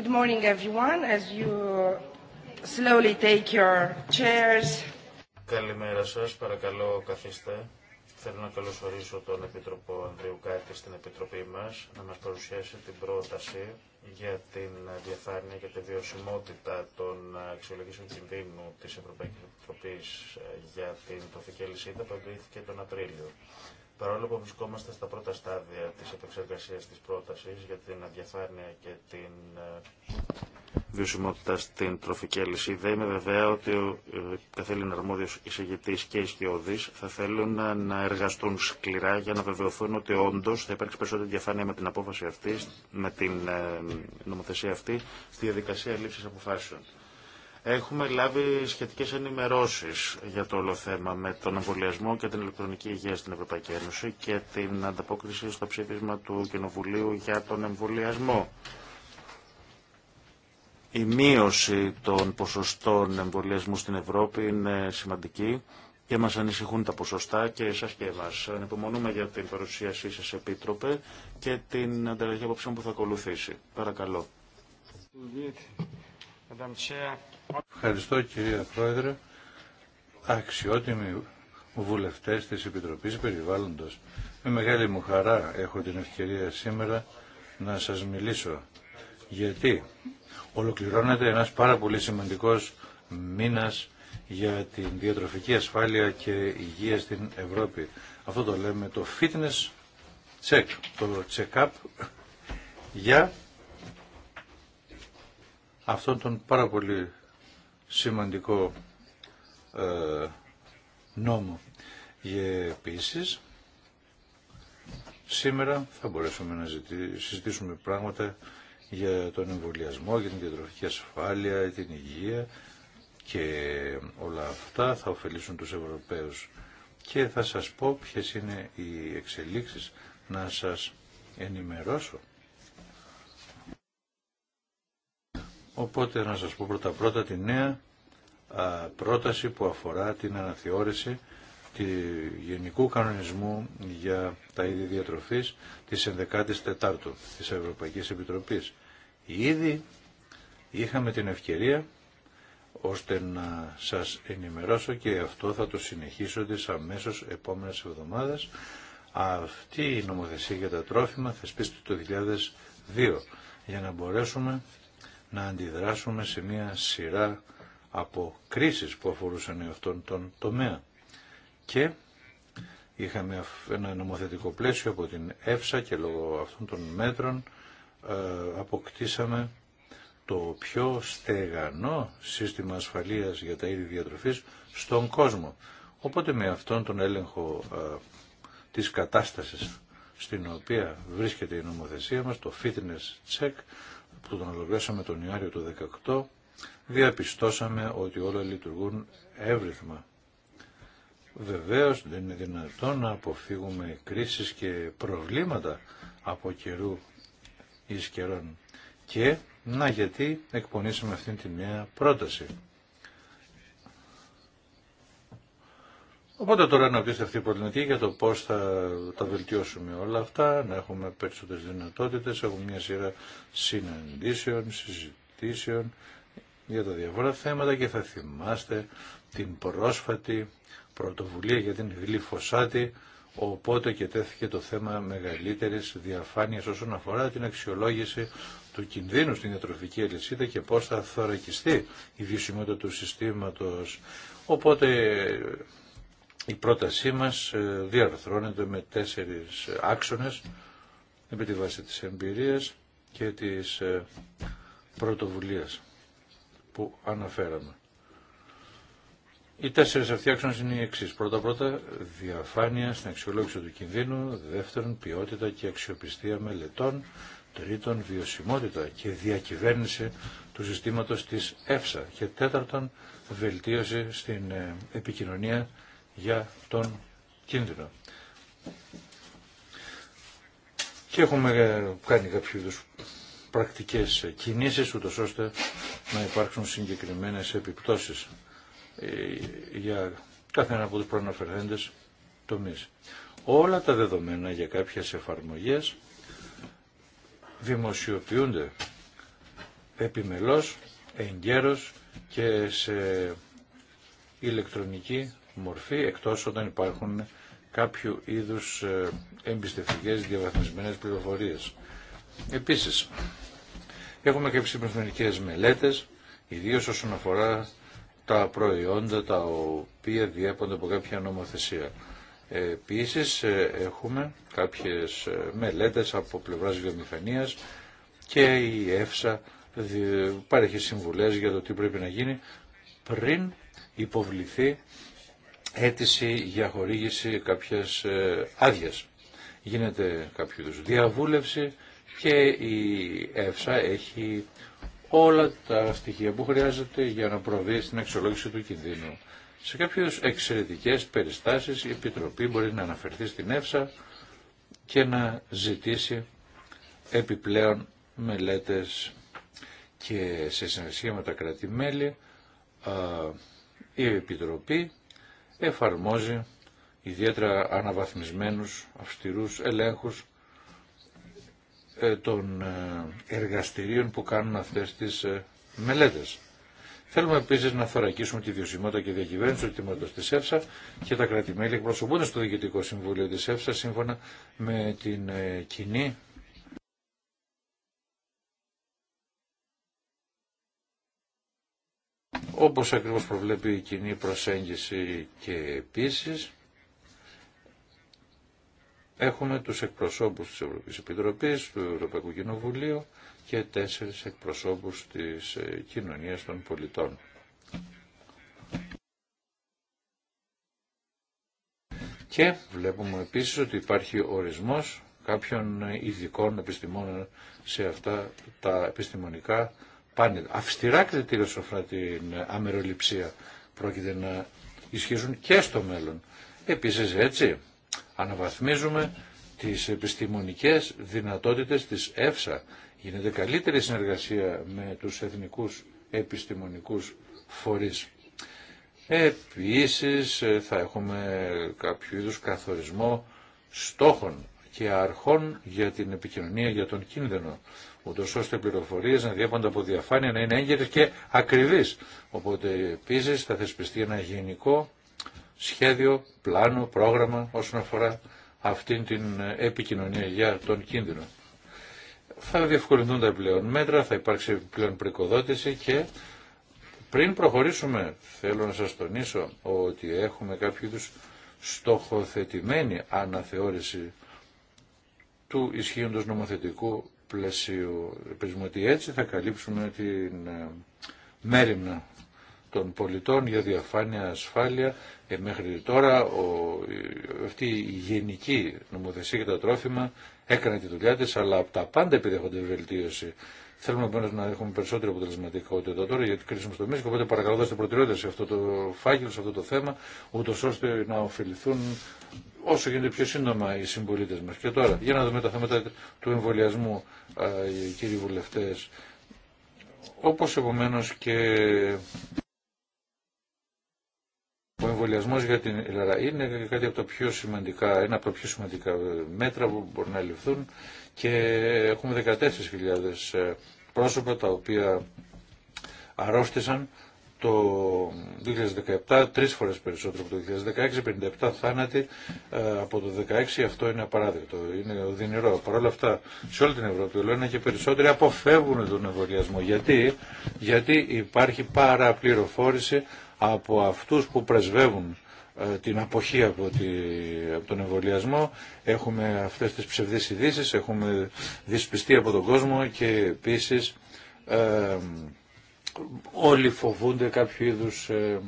Good morning, everyone. As you slowly take your chairs. Καλημέρα σας. Παρακαλώ, καθίστε. Θέλω να καλωσορίσω τον Επίτροπο Ανδρίου Κάκη στην Επιτροπή μας να μας παρουσιάσει την πρόταση για την διαφάνεια και τη βιωσιμότητα των αξιολογήσεων κινδύνου της Ευρωπαϊκής Επιτροπής για την τροφική αλυσίδα που τον Απρίλιο. Παρόλο που βρισκόμαστε στα πρώτα στάδια της επεξεργασίας της πρότασης για την αδιαφάνεια και την ε, βιωσιμότητα στην τροφική αλυσίδα, είμαι βεβαία ότι ο ε, καθέλην αρμόδιος εισηγητής και ισχυώδης θα θέλουν να εργαστούν σκληρά για να βεβαιωθούν ότι όντως θα υπάρξει περισσότερη διαφάνεια με την απόφαση αυτή, με την ε, νομοθεσία αυτή, στη διαδικασία λήψης αποφάσεων. Έχουμε λάβει σχετικέ ενημερώσει για το όλο θέμα με τον εμβολιασμό και την ηλεκτρονική υγεία στην Ευρωπαϊκή Ένωση και την ανταπόκριση στο ψήφισμα του Κοινοβουλίου για τον εμβολιασμό. Η μείωση των ποσοστών εμβολιασμού στην Ευρώπη είναι σημαντική και μας ανησυχούν τα ποσοστά και εσάς και εμάς. Ανυπομονούμε για την παρουσίασή σας, Επίτροπε, και την ανταλλαγή απόψεων που θα ακολουθήσει. Παρακαλώ. Ευχαριστώ κυρία Πρόεδρε. Αξιότιμοι βουλευτές της Επιτροπής Περιβάλλοντος. Με μεγάλη μου χαρά έχω την ευκαιρία σήμερα να σας μιλήσω. Γιατί ολοκληρώνεται ένας πάρα πολύ σημαντικός μήνας για την διατροφική ασφάλεια και υγεία στην Ευρώπη. Αυτό το λέμε το fitness check, το check-up για αυτόν τον πάρα πολύ σημαντικό ε, νόμο. Και επίσης, σήμερα θα μπορέσουμε να συζητήσουμε πράγματα για τον εμβολιασμό, για την διατροφική ασφάλεια, την υγεία και όλα αυτά θα ωφελήσουν τους Ευρωπαίους. Και θα σας πω ποιες είναι οι εξελίξεις να σας ενημερώσω Οπότε να σας πω πρώτα πρώτα τη νέα πρόταση που αφορά την αναθεώρηση του Γενικού Κανονισμού για τα είδη διατροφής της 11ης Τετάρτου της Ευρωπαϊκής Επιτροπής. Ήδη είχαμε την ευκαιρία ώστε να σας ενημερώσω και αυτό θα το συνεχίσω τις αμέσως επόμενες εβδομάδες. Αυτή η νομοθεσία για τα τρόφιμα θεσπίστηκε το 2002 για να μπορέσουμε να αντιδράσουμε σε μια σειρά από κρίσεις που αφορούσαν αυτόν τον τομέα. Και είχαμε ένα νομοθετικό πλαίσιο από την ΕΦΣΑ και λόγω αυτών των μέτρων ε, αποκτήσαμε το πιο στεγανό σύστημα ασφαλείας για τα είδη διατροφής στον κόσμο. Οπότε με αυτόν τον έλεγχο ε, της κατάστασης στην οποία βρίσκεται η νομοθεσία μας, το fitness check, που τον ολοκληρώσαμε τον Ιάριο του 18, διαπιστώσαμε ότι όλα λειτουργούν εύρυθμα. Βεβαίως δεν είναι δυνατόν να αποφύγουμε κρίσεις και προβλήματα από καιρού εις καιρών. Και να γιατί εκπονήσαμε αυτήν τη νέα πρόταση. Οπότε τώρα να αναπτύσσεται αυτή η πολιτική για το πώ θα τα βελτιώσουμε όλα αυτά, να έχουμε περισσότερες δυνατότητε, έχουμε μια σειρά συναντήσεων, συζητήσεων για τα διαφορά θέματα και θα θυμάστε την πρόσφατη πρωτοβουλία για την γλυφωσάτη, οπότε και τέθηκε το θέμα μεγαλύτερης διαφάνειας όσον αφορά την αξιολόγηση του κινδύνου στην διατροφική αλυσίδα και πώς θα θωρακιστεί η βιωσιμότητα του συστήματος. Οπότε η πρότασή μας ε, διαρθρώνεται με τέσσερις άξονες επί τη βάση της εμπειρίας και της ε, πρωτοβουλίας που αναφέραμε. Οι τέσσερι αυτοί άξονε είναι οι εξή. Πρώτα-πρώτα, διαφάνεια στην αξιολόγηση του κινδύνου. Δεύτερον, ποιότητα και αξιοπιστία μελετών. Τρίτον, βιωσιμότητα και διακυβέρνηση του συστήματο τη ΕΦΣΑ. Και τέταρτον, βελτίωση στην ε, επικοινωνία για τον κίνδυνο. Και έχουμε ε, κάνει κάποιου πρακτικές κινήσεις, ούτως ώστε να υπάρξουν συγκεκριμένες επιπτώσεις ε, για κάθε ένα από τους προαναφερθέντες τομείς. Όλα τα δεδομένα για κάποιες εφαρμογές δημοσιοποιούνται επιμελώς, εγκαίρως και σε ηλεκτρονική μορφή εκτός όταν υπάρχουν κάποιο είδους ε, εμπιστευτικές διαβαθμισμένες πληροφορίες. Επίσης, έχουμε και επιστημονικές μελέτες, ιδίως όσον αφορά τα προϊόντα τα οποία διέπονται από κάποια νομοθεσία. Επίσης, ε, έχουμε κάποιες ε, μελέτες από πλευράς βιομηχανίας και η ΕΦΣΑ παρέχει συμβουλές για το τι πρέπει να γίνει πριν υποβληθεί αίτηση για χορήγηση κάποιας ε, άδειας. Γίνεται κάποιο διαβούλευση και η ΕΦΣΑ έχει όλα τα στοιχεία που χρειάζεται για να προβεί στην αξιολόγηση του κινδύνου. Σε κάποιες εξαιρετικές περιστάσεις η Επιτροπή μπορεί να αναφερθεί στην ΕΦΣΑ και να ζητήσει επιπλέον μελέτες και σε συνεργασία με τα κρατημέλη η Επιτροπή εφαρμόζει ιδιαίτερα αναβαθμισμένους, αυστηρούς ελέγχους ε, των ε, εργαστηρίων που κάνουν αυτές τις ε, μελέτες. Θέλουμε επίση να θωρακίσουμε τη βιωσιμότητα και διακυβέρνηση του κτήματο τη ΕΦΣΑ και τα κρατημέλη εκπροσωπούνται στο Διοικητικό Συμβούλιο τη ΕΦΣΑ σύμφωνα με την κοινή όπως ακριβώς προβλέπει η κοινή προσέγγιση και επίσης έχουμε τους εκπροσώπους της Ευρωπαϊκής Επιτροπής, του Ευρωπαϊκού Κοινοβουλίου και τέσσερις εκπροσώπους της ε, κοινωνίας των πολιτών. Και βλέπουμε επίσης ότι υπάρχει ορισμός κάποιων ειδικών επιστημόνων σε αυτά τα επιστημονικά πάνε αυστηρά κριτήρια όσον την αμεροληψία πρόκειται να ισχύσουν και στο μέλλον. Επίσης έτσι αναβαθμίζουμε τις επιστημονικές δυνατότητες της ΕΦΣΑ. Γίνεται καλύτερη συνεργασία με τους εθνικούς επιστημονικούς φορείς. Επίσης θα έχουμε κάποιο είδους καθορισμό στόχων και αρχών για την επικοινωνία για τον κίνδυνο ούτω ώστε οι πληροφορίε να διέπονται από διαφάνεια, να είναι έγκαιρε και ακριβεί. Οπότε επίση θα θεσπιστεί ένα γενικό σχέδιο, πλάνο, πρόγραμμα όσον αφορά αυτή την επικοινωνία για τον κίνδυνο. Θα διευκολυνθούν τα πλέον μέτρα, θα υπάρξει πλέον πρικοδότηση και πριν προχωρήσουμε θέλω να σας τονίσω ότι έχουμε κάποιο είδους στοχοθετημένη αναθεώρηση του ισχύοντος νομοθετικού πλαίσιο. Ελπίζουμε ότι έτσι θα καλύψουμε την ε, μέρημνα των πολιτών για διαφάνεια, ασφάλεια. Ε, μέχρι τώρα ο, αυτή η γενική νομοθεσία για τα τρόφιμα έκανε τη δουλειά της, αλλά από τα πάντα επιδέχονται βελτίωση. Θέλουμε επομένω να έχουμε περισσότερη αποτελεσματικότητα τώρα γιατί κρίσουμε στο μίσο. Οπότε παρακαλώ δώστε προτεραιότητα σε αυτό το φάκελο, σε αυτό το θέμα, ούτω ώστε να ωφεληθούν όσο γίνεται πιο σύντομα οι συμπολίτε μα. Και τώρα, για να δούμε τα θέματα του εμβολιασμού, κύριοι βουλευτέ. Όπω επομένω και ο εμβολιασμό για την Ελλάδα είναι κάτι από τα πιο σημαντικά, ένα από τα πιο σημαντικά μέτρα που μπορούν να ληφθούν και έχουμε 14.000 ε, πρόσωπα τα οποία αρρώστησαν το 2017 τρεις φορές περισσότερο από το 2016, 57 θάνατοι ε, από το 2016, αυτό είναι απαράδεκτο, είναι οδυνηρό. Παρ' όλα αυτά σε όλη την Ευρώπη ο Λένα και περισσότεροι αποφεύγουν τον εμβολιασμό. Γιατί, Γιατί υπάρχει παραπληροφόρηση από αυτούς που πρεσβεύουν ε, την αποχή από, τη, από τον εμβολιασμό, έχουμε αυτές τις ψευδείς ειδήσει, έχουμε δυσπιστεί από τον κόσμο και επίσης ε, όλοι φοβούνται κάποιο είδους ε,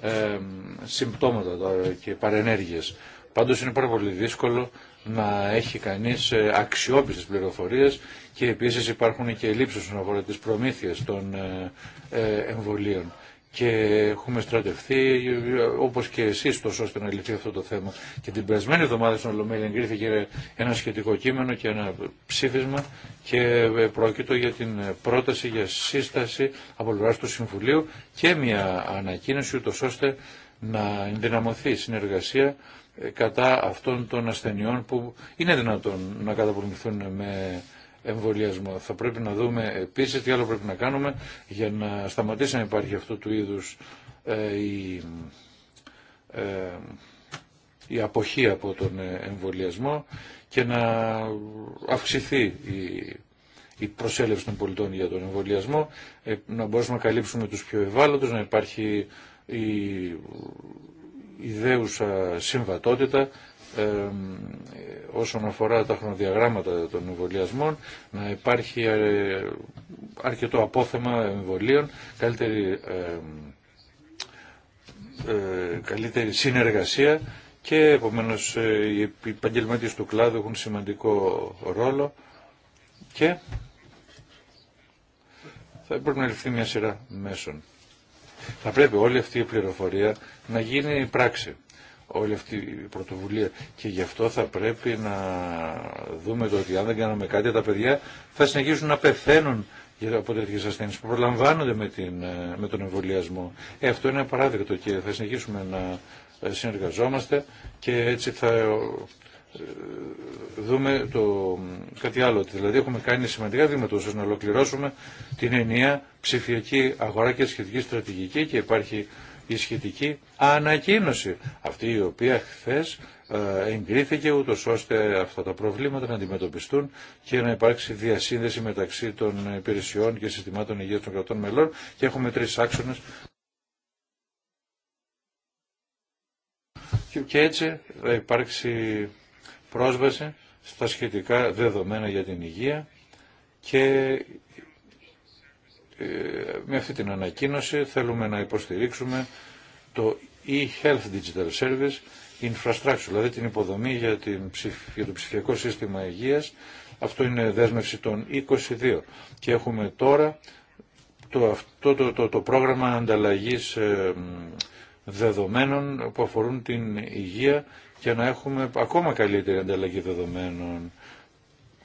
ε, συμπτώματα και παρενέργειες. Πάντως είναι πάρα πολύ δύσκολο να έχει κανείς ε, αξιόπιστες πληροφορίες και επίσης υπάρχουν και ελλείψεις στον αφορά τις προμήθειες των εμβολίων και έχουμε στρατευθεί όπως και εσείς τόσο ώστε να λυθεί αυτό το θέμα. Και την περασμένη εβδομάδα στην Ολομέλη εγκρίθηκε ένα σχετικό κείμενο και ένα ψήφισμα και πρόκειτο για την πρόταση για σύσταση από πλευρά του Συμβουλίου και μια ανακοίνωση ούτω ώστε να ενδυναμωθεί η συνεργασία ε, κατά αυτών των ασθενειών που είναι δυνατόν να καταπολεμηθούν με εμβολιασμό. Θα πρέπει να δούμε επίση τι άλλο πρέπει να κάνουμε για να σταματήσει να υπάρχει αυτού του είδου ε, η, ε, η αποχή από τον ε, εμβολιασμό και να αυξηθεί η η προσέλευση των πολιτών για τον εμβολιασμό, να μπορέσουμε να καλύψουμε τους πιο ευάλωτους, να υπάρχει η ιδέουσα συμβατότητα όσον αφορά τα χρονοδιαγράμματα των εμβολιασμών, να υπάρχει ε, αρκετό απόθεμα εμβολίων, καλύτερη, ε, καλύτερη συνεργασία και επομένως ε, οι επαγγελματίε του κλάδου έχουν σημαντικό ρόλο και θα πρέπει να ληφθεί μια σειρά μέσων. Θα πρέπει όλη αυτή η πληροφορία να γίνει πράξη όλη αυτή η πρωτοβουλία. Και γι' αυτό θα πρέπει να δούμε το ότι αν δεν κάνουμε κάτι τα παιδιά θα συνεχίσουν να πεθαίνουν από τέτοιε ασθένειε που προλαμβάνονται με, την, ε, με τον εμβολιασμό. Ε, αυτό είναι απαράδεκτο και θα συνεχίσουμε να ε, συνεργαζόμαστε και έτσι θα ε, δούμε το, κάτι άλλο. Δηλαδή έχουμε κάνει σημαντικά βήματα ώστε να ολοκληρώσουμε την ενιαία ψηφιακή αγορά και σχετική στρατηγική και υπάρχει η σχετική ανακοίνωση, αυτή η οποία χθε ε, εγκρίθηκε ούτω ώστε αυτά τα προβλήματα να αντιμετωπιστούν και να υπάρξει διασύνδεση μεταξύ των υπηρεσιών και συστημάτων υγείας των κρατών μελών και έχουμε τρεις άξονες και έτσι θα υπάρξει πρόσβαση στα σχετικά δεδομένα για την υγεία και ε, με αυτή την ανακοίνωση θέλουμε να υποστηρίξουμε το e-health digital service infrastructure, δηλαδή την υποδομή για, την, για το ψηφιακό σύστημα υγείας. Αυτό είναι δέσμευση των 22. Και έχουμε τώρα το, αυτό το, το, πρόγραμμα ανταλλαγής ε, δεδομένων που αφορούν την υγεία και να έχουμε ακόμα καλύτερη ανταλλαγή δεδομένων.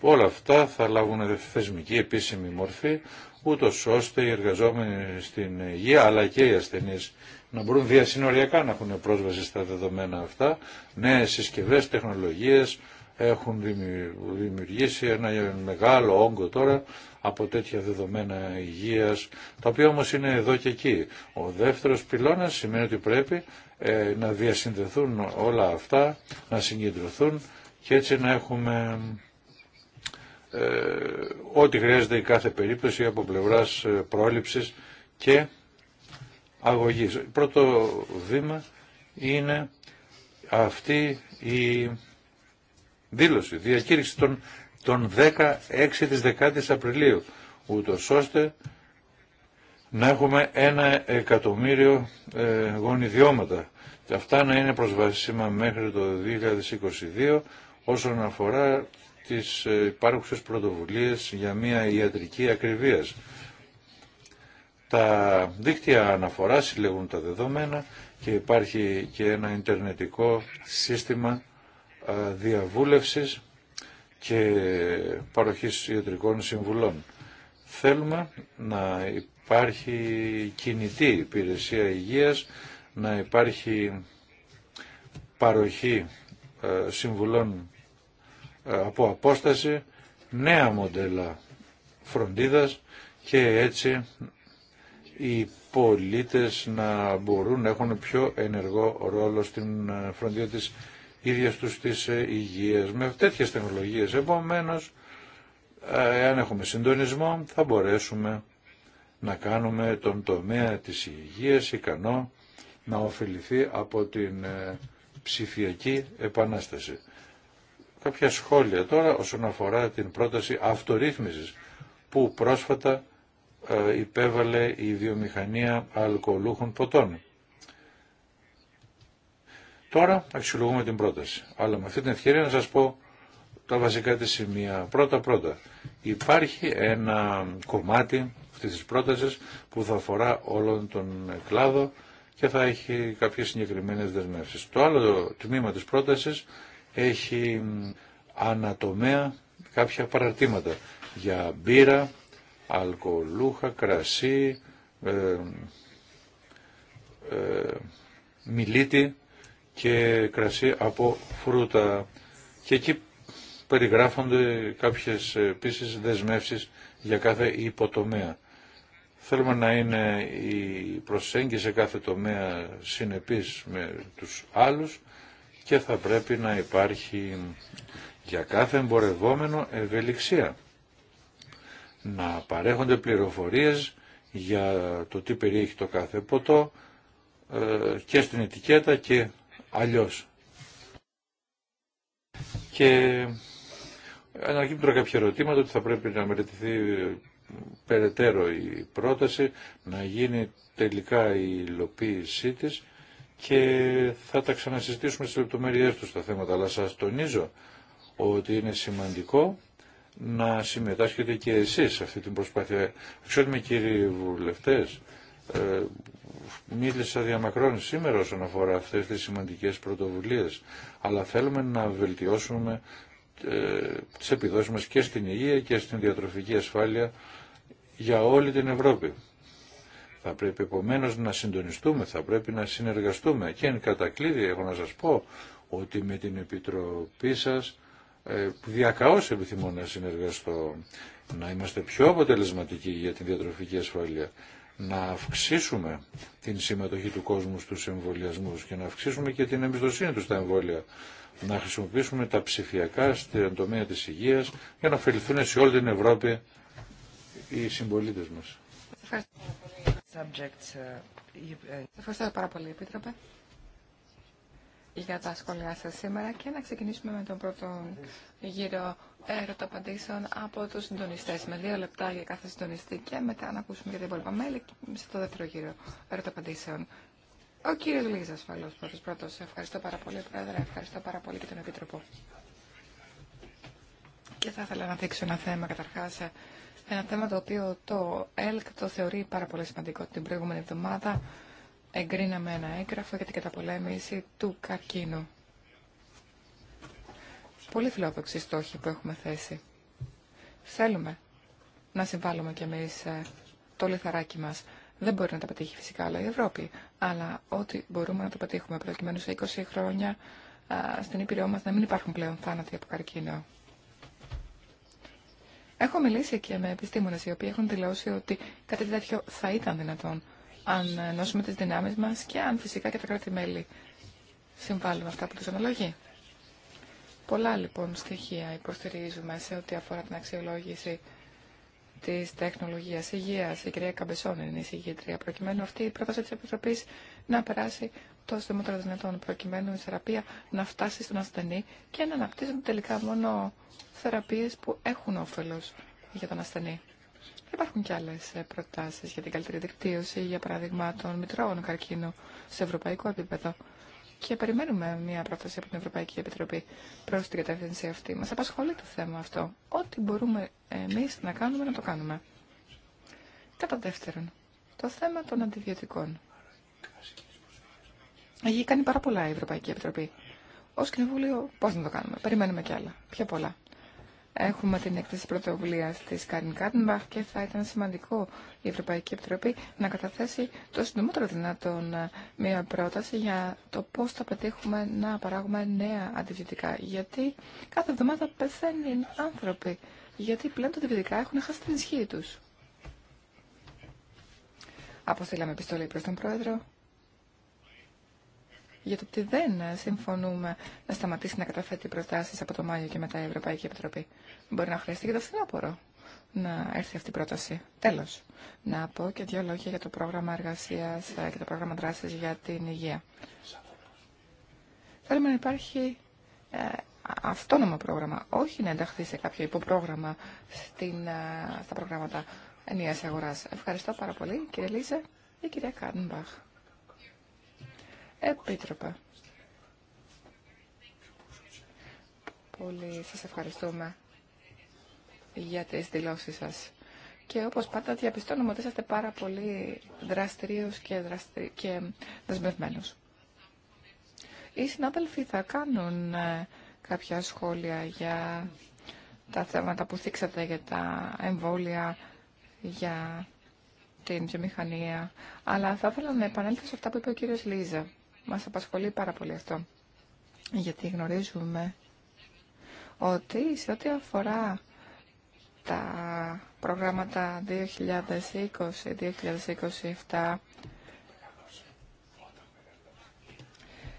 Όλα αυτά θα λάβουν θεσμική επίσημη μορφή, ούτω ώστε οι εργαζόμενοι στην υγεία αλλά και οι ασθενεί να μπορούν διασυνοριακά να έχουν πρόσβαση στα δεδομένα αυτά. Νέε συσκευέ, τεχνολογίε έχουν δημιουργήσει ένα μεγάλο όγκο τώρα από τέτοια δεδομένα υγείας, τα οποία όμω είναι εδώ και εκεί. Ο δεύτερο πυλώνα σημαίνει ότι πρέπει ε, να διασυνδεθούν όλα αυτά, να συγκεντρωθούν και έτσι να έχουμε ε, ό,τι χρειάζεται η κάθε περίπτωση από πλευράς ε, πρόληψης και αγωγής. Πρώτο βήμα είναι αυτή η δήλωση, διακήρυξη των, των 16 της 10 Απριλίου, ούτω ώστε να έχουμε ένα εκατομμύριο ε, γονιδιώματα και αυτά να είναι προσβασίμα μέχρι το 2022 όσον αφορά τις ε, υπάρχουσες πρωτοβουλίες για μια ιατρική ακριβίας. Τα δίκτυα αναφοράς συλλέγουν τα δεδομένα και υπάρχει και ένα ιντερνετικό σύστημα ε, διαβούλευσης και παροχής ιατρικών συμβουλών. Θέλουμε να υπάρχει κινητή υπηρεσία υγείας, να υπάρχει παροχή ε, συμβουλών από απόσταση νέα μοντέλα φροντίδας και έτσι οι πολίτες να μπορούν να έχουν πιο ενεργό ρόλο στην ε, φροντίδα της ίδιας τους της ε, υγείας. Με τέτοιες τεχνολογίες επομένως, ε, εάν έχουμε συντονισμό, θα μπορέσουμε να κάνουμε τον τομέα της υγείας ικανό να ωφεληθεί από την ψηφιακή επανάσταση κάποια σχόλια τώρα όσον αφορά την πρόταση αυτορύθμισης που πρόσφατα ε, υπέβαλε η βιομηχανία αλκοολούχων ποτών. Τώρα αξιολογούμε την πρόταση. Αλλά με αυτή την ευκαιρία να σας πω τα βασικά της σημεία. Πρώτα-πρώτα, υπάρχει ένα κομμάτι αυτής της πρότασης που θα αφορά όλον τον κλάδο και θα έχει κάποιες συγκεκριμένες δεσμεύσεις. Το άλλο τμήμα της πρότασης έχει ανατομέα κάποια παραρτήματα για μπύρα, αλκοολούχα, κρασί, ε, ε, μιλίτη και κρασί από φρούτα. Και εκεί περιγράφονται κάποιες επίση δεσμεύσεις για κάθε υποτομέα. Θέλουμε να είναι η προσέγγιση σε κάθε τομέα συνεπής με τους άλλους και θα πρέπει να υπάρχει για κάθε εμπορευόμενο ευελιξία. Να παρέχονται πληροφορίες για το τι περιέχει το κάθε ποτό ε, και στην ετικέτα και αλλιώς. Και ανακύπτουν κάποια ερωτήματα ότι θα πρέπει να μελετηθεί περαιτέρω η πρόταση, να γίνει τελικά η υλοποίησή της και θα τα ξανασυζητήσουμε στις λεπτομέρειές του τα θέματα, αλλά σας τονίζω ότι είναι σημαντικό να συμμετάσχετε και εσείς σε αυτή την προσπάθεια. με κύριοι βουλευτές, ε, μίλησα διαμακρών σήμερα όσον αφορά αυτές τις σημαντικές πρωτοβουλίες, αλλά θέλουμε να βελτιώσουμε ε, τις επιδόσεις μας και στην υγεία και στην διατροφική ασφάλεια για όλη την Ευρώπη. Θα πρέπει επομένως να συντονιστούμε, θα πρέπει να συνεργαστούμε και εν κατακλείδη έχω να σας πω ότι με την Επιτροπή σας ε, διακαώς επιθυμώ να συνεργαστώ, να είμαστε πιο αποτελεσματικοί για την διατροφική ασφάλεια, να αυξήσουμε την συμμετοχή του κόσμου στους εμβολιασμού και να αυξήσουμε και την εμπιστοσύνη του στα εμβόλια, να χρησιμοποιήσουμε τα ψηφιακά στην τομέα της υγείας για να ωφεληθούν σε όλη την Ευρώπη οι συμπολίτε μας. Uh, uh, Ευχαριστώ πάρα πολύ, Επίτροπε, για τα σχόλιά σας σήμερα και να ξεκινήσουμε με τον πρώτο γύρο έρωτα από τους συντονιστές. Με δύο λεπτά για κάθε συντονιστή και μετά να ακούσουμε για την υπόλοιπα μέλη στο δεύτερο γύρο έρωτα Ο κύριος Λίζα, ασφαλώς, πρώτος πρώτος. Ευχαριστώ πάρα πολύ, Πρόεδρε. Ευχαριστώ πάρα πολύ και τον Επίτροπο. Και θα ήθελα να δείξω ένα θέμα καταρχάς ένα θέμα το οποίο το ΕΛΚ το θεωρεί πάρα πολύ σημαντικό. Την προηγούμενη εβδομάδα εγκρίναμε ένα έγγραφο για την καταπολέμηση του καρκίνου. Πολύ φιλόδοξη στόχη που έχουμε θέσει. Θέλουμε να συμβάλλουμε κι εμείς ε, το λιθαράκι μας. Δεν μπορεί να τα πετύχει φυσικά όλα η Ευρώπη, αλλά ό,τι μπορούμε να το πετύχουμε προκειμένου σε 20 χρόνια στην Ήπειρό μας να μην υπάρχουν πλέον θάνατοι από καρκίνο. Έχω μιλήσει και με επιστήμονες οι οποίοι έχουν δηλώσει ότι κάτι τέτοιο θα ήταν δυνατόν αν ενώσουμε τις δυνάμεις μας και αν φυσικά και τα κράτη-μέλη συμβάλλουν αυτά που τους αναλογεί. Πολλά λοιπόν στοιχεία υποστηρίζουμε σε ό,τι αφορά την αξιολόγηση τη τεχνολογία υγεία. Η κυρία Καμπεσόν είναι η συγγήτρια, προκειμένου αυτή η πρόταση τη Επιτροπή να περάσει το συντομότερο δυνατόν προκειμένου η θεραπεία να φτάσει στον ασθενή και να αναπτύσσουν τελικά μόνο θεραπείες που έχουν όφελος για τον ασθενή. Υπάρχουν και άλλε προτάσει για την καλύτερη δικτύωση, για παράδειγμα των μητρώων καρκίνου σε ευρωπαϊκό επίπεδο. Και περιμένουμε μια πρόταση από την Ευρωπαϊκή Επιτροπή προ την κατεύθυνση αυτή. Μα απασχολεί το θέμα αυτό. Ό,τι μπορούμε εμεί να κάνουμε, να το κάνουμε. Κατά δεύτερον, το θέμα των αντιβιωτικών. Έχει κάνει πάρα πολλά η Ευρωπαϊκή Επιτροπή. Ω Κοινοβούλιο, πώ να το κάνουμε. Περιμένουμε κι άλλα. Πιο πολλά. Έχουμε την έκθεση πρωτοβουλία τη Κάριν Κάρνμπαχ και θα ήταν σημαντικό η Ευρωπαϊκή Επιτροπή να καταθέσει το συντομότερο δυνατόν ε, μια πρόταση για το πώ θα πετύχουμε να παράγουμε νέα αντιβιωτικά. Γιατί κάθε εβδομάδα πεθαίνουν άνθρωποι. Γιατί πλέον τα αντιβιωτικά έχουν χάσει την ισχύ του. Αποστήλαμε επιστολή προ τον Πρόεδρο για το ότι δεν συμφωνούμε να σταματήσει να καταθέτει προτάσει από το Μάιο και μετά η Ευρωπαϊκή Επιτροπή. Μπορεί να χρειαστεί και το φθινόπωρο να έρθει αυτή η πρόταση. Τέλο. να πω και δύο λόγια για το πρόγραμμα εργασία ε, και το πρόγραμμα δράση για την υγεία. Θέλουμε να υπάρχει ε, αυτόνομο πρόγραμμα, όχι να ενταχθεί σε κάποιο υποπρόγραμμα στην, ε, στα προγράμματα ενιαίας αγορά. Ευχαριστώ πάρα πολύ, κύριε Λίζε και κυρία Κάντμπαχ. Επίτροπε. Πολύ σας ευχαριστούμε για τις δηλώσεις σας. Και όπως πάντα διαπιστώνουμε ότι είσαστε πάρα πολύ δραστηρίους και, δραστηρι... και δεσμευμένους. Οι συνάδελφοι θα κάνουν ε, κάποια σχόλια για τα θέματα που θίξατε για τα εμβόλια, για την βιομηχανία. Αλλά θα ήθελα να επανέλθω σε αυτά που είπε ο κύριος Λίζα. Μας απασχολεί πάρα πολύ αυτό. Γιατί γνωρίζουμε ότι σε ό,τι αφορά τα προγράμματα 2020-2027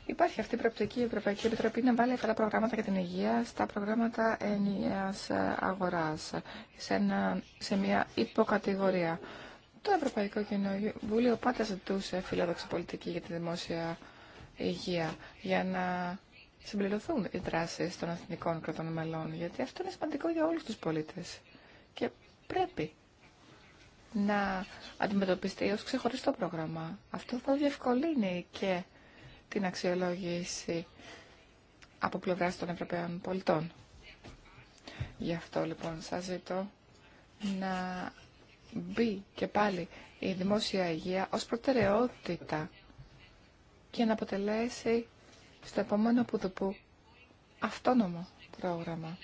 Υπάρχει αυτή η προοπτική η Ευρωπαϊκή Επιτροπή να βάλει αυτά τα προγράμματα για την υγεία στα προγράμματα ενιαίας αγοράς σε, σε μια υποκατηγορία. Το Ευρωπαϊκό Κοινοβούλιο πάντα ζητούσε φιλόδοξη πολιτική για τη δημόσια υγεία για να συμπληρωθούν οι δράσει των εθνικών κρατών μελών, γιατί αυτό είναι σημαντικό για όλους τους πολίτες και πρέπει να αντιμετωπιστεί ως ξεχωριστό πρόγραμμα. Αυτό θα διευκολύνει και την αξιολόγηση από πλευράς των Ευρωπαίων πολιτών. Γι' αυτό λοιπόν σας ζητώ να μπει και πάλι η δημόσια υγεία ως προτεραιότητα και να αποτελέσει στο επόμενο που αυτόνομο πρόγραμμα.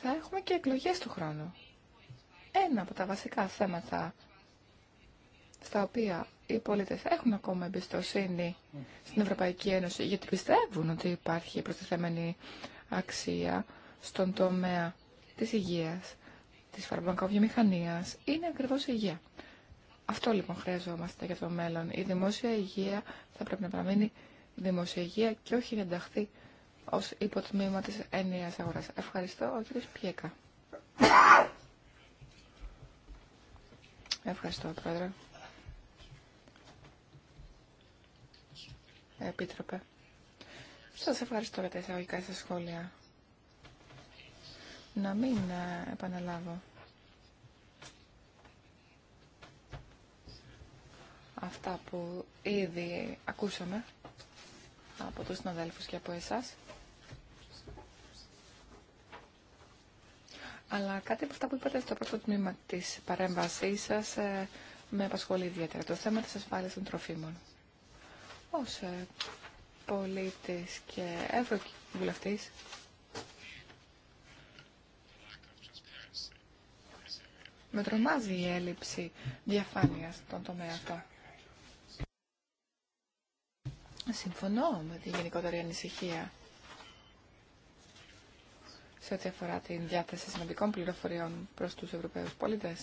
Θα έχουμε και εκλογές του χρόνου. Ένα από τα βασικά θέματα στα οποία οι πολίτες έχουν ακόμα εμπιστοσύνη στην Ευρωπαϊκή Ένωση γιατί πιστεύουν ότι υπάρχει προστιθέμενη αξία στον τομέα της υγείας, της φαρμακοβιομηχανίας, είναι ακριβώς η υγεία. Αυτό λοιπόν χρειαζόμαστε για το μέλλον. Η δημόσια υγεία θα πρέπει να παραμείνει δημόσια υγεία και όχι να ενταχθεί ως υποτμήμα τη ενιαία αγορά. Ευχαριστώ, ο κ. Πιέκα. Ευχαριστώ, Πρόεδρε. Επίτροπε. Σας ευχαριστώ για τα εισαγωγικά σας σχόλια. Να μην ε, επαναλάβω αυτά που ήδη ακούσαμε από τους συναδέλφους και από εσάς. Αλλά κάτι από αυτά που είπατε στο πρώτο τμήμα της παρέμβασής σας ε, με απασχολεί ιδιαίτερα το θέμα της ασφάλειας των τροφίμων. Ως ε, πολίτης και ευρωβουλευτής με τρομάζει η έλλειψη διαφάνειας στον τομέα αυτό. Συμφωνώ με τη γενικότερη ανησυχία σε ό,τι αφορά την διάθεση σημαντικών πληροφοριών προς τους Ευρωπαίους πολίτες.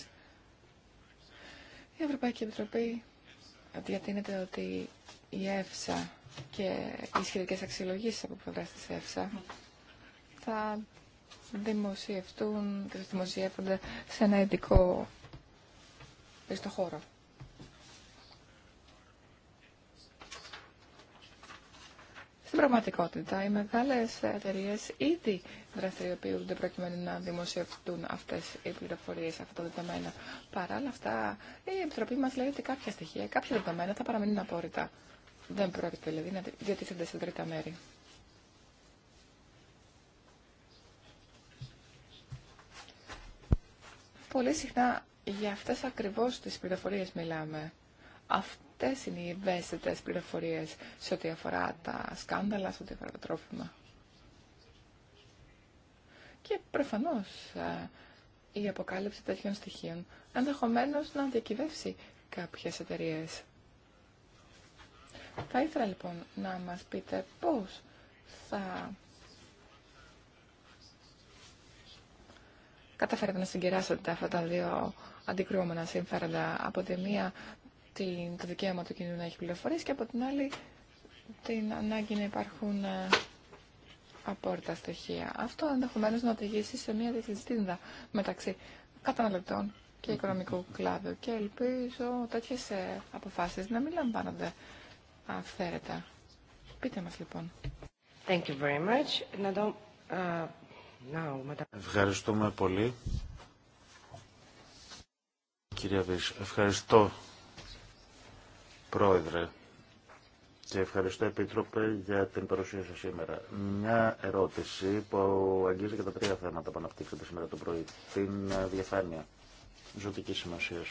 Η Ευρωπαϊκή Επιτροπή διατείνεται ότι η ΕΦΣΑ και οι σχετικές αξιολογήσεις από πλευρά της ΕΦΣΑ θα δημοσιευτούν και θα δημοσιεύονται σε ένα ειδικό στο χώρο. Στην πραγματικότητα, οι μεγάλες εταιρείε ήδη δραστηριοποιούνται προκειμένου να δημοσιευτούν αυτές οι πληροφορίες, αυτά τα δεδομένα. Παρά αυτά, η Επιτροπή μας λέει ότι κάποια στοιχεία, κάποια δεδομένα θα παραμείνουν απόρριτα. Δεν πρόκειται δηλαδή να διατίθενται σε τρίτα μέρη. Πολύ συχνά για αυτές ακριβώς τις πληροφορίες μιλάμε. Αυτό Αυτές είναι οι ευαίσθητες πληροφορίες σε ό,τι αφορά τα σκάνδαλα, σε ό,τι αφορά τα τρόφιμα. Και προφανώς ε, η αποκάλυψη τέτοιων στοιχείων ενδεχομένω να διακυβεύσει κάποιες εταιρείες. Θα ήθελα λοιπόν να μας πείτε πώς θα καταφέρετε να συγκεράσετε αυτά τα δύο αντικρουόμενα συμφέροντα από τη μία την, το δικαίωμα του κοινού να έχει πληροφορίες και από την άλλη την ανάγκη να υπάρχουν ε, απόρριτα στοιχεία. Αυτό ενδεχομένω να οδηγήσει σε μια διευθυντήτητα μεταξύ καταναλωτών και οικονομικού κλάδου και ελπίζω τέτοιε ε, αποφάσεις να μην λαμβάνονται αυθαίρετα. Πείτε μας λοιπόν. Thank you very much. Ε, Ευχαριστούμε πολύ. Κυρία ευχαριστώ Πρόεδρε, και ευχαριστώ Επίτροπε για την παρουσία σας σήμερα. Μια ερώτηση που αγγίζει και τα τρία θέματα που αναπτύξατε σήμερα το πρωί. Την ε, διαφάνεια ζωτική σημασία.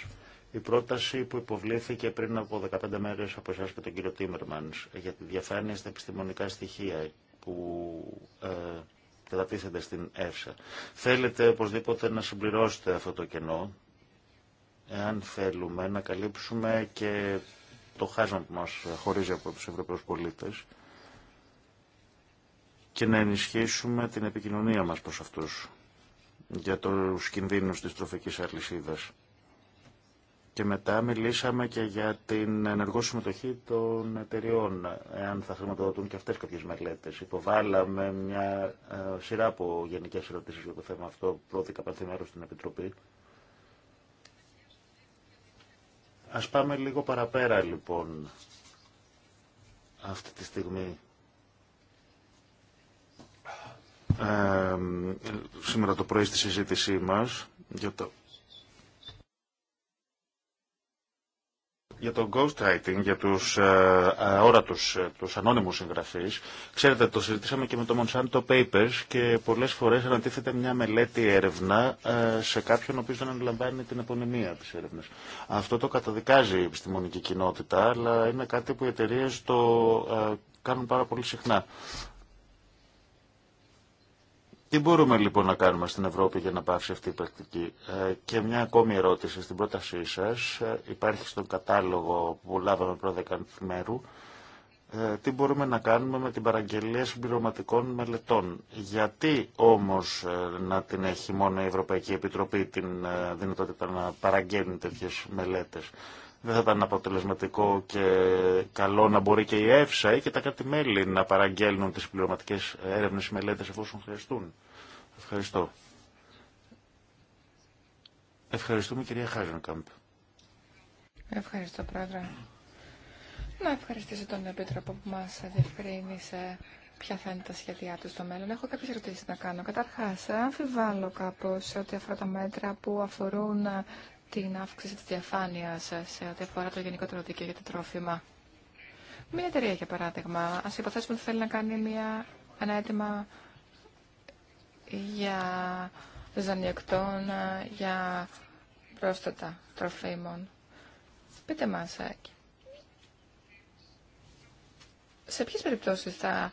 Η πρόταση που υποβλήθηκε πριν από 15 μέρε από εσά και τον κύριο Τίμερμανς για τη διαφάνεια στα επιστημονικά στοιχεία που ε, κατατίθεται στην ΕΦΣΑ. Θέλετε οπωσδήποτε να συμπληρώσετε αυτό το κενό εάν θέλουμε να καλύψουμε και το χάσμα που μας χωρίζει από τους Ευρωπαίους πολίτες και να ενισχύσουμε την επικοινωνία μας προς αυτούς για τους κινδύνους της τροφικής αλυσίδας. Και μετά μιλήσαμε και για την ενεργό συμμετοχή των εταιριών, εάν θα χρηματοδοτούν και αυτές κάποιες μελέτες. Υποβάλαμε μια ε, σειρά από γενικές ερωτήσεις για το θέμα αυτό, πρώτη στην Επιτροπή. Ας πάμε λίγο παραπέρα λοιπόν αυτή τη στιγμή. Ε, σήμερα το πρωί στη συζήτησή μας για το Για το ghostwriting, για τους ε, ε του ε, τους ανώνυμους ξέρετε, το συζητήσαμε και με το Monsanto Papers και πολλές φορές ανατίθεται μια μελέτη έρευνα ε, σε κάποιον ο οποίος δεν αναλαμβάνει την επωνυμία τη έρευνα. Αυτό το καταδικάζει η επιστημονική κοινότητα, αλλά είναι κάτι που οι εταιρείε το κάνουν πάρα πολύ συχνά. Τι μπορούμε λοιπόν να κάνουμε στην Ευρώπη για να πάψει αυτή η πρακτική. Ε, και μια ακόμη ερώτηση στην πρότασή σας. Ε, υπάρχει στον κατάλογο που λάβαμε προδεκανθιμέρου. μέρου. Ε, τι μπορούμε να κάνουμε με την παραγγελία συμπληρωματικών μελετών. Γιατί όμως να την έχει μόνο η Ευρωπαϊκή Επιτροπή την δυνατότητα να παραγγέλνει τέτοιες μελέτες δεν θα ήταν αποτελεσματικό και καλό να μπορεί και η ΕΦΣΑ ή και τα κάτι μέλη να παραγγέλνουν τις πληρωματικές έρευνες ή μελέτες εφόσον χρειαστούν. Ευχαριστώ. Ευχαριστούμε κυρία Χάζενκαμπ. Ευχαριστώ πρόεδρε. Να ευχαριστήσω τον Επίτροπο που μας διευκρίνησε ποια θα είναι τα σχέδιά του στο μέλλον. Έχω κάποιες ερωτήσεις να κάνω. Καταρχάς, αμφιβάλλω κάπως σε ό,τι αφορά τα μέτρα που αφορούν την αύξηση της διαφάνειας σε ό,τι αφορά το γενικότερο δίκαιο για το τρόφιμα. Μια εταιρεία, για παράδειγμα, ας υποθέσουμε ότι θέλει να κάνει μια, ένα αίτημα για ζανιεκτών, για πρόσθετα τροφίμων. Πείτε μας, ε, σε ποιες περιπτώσεις θα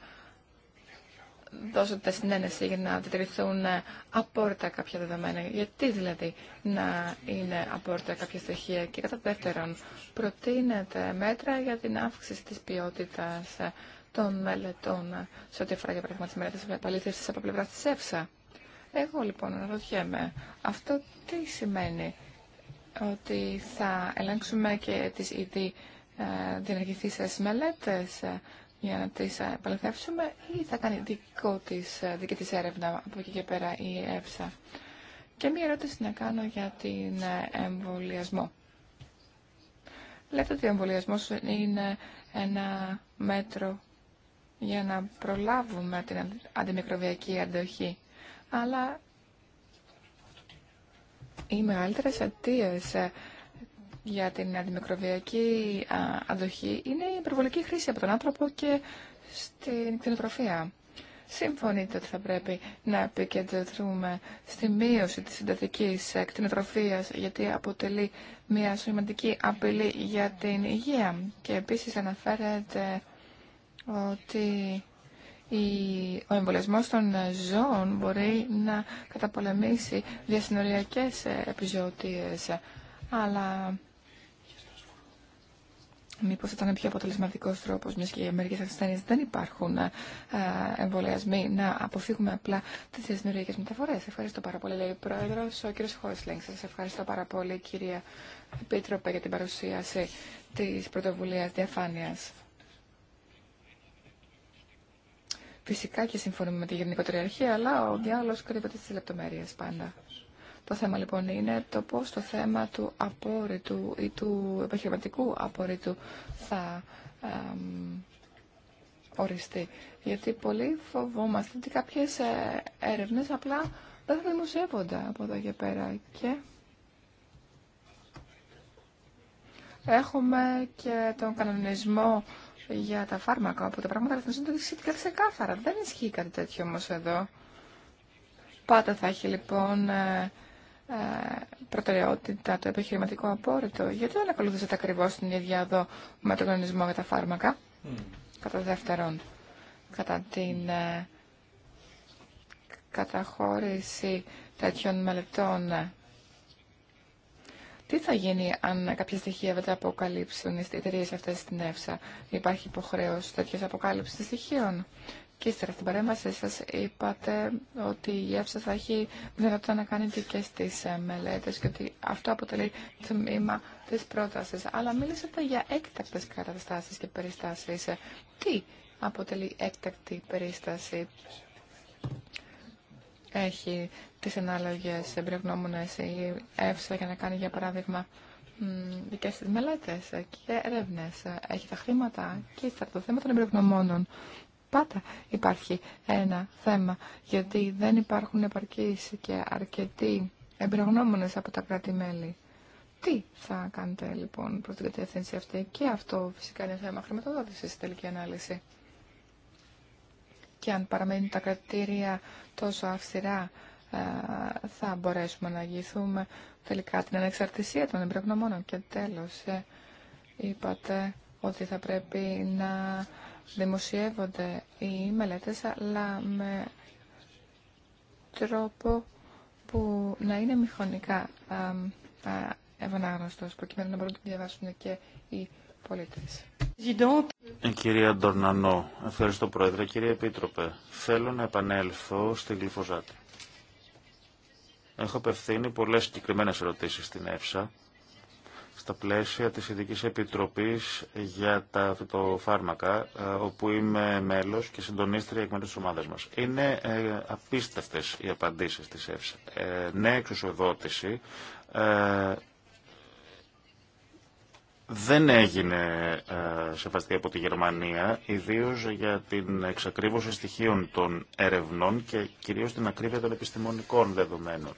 δώσετε συνένεση για να αντιτηρηθούν ε, απόρριτα κάποια δεδομένα. Γιατί δηλαδή να είναι απόρριτα κάποια στοιχεία. Και κατά δεύτερον, προτείνεται μέτρα για την αύξηση της ποιότητας ε, των μελετών ε, σε ό,τι αφορά για παράδειγμα τις μελέτες επαλήθευσης από πλευρά της ΕΦΣΑ. Εγώ λοιπόν αναρωτιέμαι, αυτό τι σημαίνει ότι θα ελέγξουμε και τις ήδη διενεργηθήσεις μελέτες για να τις απελευθεύσουμε ή θα κάνει δικό της, ε, δική της έρευνα από εκεί και πέρα η ΕΦΣΑ. Και μία ερώτηση να κάνω για την ε, εμβολιασμό. Λέτε ότι ο εμβολιασμός είναι ένα μέτρο για να προλάβουμε την αντιμικροβιακή αντοχή. Αλλά οι μεγαλύτερε αιτίε ε, για την αντιμικροβιακή αντοχή είναι η υπερβολική χρήση από τον άνθρωπο και στην κτηνοτροφία. Συμφωνείτε ότι θα πρέπει να επικεντρωθούμε στη μείωση της συντατικής κτηνοτροφίας γιατί αποτελεί μια σημαντική απειλή για την υγεία και επίσης αναφέρεται ότι ο εμβολιασμό των ζώων μπορεί να καταπολεμήσει διασυνοριακές επιζωτίες αλλά Μήπως ήταν πιο αποτελεσματικός τρόπος, μιας και για μερικές ασθένειες δεν υπάρχουν ε, ε, εμβολιασμοί, να αποφύγουμε απλά τις δημιουργικές μεταφορές. Ευχαριστώ πάρα πολύ, λέει ο Πρόεδρος, ο κύριος Χόσλινγκ. Σας ευχαριστώ πάρα πολύ, κυρία Επίτροπε, για την παρουσίαση της πρωτοβουλίας διαφάνειας. Φυσικά και συμφωνούμε με τη γενικότερη αρχή, αλλά ο διάλογος κρύβεται στις λεπτομέρειες πάντα. Το θέμα λοιπόν είναι το πώς το θέμα του απόρριτου ή του επαγγελματικού απόρριτου θα οριστεί. Γιατί πολύ φοβόμαστε ότι κάποιες ε, έρευνες απλά δεν θα δημοσιεύονται από εδώ και πέρα. Και έχουμε και τον κανονισμό για τα φάρμακα, όπου τα πράγματα ρυθμίζονται σχετικά ξεκάθαρα. Δεν ισχύει κάτι τέτοιο όμως εδώ. Πάτα θα έχει λοιπόν ε, ε, προτεραιότητα το επιχειρηματικό απόρριτο. Γιατί δεν ακολουθήσατε ακριβώ την ίδια εδώ με τον κανονισμό για τα φάρμακα. Κατά δεύτερον, κατά την ε, καταχώρηση τέτοιων μελετών. Τι θα γίνει αν κάποια στοιχεία δεν τα αποκαλύψουν οι εταιρείε αυτέ στην ΕΦΣΑ. Υπάρχει υποχρέωση τέτοια αποκάλυψη στοιχείων. Και ύστερα στην παρέμβασή σα είπατε ότι η ΕΦΣΑ θα έχει δυνατότητα να κάνει δικέ τη ε, μελέτε και ότι αυτό αποτελεί τμήμα τη πρόταση. Αλλά μίλησατε για έκτακτε καταστάσει και περιστάσει. Ε, τι αποτελεί έκτακτη περίσταση. Έχει τι ανάλογέ εμπειρογνώμονες η ΕΦΣΑ για να κάνει για παράδειγμα δικέ τη μελέτε και έρευνε. Έχει τα χρήματα και ύστερα το θέμα των εμπειρογνωμόνων. Πάντα υπάρχει ένα θέμα, γιατί δεν υπάρχουν επαρκείς και αρκετοί εμπειρογνώμονες από τα κράτη-μέλη. Τι θα κάνετε λοιπόν προς την κατεύθυνση αυτή και αυτό φυσικά είναι θέμα χρηματοδότησης στη τελική ανάλυση. Και αν παραμένουν τα κρατήρια τόσο αυστηρά, ε, θα μπορέσουμε να αγγιθούμε τελικά την ανεξαρτησία των εμπειρογνωμόνων. Και τέλος, ε, είπατε ότι θα πρέπει να δημοσιεύονται οι μελέτες, αλλά με τρόπο που να είναι μηχανικά ευανάγνωστος, προκειμένου να μπορούν να διαβάσουν και οι πολίτες. Ε, κυρία Ντορνανό, ευχαριστώ Πρόεδρε. κύριε Επίτροπε, θέλω να επανέλθω στη γλυφοζάτη. Έχω απευθύνει πολλές συγκεκριμένε ερωτήσεις στην ΕΦΣΑ στα πλαίσια της ειδική Επιτροπής για τα φυτοφάρμακα, ε, όπου είμαι μέλος και συντονίστρια εκ μέρους της ομάδας μας. Είναι ε, απίστευτες οι απαντήσεις της ΕΦΣΑ. Ε, ναι, εξουσιοδότηση. δεν έγινε σεβαστή από τη Γερμανία, ιδίως για την εξακρίβωση στοιχείων των ερευνών και κυρίως την ακρίβεια των επιστημονικών δεδομένων.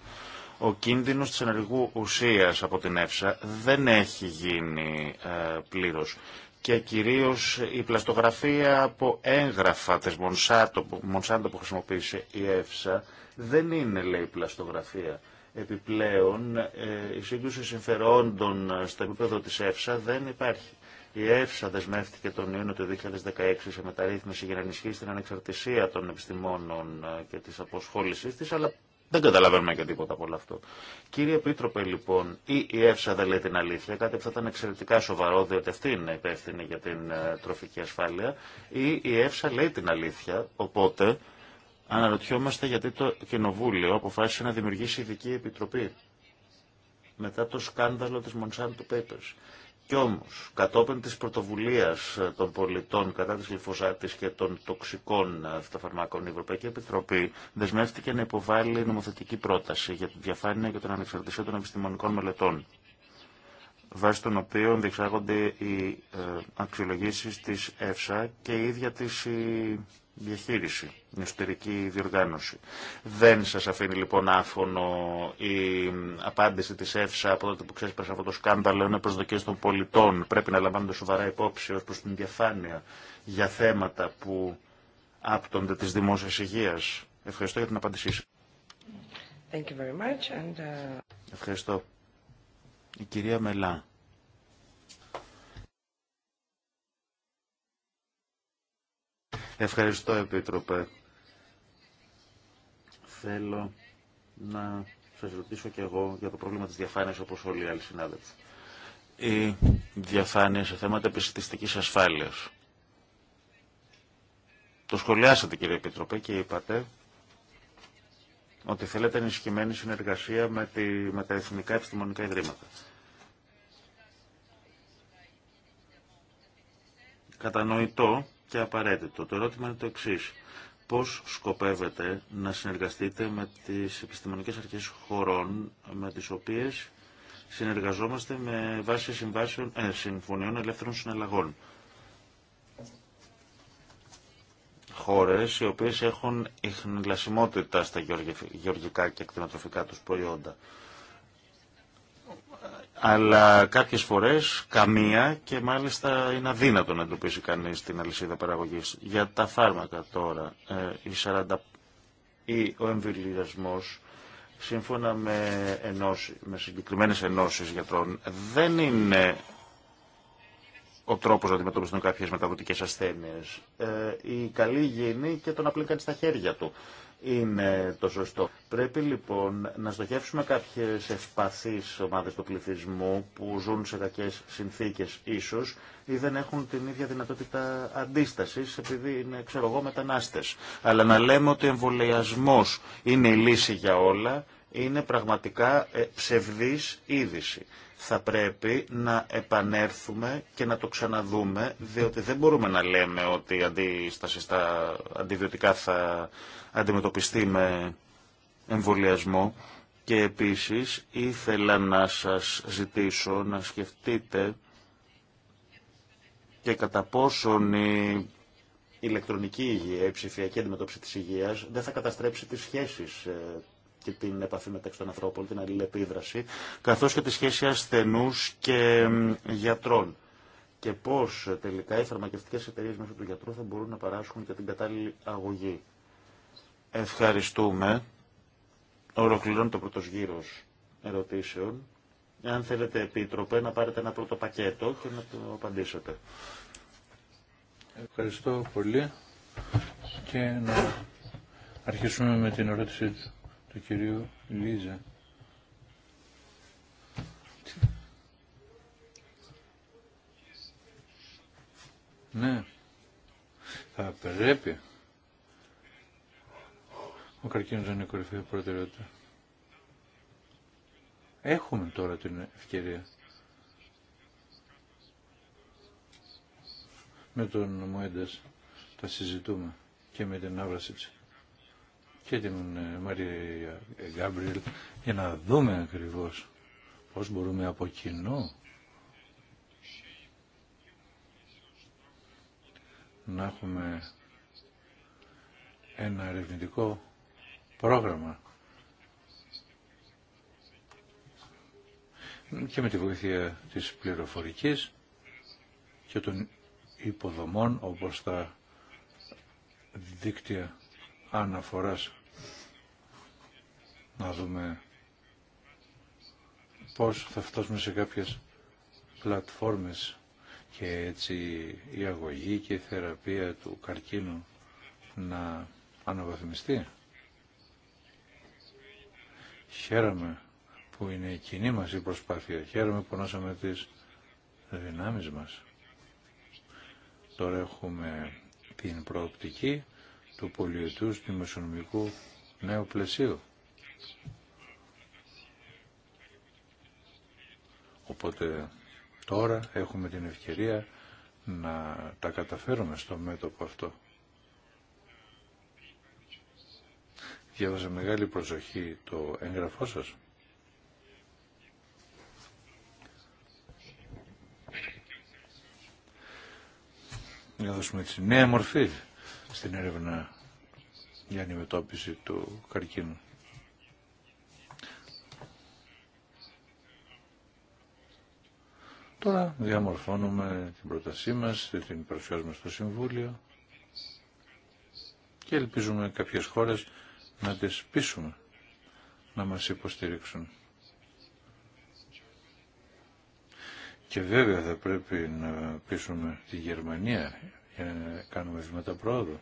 Ο κίνδυνος της ενεργού ουσίας από την ΕΦΣΑ δεν έχει γίνει ε, πλήρως και κυρίως η πλαστογραφία από έγγραφα της Μονσάντο, που χρησιμοποίησε η ΕΦΣΑ δεν είναι λέει πλαστογραφία. Επιπλέον ε, η σύγκρουση συμφερόντων ε, στο επίπεδο της ΕΦΣΑ δεν υπάρχει. Η ΕΦΣΑ δεσμεύτηκε τον Ιούνιο του 2016 σε μεταρρύθμιση για να ενισχύσει την ανεξαρτησία των επιστημόνων και της αποσχόλησής της, αλλά δεν καταλαβαίνουμε και τίποτα από όλο αυτό. Κύριε Επίτροπε, λοιπόν, ή η ΕΦΣΑ δεν λέει την αλήθεια, κάτι που θα ήταν εξαιρετικά σοβαρό, διότι αυτή είναι υπεύθυνη για την ε, τροφική ασφάλεια, ή η ΕΦΣΑ λέει την αλήθεια, οπότε αναρωτιόμαστε γιατί το Κοινοβούλιο αποφάσισε να δημιουργήσει ειδική επιτροπή μετά το σκάνδαλο της Monsanto Papers. Κι όμως, κατόπιν της πρωτοβουλίας ε, των πολιτών κατά της γλυφοζάτης και των τοξικών φυτοφαρμάκων, ε, η Ευρωπαϊκή Επιτροπή δεσμεύτηκε να υποβάλει νομοθετική πρόταση για τη διαφάνεια και τον ανεξαρτησία των επιστημονικών μελετών βάσει των οποίων διεξάγονται οι ε, αξιολογήσεις της ΕΦΣΑ και η ίδια της διαχείριση, την εσωτερική διοργάνωση. Δεν σας αφήνει λοιπόν άφωνο η απάντηση της ΕΦΣΑ από τότε που ξέσπασε αυτό το σκάνδαλο είναι προσδοκίες των πολιτών. Πρέπει να λαμβάνονται σοβαρά υπόψη ως προς την διαφάνεια για θέματα που άπτονται της δημόσιας υγείας. Ευχαριστώ για την απάντησή σας. Thank you very much and, uh, Ευχαριστώ. Η κυρία Μελά. Ευχαριστώ, Επίτροπε. Θέλω να σας ρωτήσω και εγώ για το πρόβλημα της διαφάνειας όπως όλοι οι άλλοι συνάδελφοι. Η διαφάνεια σε θέματα επιστημιστικής ασφάλειας. Το σχολιάσατε κύριε Επίτροπε και είπατε ότι θέλετε ενισχυμένη συνεργασία με, τη, με τα εθνικά επιστημονικά ιδρύματα. Κατανοητό και απαραίτητο. Το ερώτημα είναι το εξή. Πώς σκοπεύετε να συνεργαστείτε με τις επιστημονικές αρχές χωρών με τις οποίες συνεργαζόμαστε με βάση ε, συμφωνιών ελεύθερων συναλλαγών. Χώρες οι οποίες έχουν ειχνηλασιμότητα στα γεωργικά και εκτιματροφικά τους προϊόντα αλλά κάποιες φορές καμία και μάλιστα είναι αδύνατο να εντοπίσει κανείς την αλυσίδα παραγωγής. Για τα φάρμακα τώρα, ε, η η ο εμβυλιασμος συμφωνα με ενώση με συγκεκριμενες ενωσεις γιατρων δεν ειναι ο τρόπος να αντιμετωπιστουν καποιε μεταδοτικε ασθενειε ε, η καλη υγιεινη και το να πλύνει στα τα χέρια του είναι το σωστό. Πρέπει λοιπόν να στοχεύσουμε κάποιες ευπαθείς ομάδες του πληθυσμού που ζουν σε κακές συνθήκες ίσως ή δεν έχουν την ίδια δυνατότητα αντίστασης επειδή είναι ξέρω εγώ μετανάστες. Αλλά να λέμε ότι εμβολιασμό είναι η δεν εχουν την ιδια δυνατοτητα αντιστασης επειδη ειναι ξερω εγω αλλα να λεμε οτι εμβολιασμο ειναι η λυση για όλα είναι πραγματικά ε, ψευδής είδηση θα πρέπει να επανέλθουμε και να το ξαναδούμε, διότι δεν μπορούμε να λέμε ότι η αντίσταση στα αντιβιωτικά θα αντιμετωπιστεί με εμβολιασμό. Και επίσης ήθελα να σας ζητήσω να σκεφτείτε και κατά πόσον η ηλεκτρονική υγεία, η ψηφιακή αντιμετώπιση της υγείας δεν θα καταστρέψει τις σχέσεις ε, και την επαφή μεταξύ των ανθρώπων, την αλληλεπίδραση, καθώς και τη σχέση ασθενούς και γιατρών. Και πώς ε, τελικά οι φαρμακευτικές εταιρείες μέσω του γιατρού θα μπορούν να παράσχουν και την κατάλληλη αγωγή. Ευχαριστούμε. Ολοκληρώνει το πρώτος γύρος ερωτήσεων. Αν θέλετε, Επίτροπε, να πάρετε ένα πρώτο πακέτο και να το απαντήσετε. Ευχαριστώ πολύ και να αρχίσουμε με την ερώτησή του του κυρίου Λίζα. Ναι, θα πρέπει ο καρκίνος να είναι η κορυφαία προτεραιότητα. Έχουμε τώρα την ευκαιρία. Με τον Μουέντας τα συζητούμε και με την άβραση και την ε, Μαρία Γκάμπριελ για να δούμε ακριβώς πώς μπορούμε από κοινού να έχουμε ένα ερευνητικό πρόγραμμα και με τη βοήθεια της πληροφορικής και των υποδομών όπως τα δίκτυα αναφοράς να δούμε πώς θα φτάσουμε σε κάποιες πλατφόρμες και έτσι η αγωγή και η θεραπεία του καρκίνου να αναβαθμιστεί. Χαίρομαι που είναι η κοινή μας η προσπάθεια. Χαίρομαι που νόσαμε τις δυνάμεις μας. Τώρα έχουμε την προοπτική του του δημοσιονομικού νέου πλαισίου. Οπότε τώρα έχουμε την ευκαιρία να τα καταφέρουμε στο μέτωπο αυτό. Διάβασα μεγάλη προσοχή το έγγραφό σας. Να δώσουμε νέα μορφή στην έρευνα για αντιμετώπιση του καρκίνου. Τώρα διαμορφώνουμε την πρότασή μας, την παρουσιάζουμε στο Συμβούλιο και ελπίζουμε κάποιες χώρες να τις πείσουμε να μας υποστηρίξουν. Και βέβαια θα πρέπει να πείσουμε τη Γερμανία για να κάνουμε βήματα πρόοδο.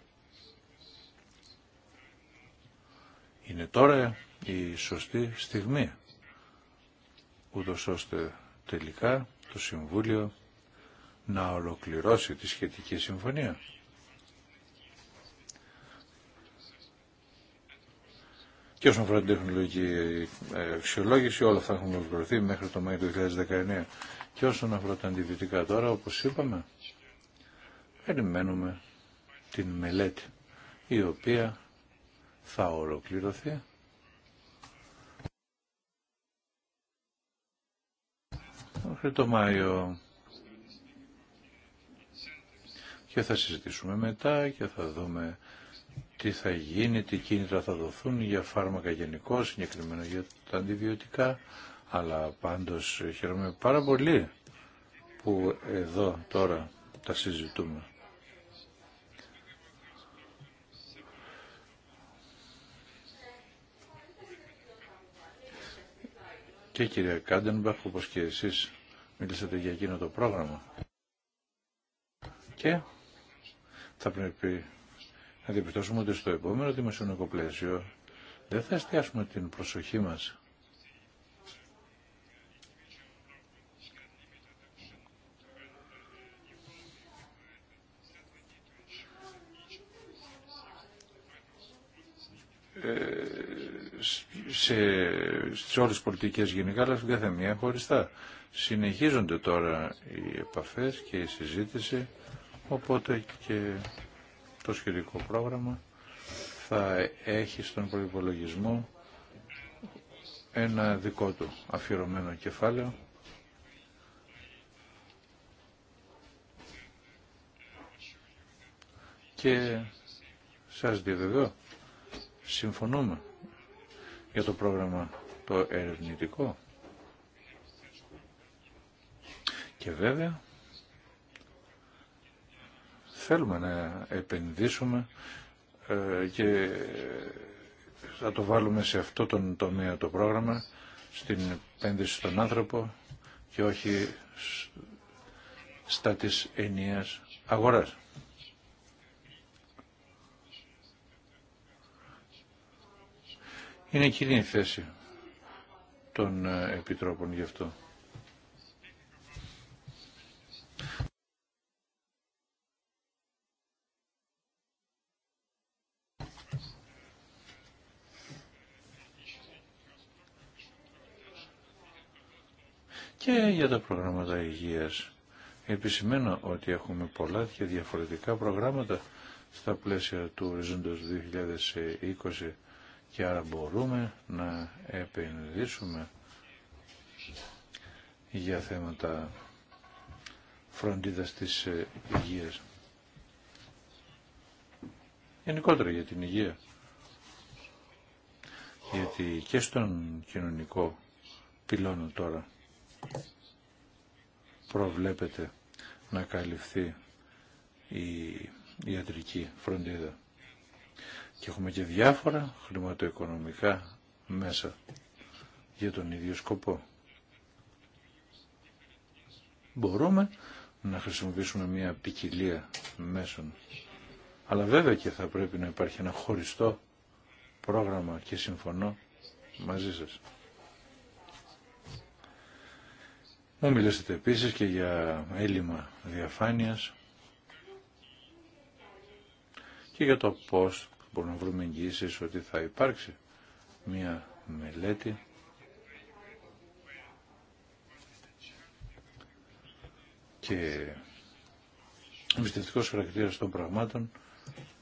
Είναι τώρα η σωστή στιγμή, ούτως ώστε τελικά Συμβούλιο να ολοκληρώσει τη σχετική συμφωνία. Και όσον αφορά την τεχνολογική αξιολόγηση, όλα θα έχουν ολοκληρωθεί μέχρι το Μάιο του 2019. Και όσον αφορά τα αντιβιωτικά τώρα, όπως είπαμε, περιμένουμε την μελέτη, η οποία θα ολοκληρωθεί το Μάιο. Και θα συζητήσουμε μετά και θα δούμε τι θα γίνει, τι κίνητρα θα δοθούν για φάρμακα γενικώ, συγκεκριμένα για τα αντιβιωτικά. Αλλά πάντως χαίρομαι πάρα πολύ που εδώ τώρα τα συζητούμε. και κύριε κυρία Κάντενμπαχ, όπως και εσείς μιλήσατε για εκείνο το πρόγραμμα. Και θα πρέπει να διαπιστώσουμε ότι στο επόμενο δημοσιονομικό πλαίσιο δεν θα εστιάσουμε την προσοχή μας σε, στις όλες πολιτικές γενικά, αλλά στην κάθε μία χωριστά. Συνεχίζονται τώρα οι επαφές και η συζήτηση, οπότε και το σχετικό πρόγραμμα θα έχει στον προϋπολογισμό ένα δικό του αφιερωμένο κεφάλαιο και σας διαβεβαιώ συμφωνούμε για το πρόγραμμα το ερευνητικό. Και βέβαια θέλουμε να επενδύσουμε ε, και θα το βάλουμε σε αυτό το τομέα το πρόγραμμα, στην επένδυση στον άνθρωπο και όχι στα της ενίας αγοράς. Είναι κοινή η θέση των ε, επιτρόπων γι' αυτό. και για τα προγράμματα υγείας. Επισημαίνω ότι έχουμε πολλά και διαφορετικά προγράμματα στα πλαίσια του οριζόντος 2020 και άρα μπορούμε να επενδύσουμε για θέματα φροντίδας της ε, υγείας. Γενικότερα για την υγεία. Γιατί και στον κοινωνικό πυλώνα τώρα προβλέπεται να καλυφθεί η ιατρική φροντίδα και έχουμε και διάφορα χρηματοοικονομικά μέσα για τον ίδιο σκοπό. Μπορούμε να χρησιμοποιήσουμε μια ποικιλία μέσων. Αλλά βέβαια και θα πρέπει να υπάρχει ένα χωριστό πρόγραμμα και συμφωνώ μαζί σας. Μου μιλήσατε επίσης και για έλλειμμα διαφάνειας και για το πώς μπορούμε να βρούμε εγγυήσει ότι θα υπάρξει μια μελέτη και εμπιστευτικός χαρακτήρα των πραγμάτων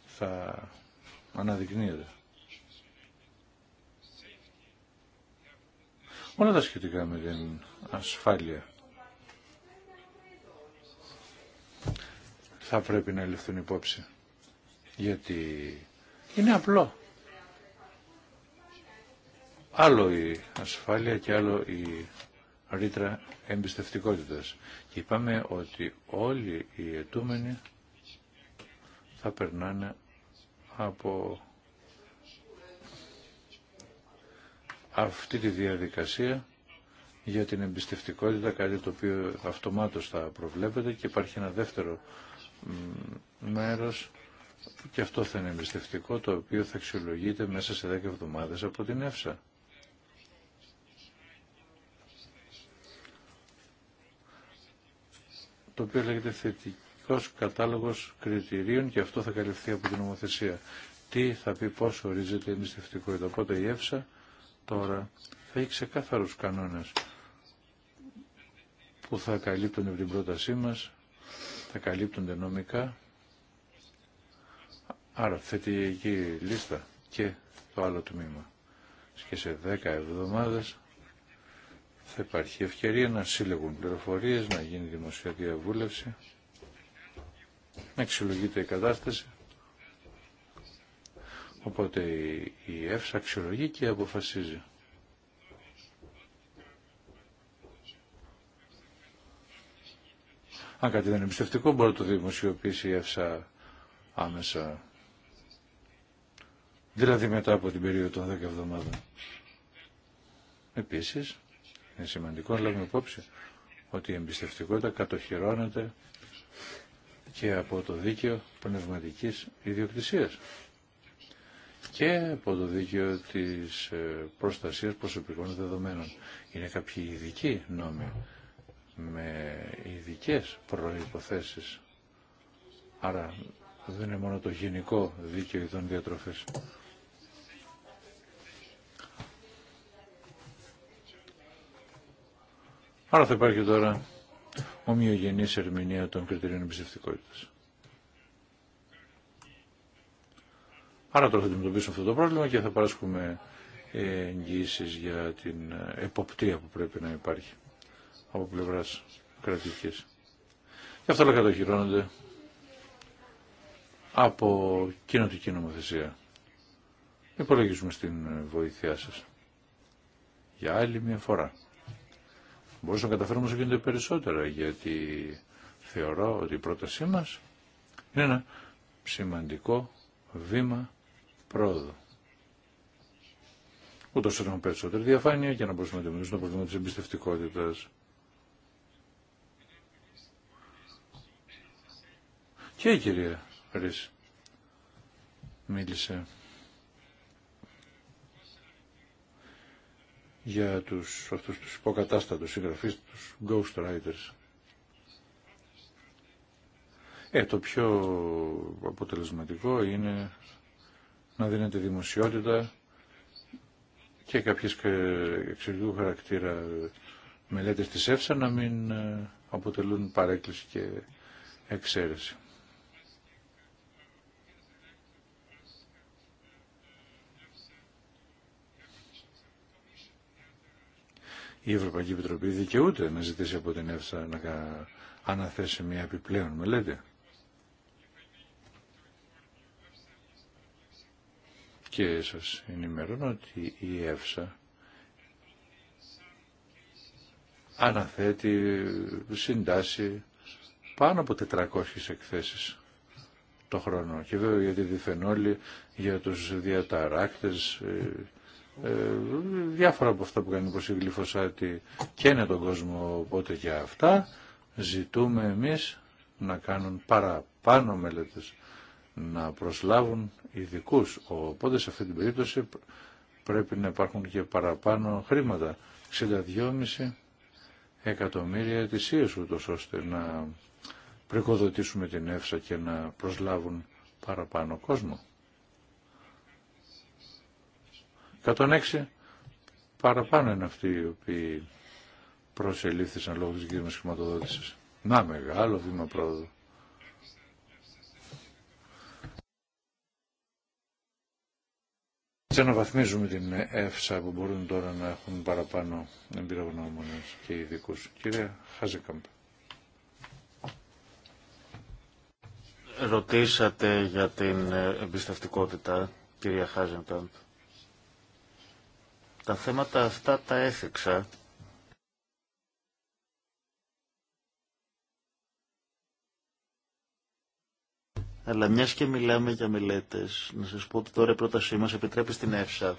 θα αναδεικνύεται. Όλα τα σχετικά με την ασφάλεια θα πρέπει να ληφθούν υπόψη. Γιατί είναι απλό. Άλλο η ασφάλεια και άλλο η ρήτρα εμπιστευτικότητας. Και είπαμε ότι όλοι οι ετούμενοι θα περνάνε από αυτή τη διαδικασία για την εμπιστευτικότητα, κάτι το οποίο αυτομάτως θα προβλέπεται και υπάρχει ένα δεύτερο μέρος και αυτό θα είναι εμπιστευτικό το οποίο θα αξιολογείται μέσα σε 10 εβδομάδες από την ΕΦΣΑ. το οποίο λέγεται θετικός κατάλογος κριτηρίων και αυτό θα καλυφθεί από την νομοθεσία. Τι θα πει πώς ορίζεται εμπιστευτικό. Εδώ Οπότε η ΕΦΣΑ τώρα θα έχει ξεκάθαρους κανόνες που θα καλύπτουν την πρότασή μας, θα καλύπτονται νομικά Άρα θετική λίστα και το άλλο τμήμα. Και σε 10 εβδομάδες θα υπάρχει ευκαιρία να συλλεγούν πληροφορίες, να γίνει δημοσία διαβούλευση, να αξιολογείται η κατάσταση. Οπότε η ΕΦΣΑ αξιολογεί και αποφασίζει. Αν κάτι δεν είναι εμπιστευτικό μπορεί να το δημοσιοποιήσει η ΕΦΣΑ άμεσα δηλαδή μετά από την περίοδο των 10 εβδομάδων. Επίσης, είναι σημαντικό να λάβουμε υπόψη ότι η εμπιστευτικότητα κατοχυρώνεται και από το δίκαιο πνευματικής ιδιοκτησίας και από το δίκαιο της ε, προστασίας προσωπικών δεδομένων. Είναι κάποιοι ειδικοί νόμοι με ειδικέ προϋποθέσεις. Άρα δεν είναι μόνο το γενικό δίκαιο ειδών διατροφής. Άρα θα υπάρχει τώρα ομοιογενής ερμηνεία των κριτηρίων εμπιστευτικότητας. Άρα τώρα θα αντιμετωπίσουμε αυτό το πρόβλημα και θα παράσχουμε εγγύησει για την εποπτεία που πρέπει να υπάρχει από πλευρά κρατική. Και αυτά όλα κατοχυρώνονται από κοινοτική νομοθεσία. Υπολογίζουμε στην βοήθειά σας. Για άλλη μια φορά μπορούσαμε να καταφέρουμε όσο γίνεται περισσότερα, γιατί θεωρώ ότι η πρότασή μας είναι ένα σημαντικό βήμα πρόοδου. Ούτω ώστε να έχουμε περισσότερη διαφάνεια για να μπορούμε να αντιμετωπίσουμε το πρόβλημα τη εμπιστευτικότητα. Και η κυρία Ρίση μίλησε για τους, αυτούς τους υποκατάστατους συγγραφείς, τους ghostwriters. Ε, το πιο αποτελεσματικό είναι να δίνεται δημοσιότητα και κάποιες εξαιρετικού χαρακτήρα μελέτες της ΕΦΣΑ να μην ε, αποτελούν παρέκκληση και εξαίρεση. η Ευρωπαϊκή Επιτροπή δικαιούται να ζητήσει από την ΕΦΣΑ να αναθέσει μια επιπλέον μελέτη. Και σας ενημερώνω ότι η ΕΦΣΑ αναθέτει, συντάσει πάνω από 400 εκθέσεις το χρόνο. Και βέβαια για τη διφενόλη, για τους διαταράκτες, ε, ε, διάφορα από αυτά που κάνει όπως η Γλυφωσάτη και είναι τον κόσμο οπότε για αυτά ζητούμε εμείς να κάνουν παραπάνω μελέτες να προσλάβουν ειδικού. οπότε σε αυτή την περίπτωση πρέπει να υπάρχουν και παραπάνω χρήματα 62,5 εκατομμύρια ετησίες ούτως ώστε να πρικοδοτήσουμε την ΕΦΣΑ και να προσλάβουν παραπάνω κόσμο. 106 παραπάνω είναι αυτοί οι οποίοι προσελήφθησαν λόγω της κοινωνικής χρηματοδότησης. Να μεγάλο βήμα πρόοδο. Έτσι αναβαθμίζουμε την ΕΦΣΑ που μπορούν τώρα να έχουν παραπάνω εμπειρογνώμονες και ειδικού. Κυρία Χάζεκαμπ. Ρωτήσατε για την εμπιστευτικότητα, κυρία Χάζεκαμπ. Τα θέματα αυτά τα έφυξα. Αλλά μιας και μιλάμε για μελέτες, να σας πω ότι τώρα η πρότασή μας επιτρέπει στην ΕΦΣΑ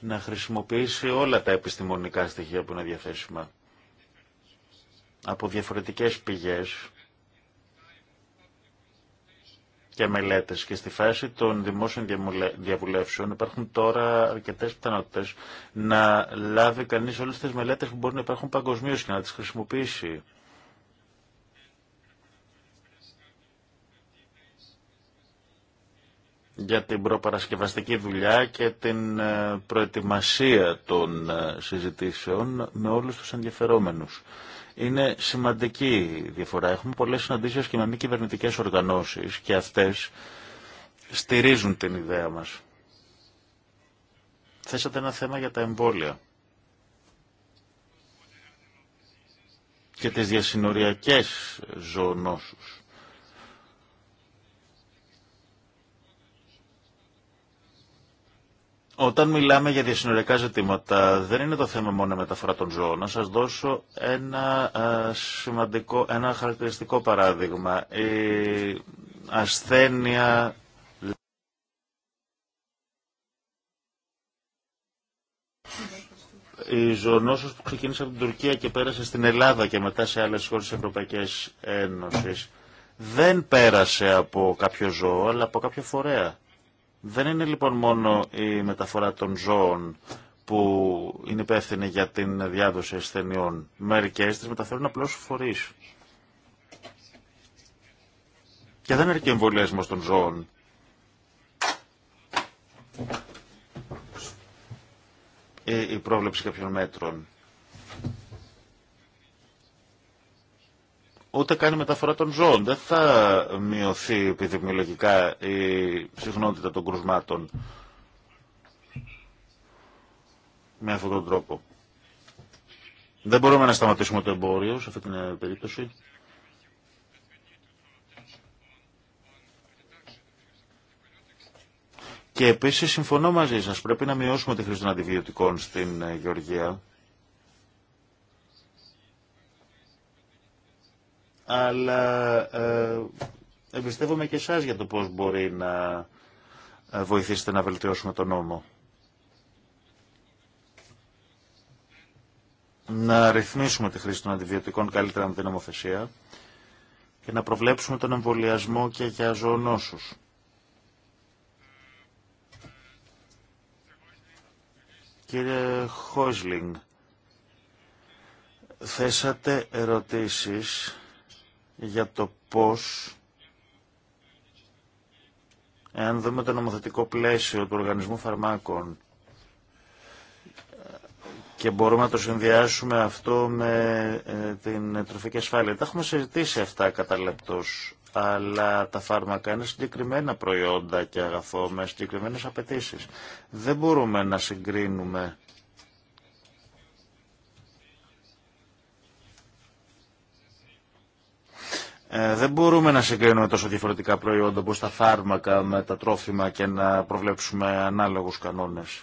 να χρησιμοποιήσει όλα τα επιστημονικά στοιχεία που είναι διαθέσιμα από διαφορετικές πηγές και μελέτες και στη φάση των δημόσιων διαβουλεύσεων υπάρχουν τώρα αρκετές πιθανότητες να λάβει κανείς όλες τις μελέτες που μπορεί να υπάρχουν παγκοσμίω και να τις χρησιμοποιήσει. για την προπαρασκευαστική δουλειά και την ε, προετοιμασία των ε, συζητήσεων με όλους τους ενδιαφερόμενους. Είναι σημαντική η διαφορά. Έχουμε πολλές συναντήσεις και με μη κυβερνητικές οργανώσεις και αυτές στηρίζουν την ιδέα μας. Θέσατε ένα θέμα για τα εμβόλια και τις διασυνοριακές ζωονόσους. Όταν μιλάμε για διασυνοριακά ζητήματα, δεν είναι το θέμα μόνο μεταφορά των ζώων. Να σας δώσω ένα ε, σημαντικό, ένα χαρακτηριστικό παράδειγμα. Η ασθένεια η ζωονόσος που ξεκίνησε από την Τουρκία και πέρασε στην Ελλάδα και μετά σε άλλες χώρες της Ευρωπαϊκής Ένωσης δεν πέρασε από κάποιο ζώο αλλά από κάποιο φορέα. Δεν είναι λοιπόν μόνο η μεταφορά των ζώων που είναι υπεύθυνη για την διάδοση ασθενειών. Μερικές τις μεταφέρουν απλώς φορείς. Και δεν αρκεί εμβολιασμό των ζώων. Ε, η πρόβλεψη κάποιων μέτρων. ούτε κάνει μεταφορά των ζώων. Δεν θα μειωθεί επιδημιολογικά η συχνότητα των κρουσμάτων με αυτόν τον τρόπο. Δεν μπορούμε να σταματήσουμε το εμπόριο σε αυτή την περίπτωση. Και επίσης συμφωνώ μαζί σας, πρέπει να μειώσουμε τη χρήση των αντιβιωτικών στην ε, Γεωργία. αλλά ε, εμπιστεύομαι και εσά για το πώς μπορεί να ε, βοηθήσετε να βελτιώσουμε τον νόμο. Να ρυθμίσουμε τη χρήση των αντιβιωτικών καλύτερα με την νομοθεσία και να προβλέψουμε τον εμβολιασμό και για ζωονόσους. Κύριε Χόσλινγκ, θέσατε ερωτήσεις για το πώς εάν δούμε το νομοθετικό πλαίσιο του οργανισμού φαρμάκων ε, και μπορούμε να το συνδυάσουμε αυτό με ε, την τροφική ασφάλεια. Τα έχουμε συζητήσει αυτά κατά λεπτός, αλλά τα φάρμακα είναι συγκεκριμένα προϊόντα και αγαθό με συγκεκριμένες απαιτήσεις. Δεν μπορούμε να συγκρίνουμε Ε, δεν μπορούμε να συγκρίνουμε τόσο διαφορετικά προϊόντα όπως τα φάρμακα με τα τρόφιμα και να προβλέψουμε ανάλογους κανόνες.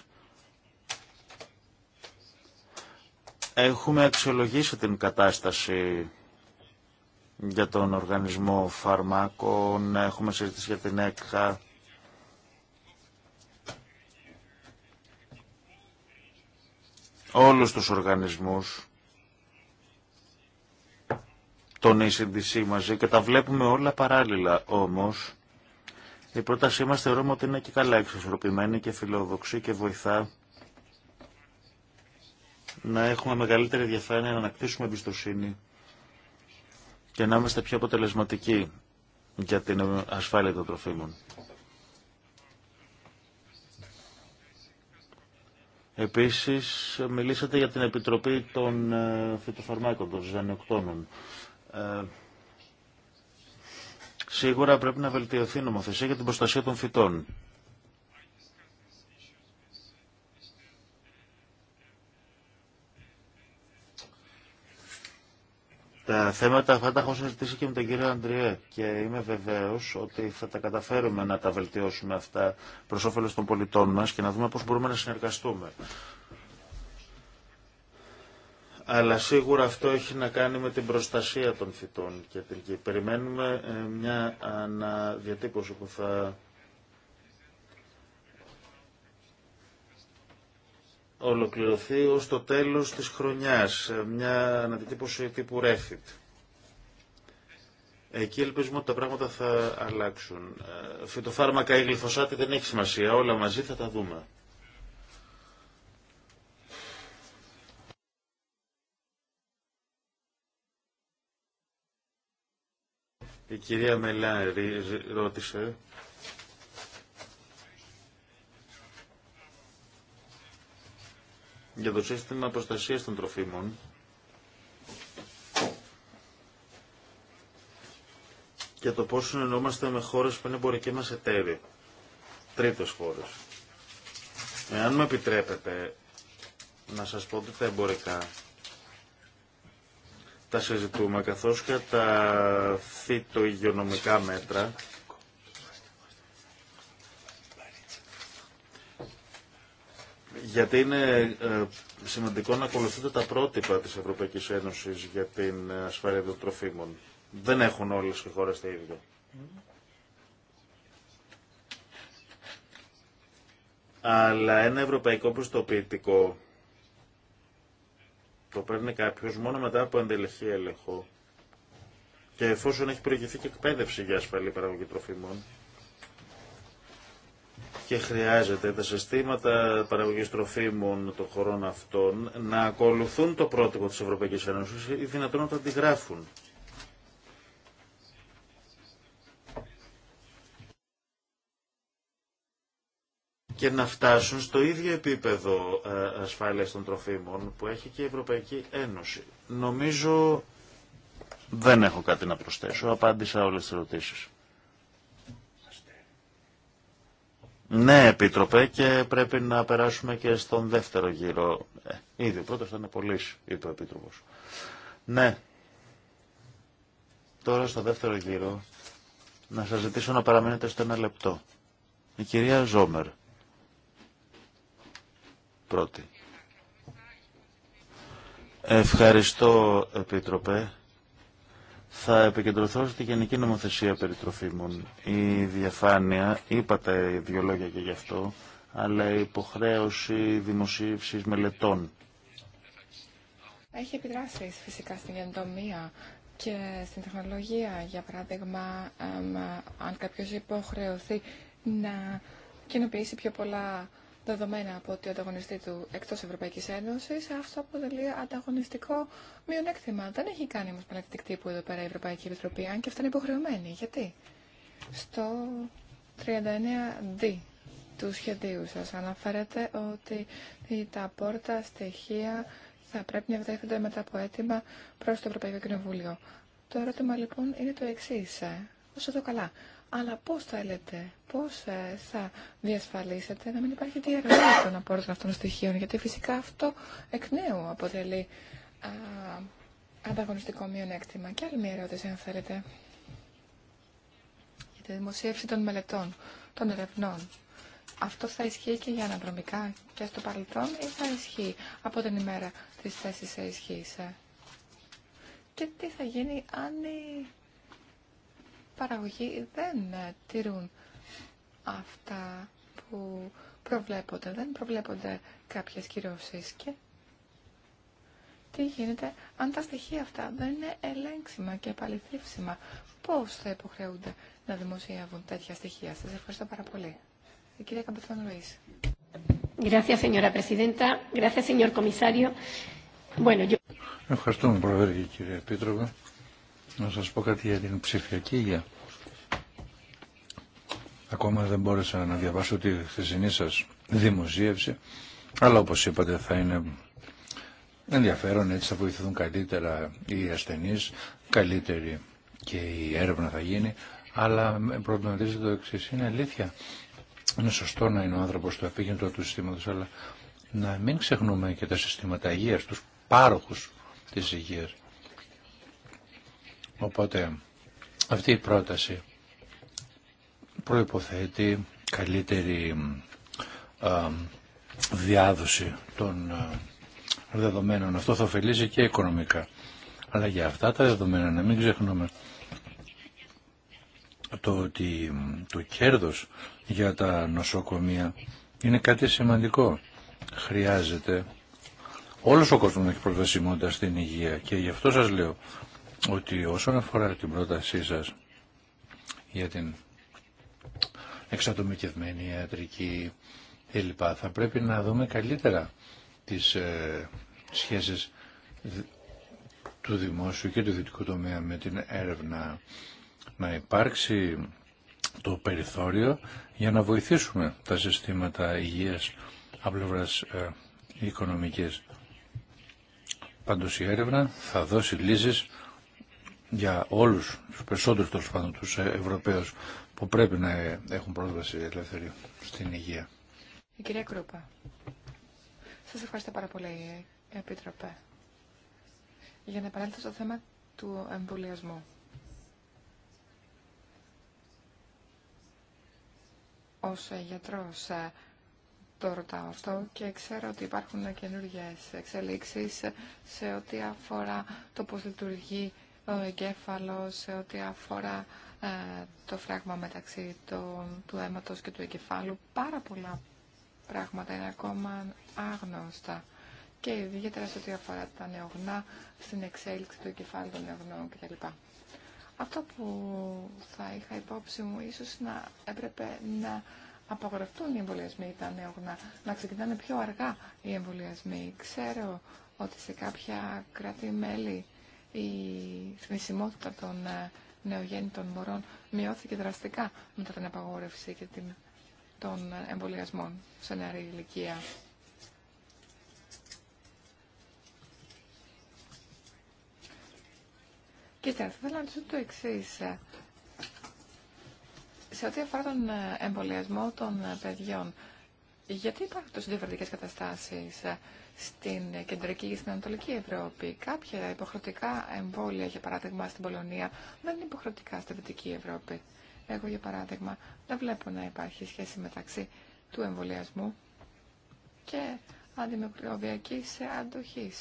Έχουμε αξιολογήσει την κατάσταση για τον οργανισμό φαρμάκων, έχουμε συζητήσει για την ΕΚΧΑ. Όλους τους οργανισμούς τον ACDC μαζί και τα βλέπουμε όλα παράλληλα όμως. Η πρότασή μας θεωρούμε ότι είναι και καλά εξισορροπημένη και φιλοδοξή και βοηθά να έχουμε μεγαλύτερη διαφάνεια, να ανακτήσουμε εμπιστοσύνη και να είμαστε πιο αποτελεσματικοί για την ασφάλεια των τροφίμων. Επίσης, μιλήσατε για την Επιτροπή των ε, Φυτοφαρμάκων, των Ζανιοκτώνων. Ε, σίγουρα πρέπει να βελτιωθεί η νομοθεσία για την προστασία των φυτών. Τα θέματα αυτά τα έχω συζητήσει και με τον κύριο Αντριέ και είμαι βεβαίως ότι θα τα καταφέρουμε να τα βελτιώσουμε αυτά προ όφελο των πολιτών μας και να δούμε πως μπορούμε να συνεργαστούμε. Αλλά σίγουρα αυτό έχει να κάνει με την προστασία των φυτών και την Περιμένουμε ε, μια αναδιατύπωση που θα ολοκληρωθεί ως το τέλος της χρονιάς. Ε, μια αναδιατύπωση τύπου Refit. Εκεί ελπίζουμε ότι τα πράγματα θα αλλάξουν. Ε, φυτοφάρμακα ή γλυφοσάτη δεν έχει σημασία. Όλα μαζί θα τα δούμε. Η κυρία Μελάρη ρώτησε για το σύστημα προστασίας των τροφίμων και το πόσο συνεννόμαστε με χώρες που είναι εμπορικοί μας εταίροι, Τρίτε χώρες. Εάν με επιτρέπετε να σας πω ότι τα εμπορικά τα συζητούμε, καθώς και τα φυτο μέτρα, γιατί είναι ε, σημαντικό να ακολουθούνται τα πρότυπα της Ευρωπαϊκής Ένωσης για την ασφάλεια των τροφίμων. Δεν έχουν όλες οι χώρες τα ίδια. Αλλά ένα ευρωπαϊκό προστοποιητικό το παίρνει κάποιο μόνο μετά από εντελεχή έλεγχο και εφόσον έχει προηγηθεί και εκπαίδευση για ασφαλή παραγωγή τροφίμων και χρειάζεται τα συστήματα παραγωγή τροφίμων των χωρών αυτών να ακολουθούν το πρότυπο τη Ευρωπαϊκή Ένωση ή δυνατόν να το αντιγράφουν. και να φτάσουν στο ίδιο επίπεδο ε, ασφάλειας των τροφίμων που έχει και η Ευρωπαϊκή Ένωση. Νομίζω δεν έχω κάτι να προσθέσω. Απάντησα όλες τις ερωτήσεις. Ναι, Επίτροπε, και πρέπει να περάσουμε και στον δεύτερο γύρο. Ε, ήδη ο πρώτος ήταν πολύ, είπε ο Επίτροπος. Ναι. Τώρα στο δεύτερο γύρο να σας ζητήσω να παραμείνετε στο ένα λεπτό. Η κυρία Ζόμερ. Ευχαριστώ, Επίτροπε. Θα επικεντρωθώ στη Γενική Νομοθεσία Περιτροφίμων. Η διαφάνεια, είπατε δύο λόγια και γι' αυτό, αλλά η υποχρέωση δημοσίευσης μελετών. Έχει επιδράσει φυσικά στην γεντομία και στην τεχνολογία. Για παράδειγμα, αν κάποιος υποχρεωθεί να κοινοποιήσει πιο πολλά δεδομένα από ότι ο ανταγωνιστή του εκτός Ευρωπαϊκής Ένωσης, αυτό αποτελεί ανταγωνιστικό μειονέκτημα. Δεν έχει κάνει όμω πανεκτικ τύπου εδώ πέρα η Ευρωπαϊκή Επιτροπή, αν και αυτά είναι υποχρεωμένη. Γιατί? Στο 39D του σχεδίου σας αναφέρεται ότι τα πόρτα στοιχεία θα πρέπει να ευδέχονται μετά από αίτημα προς το Ευρωπαϊκό Κοινοβούλιο. Το ερώτημα λοιπόν είναι το εξή. Ε. Όσο εδώ καλά. Αλλά πώ θέλετε, πώς ε, θα διασφαλίσετε να μην υπάρχει διαρροή των απόρριτων αυτών στοιχείων, γιατί φυσικά αυτό εκ νέου αποτελεί α, ανταγωνιστικό μειονέκτημα. Και άλλη μια ερώτηση, αν θέλετε, για τη δημοσίευση των μελετών, των ερευνών. Αυτό θα ισχύει και για αναδρομικά και στο παρελθόν ή θα ισχύει από την ημέρα της θέσης ισχύς. Ε? Και τι θα γίνει αν παραγωγοί δεν ε, τηρούν αυτά που προβλέπονται. Δεν προβλέπονται κάποιες κυρώσεις και τι γίνεται αν τα στοιχεία αυτά δεν είναι ελέγξιμα και επαληθεύσιμα. Πώς θα υποχρεούνται να δημοσιεύουν τέτοια στοιχεία. Σας ευχαριστώ πάρα πολύ. Η κυρία Καμπεθόν Λουίς. Ευχαριστούμε, Πρόεδρε κύριε Επίτροπε. Να σας πω κάτι για την ψηφιακή υγεία. Ακόμα δεν μπόρεσα να διαβάσω τη χθεσινή σας δημοσίευση, αλλά όπως είπατε θα είναι ενδιαφέρον, έτσι θα βοηθηθούν καλύτερα οι ασθενείς, καλύτερη και η έρευνα θα γίνει, αλλά προβληματίζεται το εξή. Είναι αλήθεια. Είναι σωστό να είναι ο άνθρωπος το επίκεντρο του συστήματος, αλλά να μην ξεχνούμε και τα συστήματα υγείας, τους πάροχους της υγείας. Οπότε αυτή η πρόταση προϋποθέτει καλύτερη διάδοση των δεδομένων. Αυτό θα ωφελήσει και οικονομικά. Αλλά για αυτά τα δεδομένα να μην ξεχνούμε το ότι το κέρδος για τα νοσοκομεία είναι κάτι σημαντικό. Χρειάζεται όλος ο κόσμος να έχει προσβασιμότητα στην υγεία και γι' αυτό σας λέω ότι όσον αφορά την πρότασή σας για την εξατομικευμένη ιατρική κλπ. θα πρέπει να δούμε καλύτερα τις ε, σχέσεις του δημόσιου και του δυτικού τομέα με την έρευνα να υπάρξει το περιθώριο για να βοηθήσουμε τα συστήματα υγείας από οικονομικές. ε, Πάντως η έρευνα θα δώσει λύσεις για όλους τους περισσότερους τέλο πάντων τους Ευρωπαίους που πρέπει να έχουν πρόσβαση ελεύθερη στην υγεία. Η κυρία Κρούπα, σας ευχαριστώ πάρα πολύ, Επίτροπε, για να επανέλθω στο θέμα του εμβολιασμού. Ως γιατρός ε, το ρωτάω αυτό και ξέρω ότι υπάρχουν καινούργιες εξελίξεις σε ό,τι αφορά το πώς λειτουργεί ο εγκέφαλο σε ό,τι αφορά ε, το φράγμα μεταξύ το, του αίματος και του εγκεφάλου. Πάρα πολλά πράγματα είναι ακόμα άγνωστα και ιδιαίτερα σε ό,τι αφορά τα νεογνά, στην εξέλιξη του εγκεφάλου των νεογνών κτλ. Αυτό που θα είχα υπόψη μου ίσως να έπρεπε να απογραφτούν οι εμβολιασμοί τα νεογνά, να ξεκινάνε πιο αργά οι εμβολιασμοί. Ξέρω ότι σε κάποια κράτη-μέλη η θνησιμότητα των ε, νεογέννητων μωρών μειώθηκε δραστικά μετά την απαγόρευση και την, των ε, εμβολιασμών σε νεαρή ηλικία. Κοίτα, θα ήθελα να το εξή. Ε. Σε ό,τι αφορά τον εμβολιασμό των παιδιών, γιατί υπάρχουν τόσο διαφορετικέ καταστάσει ε, στην κεντρική και στην ανατολική Ευρώπη. Κάποια υποχρεωτικά εμβόλια, για παράδειγμα, στην Πολωνία δεν είναι υποχρεωτικά στη δυτική Ευρώπη. Εγώ, για παράδειγμα, δεν βλέπω να υπάρχει σχέση μεταξύ του εμβολιασμού και αντιμικροβιακή αντοχή.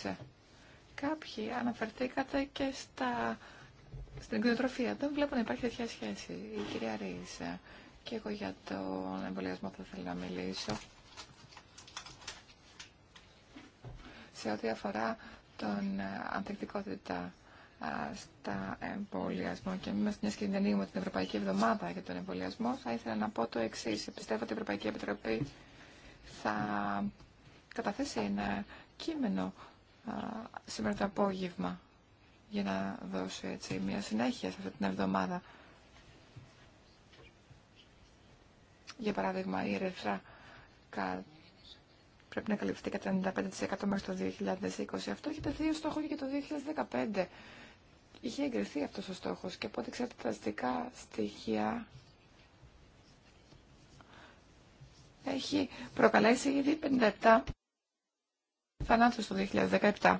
Κάποιοι αναφερθήκατε και στα... στην κτηνοτροφία. Δεν βλέπω να υπάρχει τέτοια σχέση. Η κυρία Ρίζα. Και εγώ για τον εμβολιασμό θα ήθελα να μιλήσω. σε ό,τι αφορά την ε, ανθεκτικότητα στα εμβολιασμό και είμαστε μια και την Ευρωπαϊκή Εβδομάδα για τον εμβολιασμό, θα ήθελα να πω το εξή. Πιστεύω ότι η Ευρωπαϊκή Επιτροπή θα καταθέσει ένα κείμενο σήμερα το απόγευμα για να δώσει έτσι μια συνέχεια σε αυτή την εβδομάδα. Για παράδειγμα, η κάτι πρέπει να καλυφθεί κατά 95% μέχρι το 2020. Αυτό έχει τεθεί ως στόχο για το 2015. Είχε εγκριθεί αυτός ο στόχος και από ό,τι ξέρετε τα αστικά στοιχεία έχει προκαλέσει ήδη 57 θανάτους το 2017.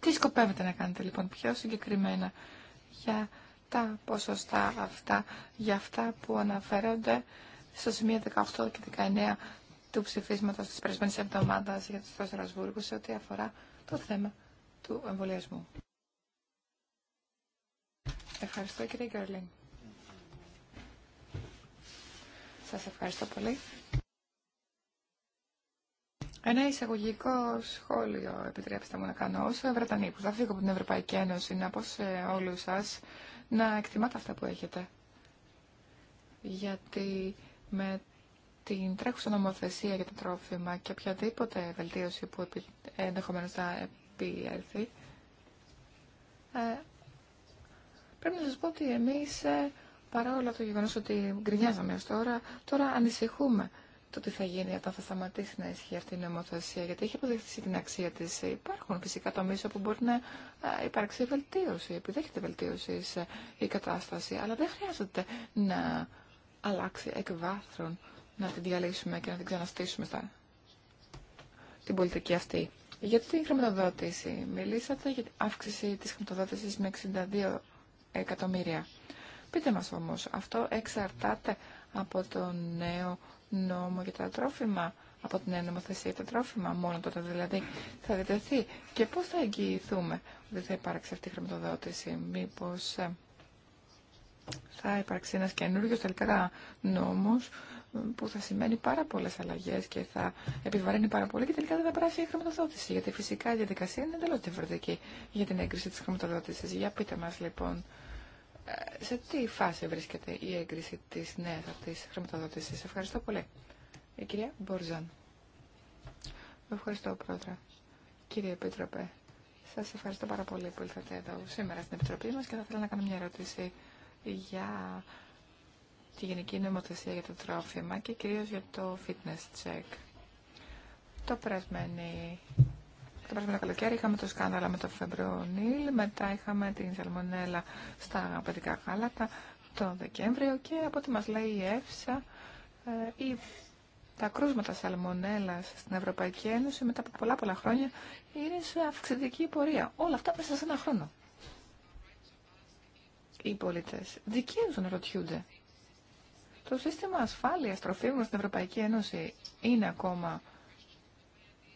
Τι σκοπεύετε να κάνετε λοιπόν πιο συγκεκριμένα για τα ποσοστά αυτά, για αυτά που αναφέρονται στο σημείο 18 και 19 του ψηφίσματο τη περασμένη Εβδομάδα για το Στρασβούργο σε ό,τι αφορά το θέμα του εμβολιασμού. Ευχαριστώ κύριε Γκέρλινγκ. Σα ευχαριστώ πολύ. Ένα εισαγωγικό σχόλιο επιτρέψτε μου να κάνω. Όσο Βρετανοί που θα φύγω από την Ευρωπαϊκή Ένωση, να πω σε όλου σα να εκτιμάτε αυτά που έχετε. Γιατί με την τρέχουσα νομοθεσία για το τρόφιμα και οποιαδήποτε βελτίωση που ενδεχομένως θα επιέλθει, ε, πρέπει να σας πω ότι εμείς, ε, παρά όλα το γεγονός ότι γκρινιάζαμε ως τώρα, τώρα ανησυχούμε το τι θα γίνει όταν θα σταματήσει να ισχύει αυτή η νομοθεσία, γιατί έχει αποδείξει την αξία τη. Υπάρχουν φυσικά τομεί όπου μπορεί να ε, υπάρξει βελτίωση, επιδέχεται βελτίωση η κατάσταση, αλλά δεν χρειάζεται να αλλάξει εκ βάθρων να την διαλύσουμε και να την ξαναστήσουμε στα... την πολιτική αυτή. Γιατί την χρηματοδότηση. Μιλήσατε για την αύξηση της χρηματοδότησης με 62 εκατομμύρια. Πείτε μας όμως, αυτό εξαρτάται από το νέο νόμο για τα τρόφιμα, από την νέα νομοθεσία για τα τρόφιμα, μόνο τότε δηλαδή θα διτεθεί. Και πώς θα εγγυηθούμε ότι θα υπάρξει αυτή η χρηματοδότηση, μήπως ε, θα υπάρξει ένας καινούργιος τελικά νόμος που θα σημαίνει πάρα πολλέ αλλαγέ και θα επιβαρύνει πάρα πολύ και τελικά δεν θα περάσει η χρηματοδότηση. Γιατί φυσικά η διαδικασία είναι εντελώ διαφορετική για την έγκριση τη χρηματοδότηση. Για πείτε μα, λοιπόν, ε, σε τι φάση βρίσκεται η έγκριση τη νέα αυτή χρηματοδότηση. Ευχαριστώ πολύ. Η κυρία Μπορζάν. Ευχαριστώ πρόεδρε. Κύριε Επίτροπε, σα ευχαριστώ πάρα πολύ που ήρθατε εδώ σήμερα στην Επιτροπή μα και θα ήθελα να κάνω μια ερώτηση για τη Γενική Νομοθεσία για το Τρόφιμα και κυρίως για το fitness check. Το περασμένο, το περασμένο καλοκαίρι είχαμε το σκάνδαλο με το φεμπρονίλ, μετά είχαμε την σαλμονέλα στα παιδικά γάλατα το Δεκέμβριο και από ό,τι μας λέει η ΕΦΣΑ, ε, τα κρούσματα σαλμονέλας στην Ευρωπαϊκή Ένωση μετά από πολλά πολλά χρόνια είναι σε αυξητική πορεία. Όλα αυτά μέσα σε ένα χρόνο. Οι πολίτες δικαίως ρωτιούνται το σύστημα ασφάλειας τροφίμων στην Ευρωπαϊκή Ένωση είναι ακόμα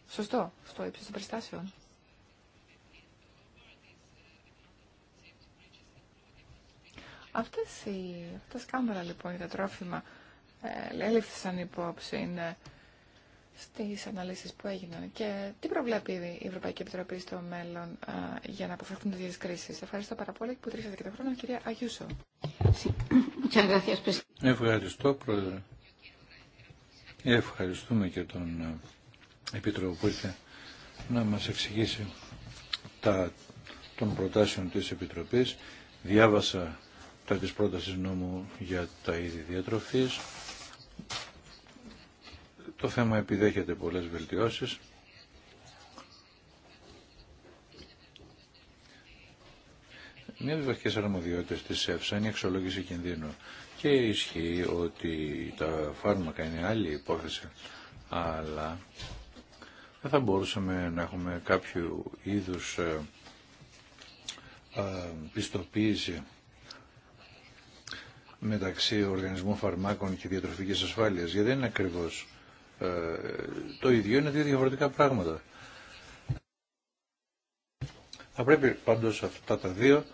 σωστό στο ύψος των περιστάσεων. Αυτές οι αυτές κάμερα λοιπόν για τα τρόφιμα έληφθησαν ε, υπόψη ε, στις αναλύσεις που έγιναν και τι προβλέπει η Ευρωπαϊκή Επιτροπή στο μέλλον ε, για να αποφευχθούν τέτοιες κρίσεις. Ευχαριστώ πάρα πολύ που τρίσατε και τον χρόνο, κυρία Αγιούσο. Ευχαριστώ, Πρόεδρε. Ευχαριστούμε και τον ε, Επίτροπο που ήρθε να μας εξηγήσει τα, των προτάσεων της Επιτροπής. Διάβασα τα της πρότασης νόμου για τα είδη διατροφής. Το θέμα επιδέχεται πολλές βελτιώσεις. Μία από τι βασικέ αρμοδιότητε τη ΕΦΣΑ είναι η αξιολόγηση κινδύνου. Και ισχύει ότι τα φάρμακα είναι άλλη υπόθεση, αλλά δεν θα μπορούσαμε να έχουμε κάποιο είδου ε, ε, πιστοποίηση μεταξύ οργανισμού φαρμάκων και διατροφικής ασφάλειας, γιατί δεν είναι ακριβώς ε, το ίδιο, είναι δύο διαφορετικά πράγματα. Θα πρέπει πάντως αυτά τα δύο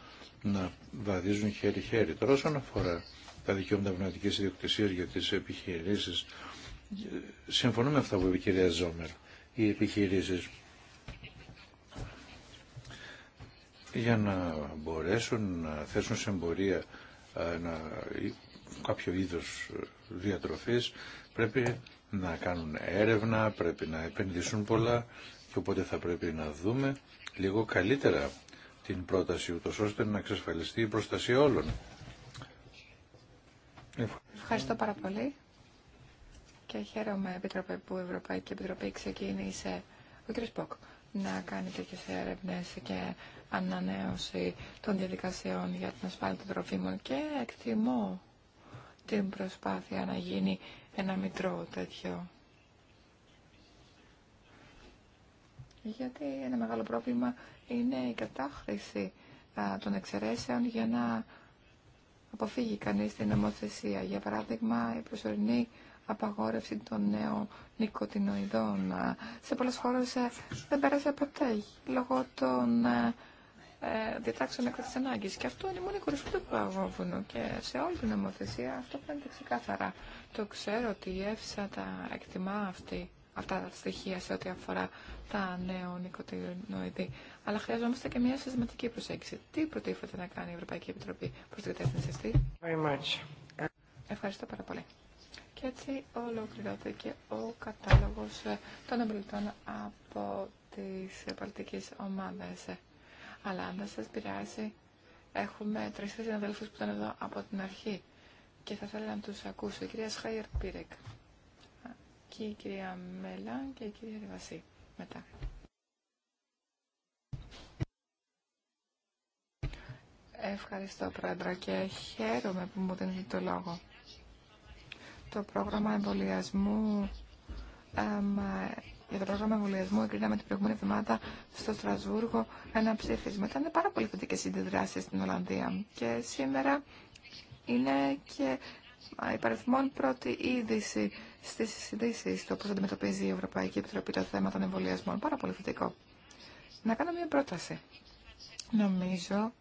να βαδίζουν χέρι-χέρι. Τώρα όσον αφορά τα δικαιώματα πνευματικής ιδιοκτησίας για τις επιχειρήσεις, συμφωνούμε με αυτά που είπε η οι επιχειρήσεις για να μπορέσουν να θέσουν σε εμπορία ένα, κάποιο είδος διατροφής πρέπει να κάνουν έρευνα, πρέπει να επενδύσουν πολλά και οπότε θα πρέπει να δούμε λίγο καλύτερα την πρόταση ούτως ώστε να εξασφαλιστεί η προστασία όλων. Ευχαριστώ πάρα πολύ και χαίρομαι Επίτροπε, που η Ευρωπαϊκή Επιτροπή ξεκίνησε ο κ. Σποκ να κάνει τέτοιες έρευνε και ανανέωση των διαδικασιών για την ασφάλεια των τροφίμων και εκτιμώ την προσπάθεια να γίνει ένα μητρό τέτοιο γιατί ένα μεγάλο πρόβλημα είναι η κατάχρηση των εξαιρέσεων για να αποφύγει κανείς την νομοθεσία. Για παράδειγμα, η προσωρινή απαγόρευση των νέων νοικοτινοειδών. Σε πολλές χώρες δεν πέρασε ποτέ λόγω των ε, εκ της ανάγκης. Και αυτό είναι μόνο η κορυφή του παγόβουνου και σε όλη την νομοθεσία αυτό φαίνεται ξεκάθαρα. Το ξέρω ότι η ΕΦΣΑ τα εκτιμά αυτή αυτά τα στοιχεία σε ό,τι αφορά τα νεονικοτινοειδή. Αλλά χρειαζόμαστε και μια συστηματική προσέγγιση. Τι προτίθεται να κάνει η Ευρωπαϊκή Επιτροπή προ την κατεύθυνση αυτή. Ευχαριστώ πάρα πολύ. Και έτσι ολοκληρώθηκε ο κατάλογο ε, των εμπλουτών από τι πολιτικέ ομάδε. Αλλά αν δεν σα πειράζει, έχουμε τρεις συναδέλφους που ήταν εδώ από την αρχή και θα ήθελα να του ακούσω. Η κυρία Σχάιερ Πίρεκ η κυρία Μέλα και η κυρία Ριβασί μετά. Ευχαριστώ πρόεδρε και χαίρομαι που μου δίνετε το λόγο. Το πρόγραμμα εμβολιασμού για το πρόγραμμα εμβολιασμού εγκρίναμε την προηγούμενη εβδομάδα στο Στρασβούργο ένα ψήφισμα. Ήταν πάρα πολύ θετικέ οι στην Ολλανδία. Και σήμερα είναι και υπαριθμόν πρώτη είδηση στι συνδέσει, το πώ αντιμετωπίζει η Ευρωπαϊκή Επιτροπή το θέμα των εμβολιασμών. Πάρα πολύ θετικό. Να κάνω μια πρόταση. Νομίζω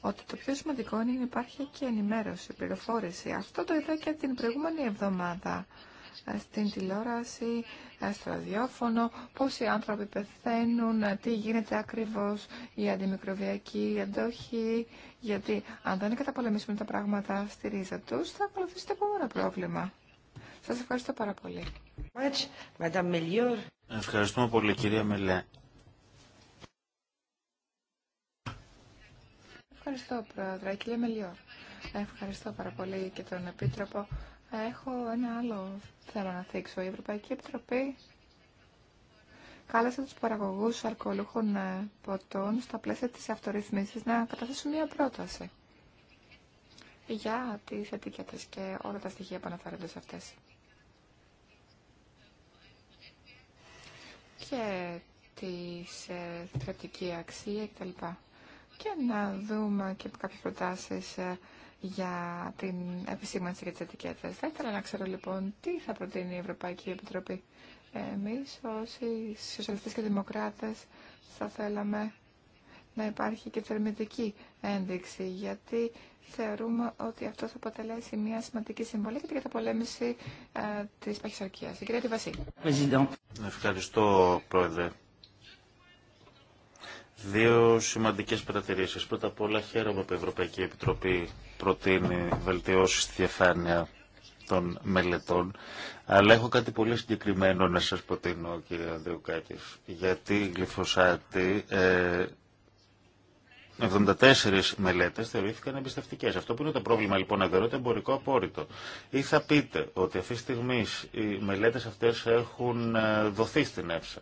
ότι το πιο σημαντικό είναι να υπάρχει και ενημέρωση, πληροφόρηση. Αυτό το είδα και την προηγούμενη εβδομάδα στην τηλεόραση, στο ραδιόφωνο, πόσοι άνθρωποι πεθαίνουν, τι γίνεται ακριβώς η αντιμικροβιακή αντόχη, γιατί αν δεν καταπολεμήσουμε τα πράγματα στη ρίζα τους, θα ακολουθήσει το επόμενο πρόβλημα. Σα ευχαριστώ πάρα πολύ. Ευχαριστούμε πολύ κυρία Μελέ. Ευχαριστώ πρόεδρε, κυρία μελιό. Ευχαριστώ πάρα πολύ και τον Επίτροπο. Έχω ένα άλλο θέμα να θίξω. Η Ευρωπαϊκή Επιτροπή κάλεσε τους παραγωγούς αρκολούχων ε, ποτών στα πλαίσια της αυτορυθμίσης να καταθέσουν μια πρόταση για τις ετικέτες και όλα τα στοιχεία που αναφέρονται σε αυτές. και τη ε, θρεπτική αξία κτλ. Και να δούμε και κάποιες προτάσεις ε, για την επισήμανση και τις ετικέτες. Θα ήθελα να ξέρω λοιπόν τι θα προτείνει η Ευρωπαϊκή Επιτροπή. Εμείς όσοι σοσιαλιστές και δημοκράτες θα θέλαμε να υπάρχει και θερμητική ένδειξη, γιατί θεωρούμε ότι αυτό θα αποτελέσει μια σημαντική συμβολή για την καταπολέμηση ε, της παχυσαρκίας. Η κυρία Τιβασί. Ευχαριστώ, Πρόεδρε. Δύο σημαντικές παρατηρήσεις. Πρώτα απ' όλα χαίρομαι που η Ευρωπαϊκή Επιτροπή προτείνει βελτιώσει στη διαφάνεια των μελετών. Αλλά έχω κάτι πολύ συγκεκριμένο να σας προτείνω, κύριε Ανδρεουκάκης. Γιατί η γλυφωσάτη... ε, 74 μελέτε θεωρήθηκαν εμπιστευτικέ. Αυτό που είναι το πρόβλημα λοιπόν εδώ το εμπορικό απόρριτο. Ή θα πείτε ότι αυτή τη στιγμή οι μελέτε αυτέ έχουν ε, δοθεί στην ΕΦΣΑ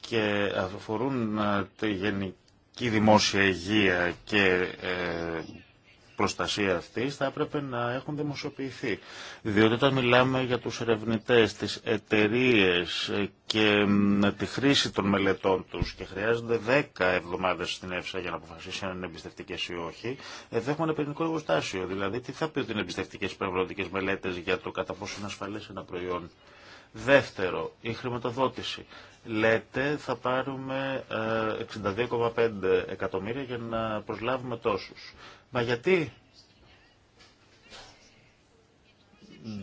και αφορούν ε, τη γενική δημόσια υγεία και ε, προστασία αυτή θα έπρεπε να έχουν δημοσιοποιηθεί. Διότι όταν μιλάμε για τους ερευνητέ, τις εταιρείε και τη χρήση των μελετών τους και χρειάζονται 10 εβδομάδες στην ΕΦΣΑ για να αποφασίσει αν είναι εμπιστευτικέ ή όχι, εδώ έχουμε ένα πυρηνικό εργοστάσιο. Δηλαδή τι θα πει ότι είναι εμπιστευτικέ πραγματικές μελέτες για το κατά πόσο είναι ασφαλές ένα προϊόν. Δεύτερο, η χρηματοδότηση. Λέτε θα πάρουμε 62,5 ε, εκατομμύρια για να προσλάβουμε τόσους. Μα γιατί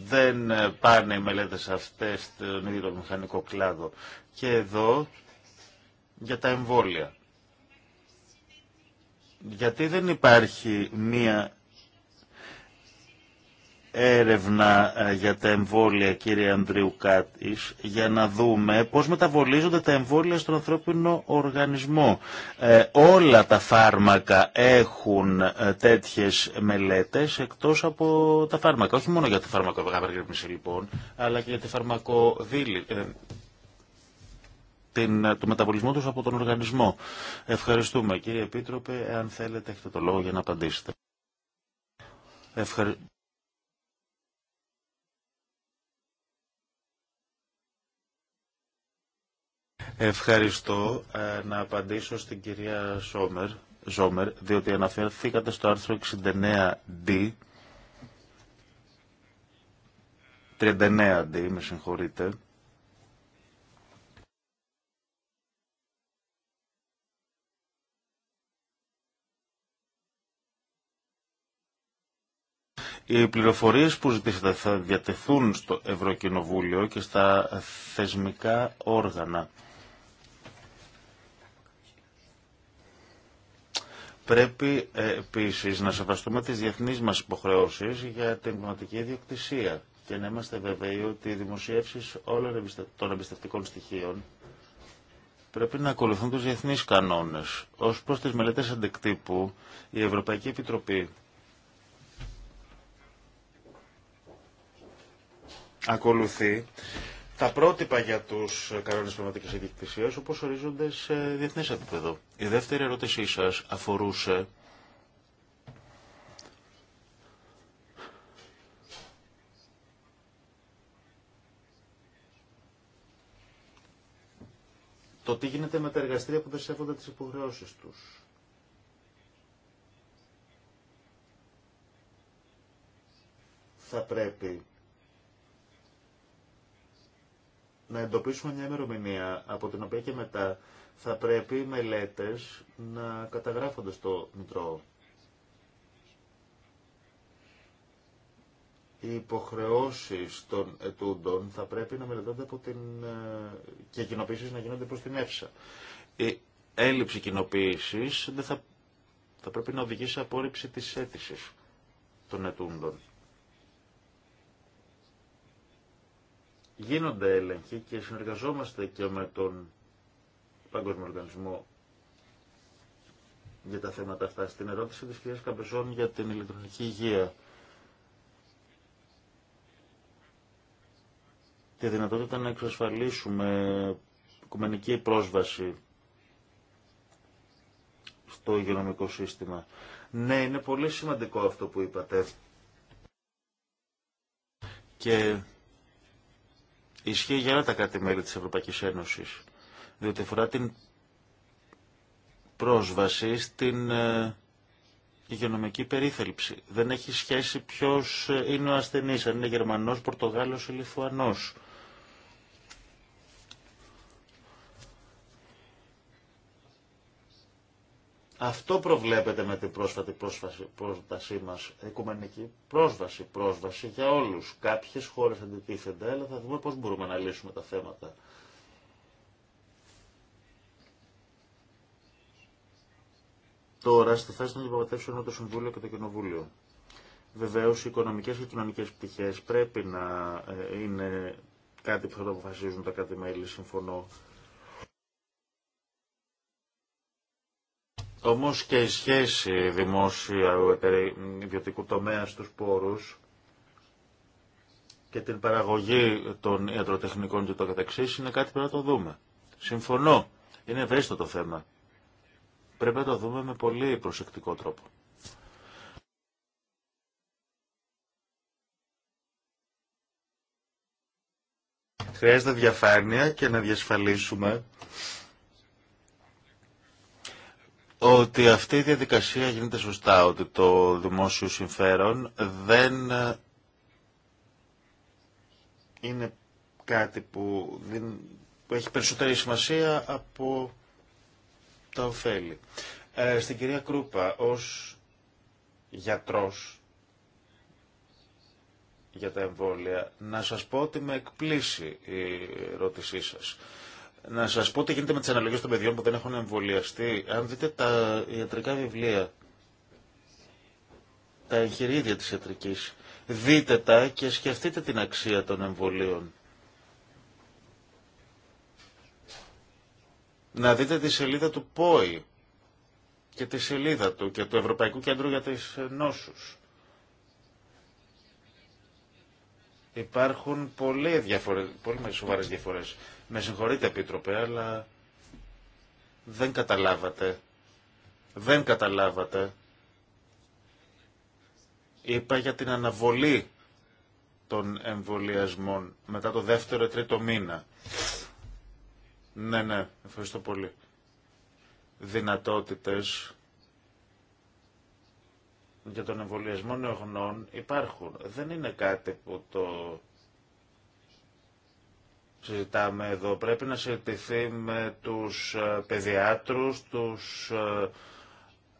δεν πάνε οι μελέτες αυτές στον ίδιο το μηχανικό κλάδο. Και εδώ για τα εμβόλια. Γιατί δεν υπάρχει μία έρευνα ε, για τα εμβόλια, κύριε Ανδρίου για να δούμε πώς μεταβολίζονται τα εμβόλια στον ανθρώπινο οργανισμό. Ε, όλα τα φάρμακα έχουν ε, τέτοιες μελέτες εκτός από τα φάρμακα. Όχι μόνο για τη φαρμακοπαγαπαγρύπνηση λοιπόν, αλλά και για τη φαρμακοδήλη την, του μεταβολισμού τους από τον οργανισμό. Ευχαριστούμε. Κύριε Επίτροπε, αν θέλετε έχετε το λόγο για να απαντήσετε. Ευχαριστώ. Ε, να απαντήσω στην κυρία Ζόμερ, διότι αναφέρθηκατε στο άρθρο 69D. 39D, με συγχωρείτε. Οι πληροφορίες που ζητήσατε θα διατεθούν στο Ευρωκοινοβούλιο και στα θεσμικά όργανα. Πρέπει ε, επίσης να σεβαστούμε τις διεθνείς μας υποχρεώσεις για την πνευματική ιδιοκτησία και να είμαστε βέβαιοι ότι οι δημοσιεύσεις όλων των εμπιστευτικών στοιχείων πρέπει να ακολουθούν τους διεθνείς κανόνες. Ως προς τις μελέτες αντεκτύπου, η Ευρωπαϊκή Επιτροπή ακολουθεί τα πρότυπα για του κανόνε πνευματική ιδιοκτησία, όπω ορίζονται σε διεθνέ επίπεδο. Η δεύτερη ερώτησή σα αφορούσε το τι γίνεται με τα εργαστήρια που δεν σέβονται τις υποχρεώσεις τους. Θα πρέπει να εντοπίσουμε μια ημερομηνία από την οποία και μετά θα πρέπει οι μελέτες να καταγράφονται στο Μητρό. Οι υποχρεώσεις των ετούντων θα πρέπει να μελετώνται από την... Ε, και οι κοινοποίησεις να γίνονται προς την ΕΦΣΑ. Η έλλειψη κοινοποίησης δεν θα... θα πρέπει να οδηγήσει σε απόρριψη της αίτησης των ετούντων. γίνονται έλεγχοι και συνεργαζόμαστε και με τον Παγκόσμιο Οργανισμό για τα θέματα αυτά. Στην ερώτηση της κυρίας Καμπεζών για την ηλεκτρονική υγεία. Τη δυνατότητα να εξασφαλίσουμε οικουμενική πρόσβαση στο υγειονομικό σύστημα. Ναι, είναι πολύ σημαντικό αυτό που είπατε. Και ισχύει για όλα τα κράτη-μέλη της Ευρωπαϊκής Ένωσης, διότι αφορά την πρόσβαση στην ε, υγειονομική περίθαλψη. Δεν έχει σχέση ποιος ε, είναι ο ασθενής, αν είναι Γερμανός, Πορτογάλος ή Λιθουανός. Αυτό προβλέπεται με την πρόσφατη πρόσφαση, πρόσβασή μας, οικουμενική πρόσβαση, πρόσβαση για όλου. Κάποιε χώρε αντιτίθενται, αλλά θα δούμε πώ μπορούμε να λύσουμε τα θέματα. Τώρα, στη θέση των διαπραγματεύσεων με το Συμβούλιο και το Κοινοβούλιο. Βεβαίω, οι οικονομικέ και κοινωνικέ πτυχέ πρέπει να ε, είναι κάτι που θα το αποφασίζουν τα κρατη μέλη, συμφωνώ. Όμως και η σχέση δημόσια ιδιωτικού τομέα στους πόρους και την παραγωγή των ιατροτεχνικών και το καταξής είναι κάτι που πρέπει να το δούμε. Συμφωνώ. Είναι ευαίσθητο το θέμα. Πρέπει να το δούμε με πολύ προσεκτικό τρόπο. Χρειάζεται διαφάνεια και να διασφαλίσουμε ότι αυτή η διαδικασία γίνεται σωστά, ότι το δημόσιο συμφέρον δεν ε, είναι κάτι που, έχει περισσότερη σημασία από τα ωφέλη. Ε, στην κυρία Κρούπα, ως γιατρός για τα εμβόλια, να σας πω ότι με εκπλήσει η ερώτησή σας. Να σας πω τι γίνεται με τι αναλογίε των παιδιών που δεν έχουν εμβολιαστεί. Αν δείτε τα ιατρικά βιβλία, τα εγχειρίδια της ιατρική. δείτε τα και σκεφτείτε την αξία των εμβολίων. Να δείτε τη σελίδα του ΠΟΗ και τη σελίδα του και του Ευρωπαϊκού Κέντρου για τις Νόσους. Υπάρχουν πολλές διαφορε... πολλές σοβαρές διαφορές. Με συγχωρείτε, Επίτροπε, αλλά δεν καταλάβατε. Δεν καταλάβατε. Είπα για την αναβολή των εμβολιασμών μετά το δεύτερο ή τρίτο μήνα. Ναι, ναι, ευχαριστώ πολύ. Δυνατότητες για τον εμβολιασμό νεογνών υπάρχουν. Δεν είναι κάτι που το συζητάμε εδώ. Πρέπει να συζητηθεί με τους ε, παιδιάτρους, τους ε,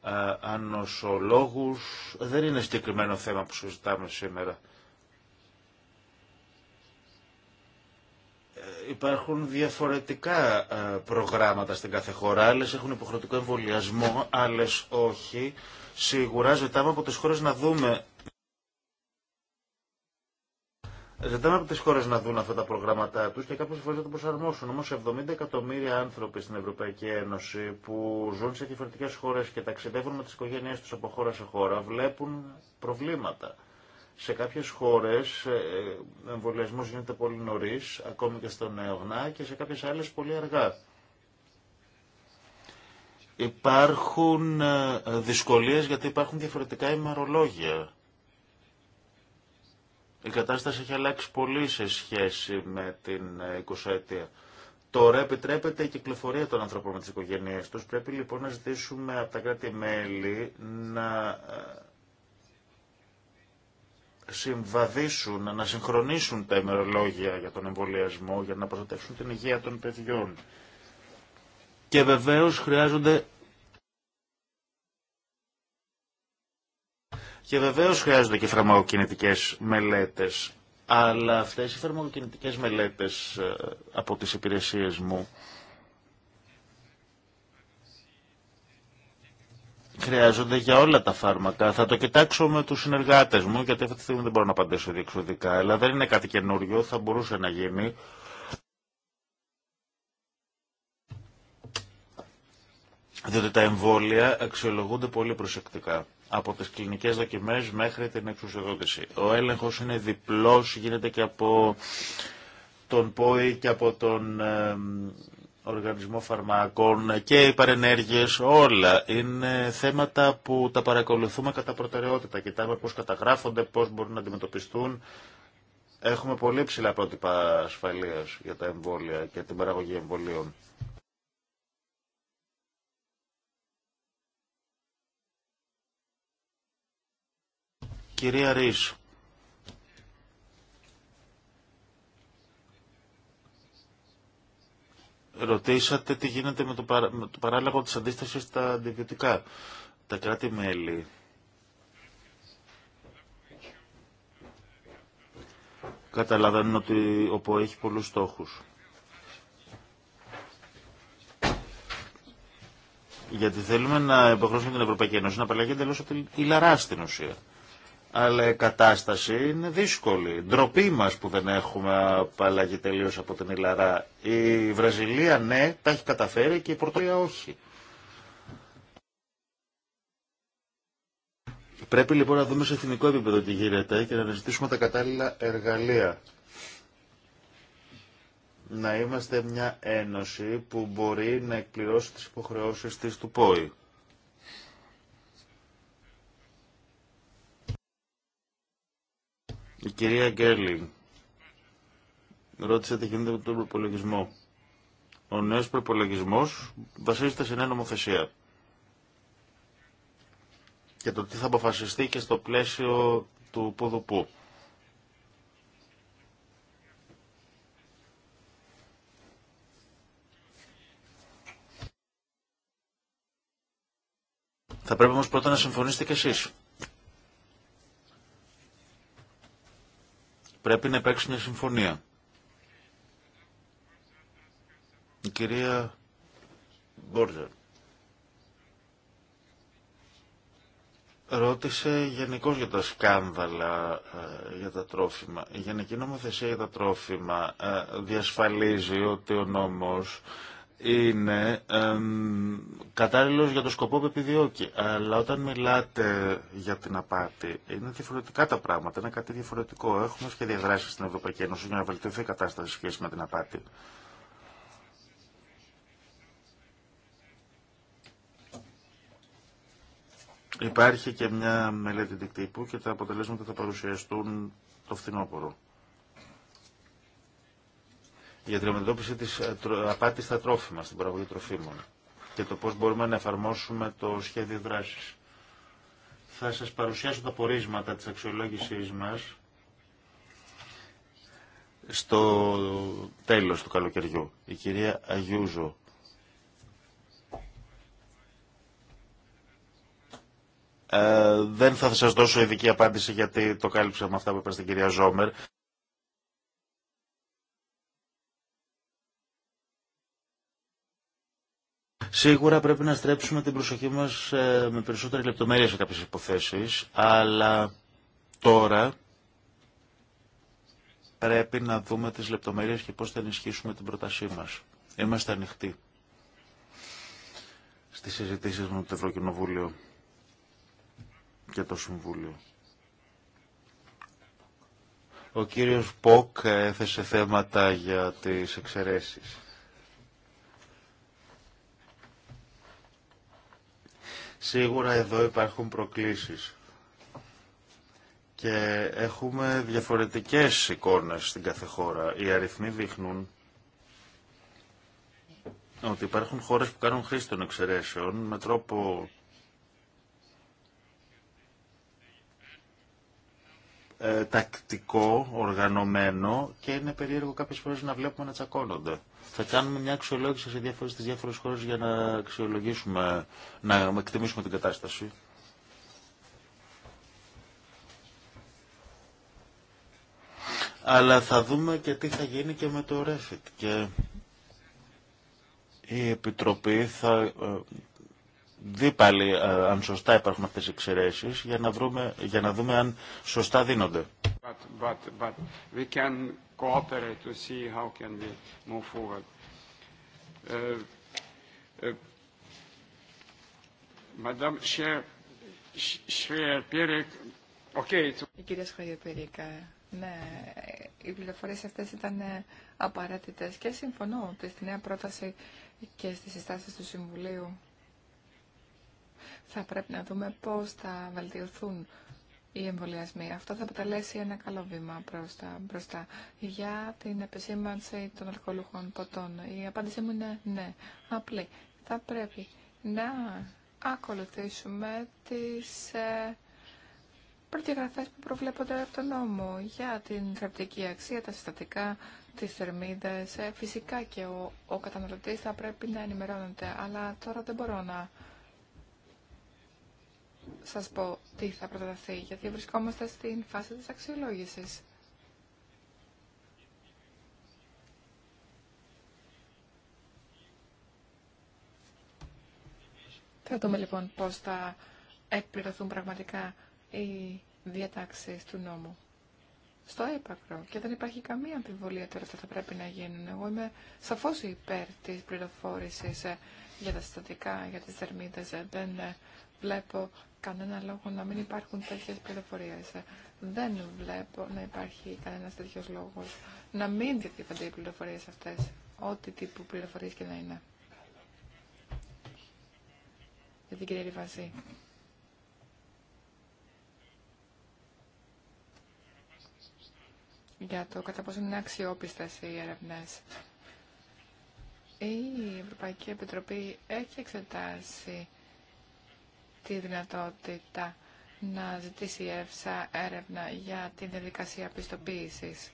ε, ανοσολόγους. Δεν είναι συγκεκριμένο θέμα που συζητάμε σήμερα. Υπάρχουν διαφορετικά προγράμματα στην κάθε χώρα. Άλλες έχουν υποχρεωτικό εμβολιασμό, άλλες όχι. Σίγουρα ζητάμε από τις χώρες να δούμε Ζητάμε από τι χώρε να δουν αυτά τα προγράμματά του και κάποιες φορέ να το προσαρμόσουν. Όμω 70 εκατομμύρια άνθρωποι στην Ευρωπαϊκή Ένωση που ζουν σε διαφορετικές χώρες και ταξιδεύουν με τις οικογένειές τους από χώρα σε χώρα βλέπουν προβλήματα. Σε κάποιες χώρες ο ε, εμβολιασμό γίνεται πολύ νωρί, ακόμη και στον νεογνά, και σε κάποιες άλλες πολύ αργά. Υπάρχουν ε, δυσκολίες γιατί υπάρχουν διαφορετικά ημερολόγια. Η κατάσταση έχει αλλάξει πολύ σε σχέση με την 20 ε, αιτία. Τώρα επιτρέπεται η κυκλοφορία των ανθρώπων με τις οικογένειές τους. Πρέπει λοιπόν να ζητήσουμε από τα κράτη-μέλη να ε, συμβαδίσουν, να συγχρονίσουν τα ημερολόγια για τον εμβολιασμό, για να προστατεύσουν την υγεία των παιδιών. Και βεβαίως χρειάζονται Και βεβαίω χρειάζονται και φαρμακοκινητικέ μελέτε. Αλλά αυτές οι φαρμακοκινητικές μελέτες ε, από τις υπηρεσίες μου χρειάζονται για όλα τα φάρμακα. Θα το κοιτάξω με τους συνεργάτες μου, γιατί αυτή τη στιγμή δεν μπορώ να απαντήσω διεξοδικά. Αλλά δεν είναι κάτι καινούριο, θα μπορούσε να γίνει. διότι τα εμβόλια αξιολογούνται πολύ προσεκτικά από τις κλινικές δοκιμές μέχρι την εξουσιοδότηση. Ο έλεγχος είναι διπλός, γίνεται και από τον ΠΟΗ και από τον Οργανισμό Φαρμακών και οι παρενέργειες, όλα. Είναι θέματα που τα παρακολουθούμε κατά προτεραιότητα. Κοιτάμε πώς καταγράφονται, πώς μπορούν να αντιμετωπιστούν. Έχουμε πολύ ψηλά πρότυπα ασφαλείας για τα εμβόλια και την παραγωγή εμβολίων. Κυρία Ρίσου. ρωτήσατε τι γίνεται με το, παρά, με το της αντίστασης στα αντιβιωτικά. Τα κράτη-μέλη καταλαβαίνουν ότι ο έχει πολλούς στόχους. Γιατί θέλουμε να υποχρεώσουμε την Ευρωπαϊκή Ένωση να απαλλαγεί εντελώς από τη λαρά στην ουσία αλλά η κατάσταση είναι δύσκολη. Ντροπή μας που δεν έχουμε απαλλαγή τελείω από την Ιλαρά. Η Βραζιλία ναι, τα έχει καταφέρει και η Πορτογαλία όχι. Πρέπει λοιπόν να δούμε σε εθνικό επίπεδο τι γίνεται και να αναζητήσουμε τα κατάλληλα εργαλεία. Να είμαστε μια ένωση που μπορεί να εκπληρώσει τις υποχρεώσεις της του ΠΟΗ. Η κυρία Γκέρλι ρώτησε τι γίνεται με τον προπολογισμό. Ο νέο προπολογισμό βασίζεται σε νέα νομοθεσία. Και το τι θα αποφασιστεί και στο πλαίσιο του ποδοπού. Θα πρέπει όμω πρώτα να συμφωνήσετε κι εσείς. Πρέπει να υπάρξει μια συμφωνία. Η κυρία Μπόρζερ ρώτησε γενικώ για τα σκάνδαλα ε, για τα τρόφιμα. Η Γενική Νομοθεσία για τα Τρόφιμα ε, διασφαλίζει ότι ο νόμος είναι εμ, κατάλληλος για το σκοπό που επιδιώκει. Αλλά όταν μιλάτε για την απάτη, είναι διαφορετικά τα πράγματα, είναι κάτι διαφορετικό. Έχουμε σχέδια δράση στην Ευρωπαϊκή Ένωση για να βελτιωθεί η κατάσταση σχέση με την απάτη. Υπάρχει και μια μελέτη δικτύπου και τα αποτελέσματα θα παρουσιαστούν το φθινόπωρο για την αντιμετώπιση της ε, απάτης στα τρόφιμα, στην παραγωγή τροφίμων και το πώς μπορούμε να εφαρμόσουμε το σχέδιο δράσης. Θα σας παρουσιάσω τα πορίσματα της αξιολόγησής μας στο τέλος του καλοκαιριού. Η κυρία Αγιούζο Ε, δεν θα σας δώσω ειδική απάντηση γιατί το κάλυψα με αυτά που είπα στην κυρία Ζόμερ. Σίγουρα πρέπει να στρέψουμε την προσοχή μας ε, με περισσότερη λεπτομέρεια σε κάποιες υποθέσεις, αλλά τώρα πρέπει να δούμε τις λεπτομέρειες και πώς θα ενισχύσουμε την πρότασή μας. Είμαστε ανοιχτοί στις συζητήσεις με το Ευρωκοινοβούλιο και το Συμβούλιο. Ο κύριος Ποκ έθεσε θέματα για τις εξαιρέσεις. Σίγουρα εδώ υπάρχουν προκλήσεις και έχουμε διαφορετικές εικόνες στην κάθε χώρα. Οι αριθμοί δείχνουν ότι υπάρχουν χώρες που κάνουν χρήση των εξαιρέσεων με τρόπο ε, τακτικό, οργανωμένο και είναι περίεργο κάποιες φορές να βλέπουμε να τσακώνονται. Θα κάνουμε μια αξιολόγηση σε διάφορες, στις διάφορες χώρες για να αξιολογήσουμε, να εκτιμήσουμε την κατάσταση. Αλλά θα δούμε και τι θα γίνει και με το Refit. Και η Επιτροπή θα ε, δει πάλι ε, αν σωστά υπάρχουν αυτές οι εξαιρέσεις για να, για να δούμε αν σωστά δίνονται. But, but, but we can cooperate to see how can we move forward. Uh, uh, Madam Schreier-Pirik, okay. Η κυρία Σχαγιοπέρικα, ναι, οι πληροφορίες αυτές ήταν ε, απαραίτητες και συμφωνώ ότι στη νέα πρόταση και στις συστάσεις του Συμβουλίου θα πρέπει να δούμε πώς θα βελτιωθούν οι εμβολιασμοί. Αυτό θα αποτελέσει ένα καλό βήμα μπροστά, για την επισήμανση των αλκοολούχων ποτών. Η απάντησή μου είναι ναι, απλή. Θα πρέπει να ακολουθήσουμε τις ε, που προβλέπονται από τον νόμο για την θρεπτική αξία, τα συστατικά, τις θερμίδες. Ε, φυσικά και ο, ο καταναλωτής θα πρέπει να ενημερώνεται, αλλά τώρα δεν μπορώ να σας πω τι θα προταθεί, γιατί βρισκόμαστε στην φάση της αξιολόγησης. Θα δούμε λοιπόν πώς θα εκπληρωθούν πραγματικά οι διατάξεις του νόμου. Στο έπακρο και δεν υπάρχει καμία αμφιβολία τώρα ότι θα πρέπει να γίνουν. Εγώ είμαι σαφώς υπέρ της πληροφόρησης ε, για τα συστατικά, για τις θερμίδες. Ε, δεν ε, βλέπω κανένα λόγο να μην υπάρχουν τέτοιε πληροφορίε. Δεν βλέπω να υπάρχει κανένα τέτοιο λόγο να μην διατυπώνται οι πληροφορίε αυτέ, ό,τι τύπου πληροφορίε και να είναι. Για την κυρία Ριβαζή. Για το κατά πόσο είναι αξιόπιστε οι ερευνέ. Η Ευρωπαϊκή Επιτροπή έχει εξετάσει τη δυνατότητα να ζητήσει η ΕΦΣΑ έρευνα για την διαδικασία πιστοποίησης.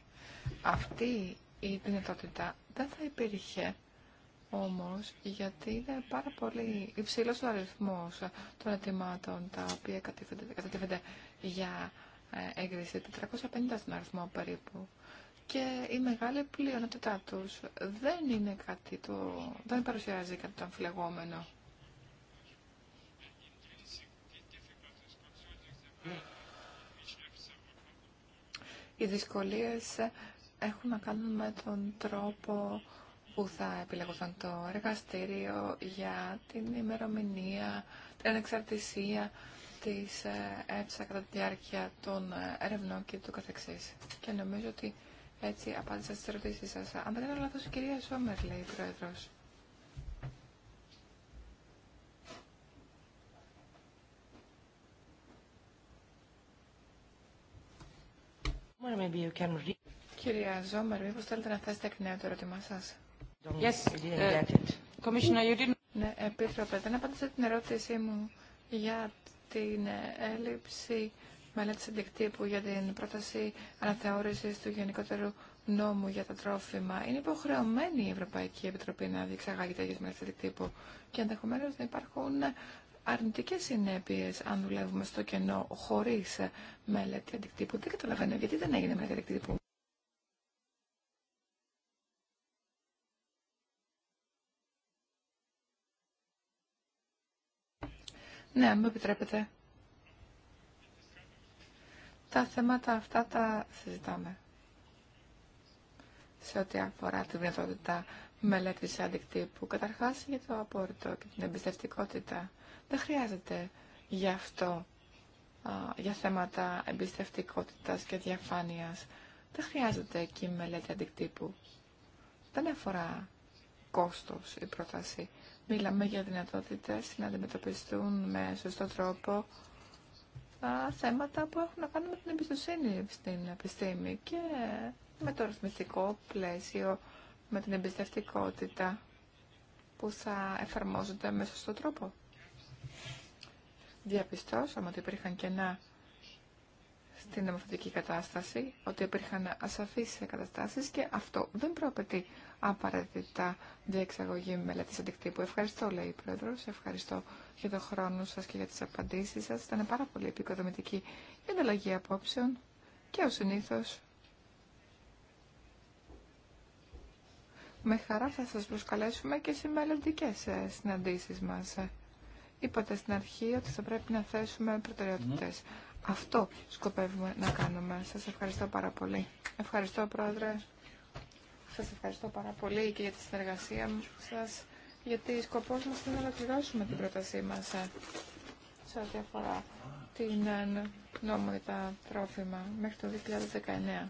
Αυτή η δυνατότητα δεν θα υπήρχε όμως γιατί είναι πάρα πολύ υψηλός ο αριθμός των ετοιμάτων τα οποία κατατίθενται για ε, έγκριση, 450 στον αριθμό περίπου. Και η μεγάλη πλειονότητά τους δεν είναι κάτι το... δεν παρουσιάζει κάτι το αμφιλεγόμενο. Οι δυσκολίες έχουν να κάνουν με τον τρόπο που θα επιλεγόταν το εργαστήριο για την ημερομηνία, την ανεξαρτησία της ΕΨΑ κατά τη διάρκεια των ε, ερευνών και του καθεξής. Και νομίζω ότι έτσι απάντησα στις ερωτήσεις σας. Αν δεν είναι λάθος, η κυρία Σόμερ, λέει η Πρόεδρος. Κυρία Ζόμερ, μήπω θέλετε να θέσετε εκ νέου το ερώτημά σα. Uh, ναι, Επίτροπε, δεν απάντησα την ερώτησή μου για την ε, έλλειψη μελέτη αντικτύπου για την πρόταση αναθεώρηση του γενικότερου νόμου για τα τρόφιμα. Είναι υποχρεωμένη η Ευρωπαϊκή Επιτροπή να διεξαγάγει τέτοιε μελέτε αντικτύπου και ενδεχομένω να υπάρχουν αρνητικές συνέπειες αν δουλεύουμε στο κενό χωρίς ε, μελέτη αντικτύπου. Δεν καταλαβαίνω γιατί δεν έγινε μελέτη αντικτύπου. Ναι, αν μου επιτρέπετε. Τα θέματα αυτά τα συζητάμε. Σε ό,τι αφορά τη δυνατότητα μελέτης αντικτύπου, καταρχάς για το απόρριτο και την εμπιστευτικότητα δεν χρειάζεται γι' αυτό για θέματα εμπιστευτικότητας και διαφάνειας. Δεν χρειάζεται εκεί μελέτη αντικτύπου. Δεν αφορά κόστος η πρόταση. Μιλάμε για δυνατότητες να αντιμετωπιστούν με σωστό τρόπο α, θέματα που έχουν να κάνουν με την εμπιστοσύνη στην επιστήμη και με το ρυθμιστικό πλαίσιο, με την εμπιστευτικότητα που θα εφαρμόζονται με σωστό τρόπο. Διαπιστώσαμε ότι υπήρχαν κενά στην νομοθετική κατάσταση, ότι υπήρχαν ασαφείς καταστάσεις και αυτό δεν προαπαιτεί απαραίτητα διεξαγωγή μελέτης αντικτύπου. Ευχαριστώ, λέει η Πρόεδρος, ευχαριστώ για τον χρόνο σας και για τις απαντήσεις σας. Ήταν πάρα πολύ επικοδομητική η ανταλλαγή απόψεων και ο συνήθως με χαρά θα σας προσκαλέσουμε και σε μελλοντικές ε, συναντήσεις μας. Είπατε στην αρχή ότι θα πρέπει να θέσουμε προτεραιότητες. Ναι. Αυτό σκοπεύουμε να κάνουμε. Σας ευχαριστώ πάρα πολύ. Ευχαριστώ, Πρόεδρε. Σας ευχαριστώ πάρα πολύ και για τη συνεργασία σας, γιατί σκοπός μας είναι να ολοκληρώσουμε την πρότασή μας σε ό,τι αφορά την ε, τα τρόφιμα μέχρι το 2019.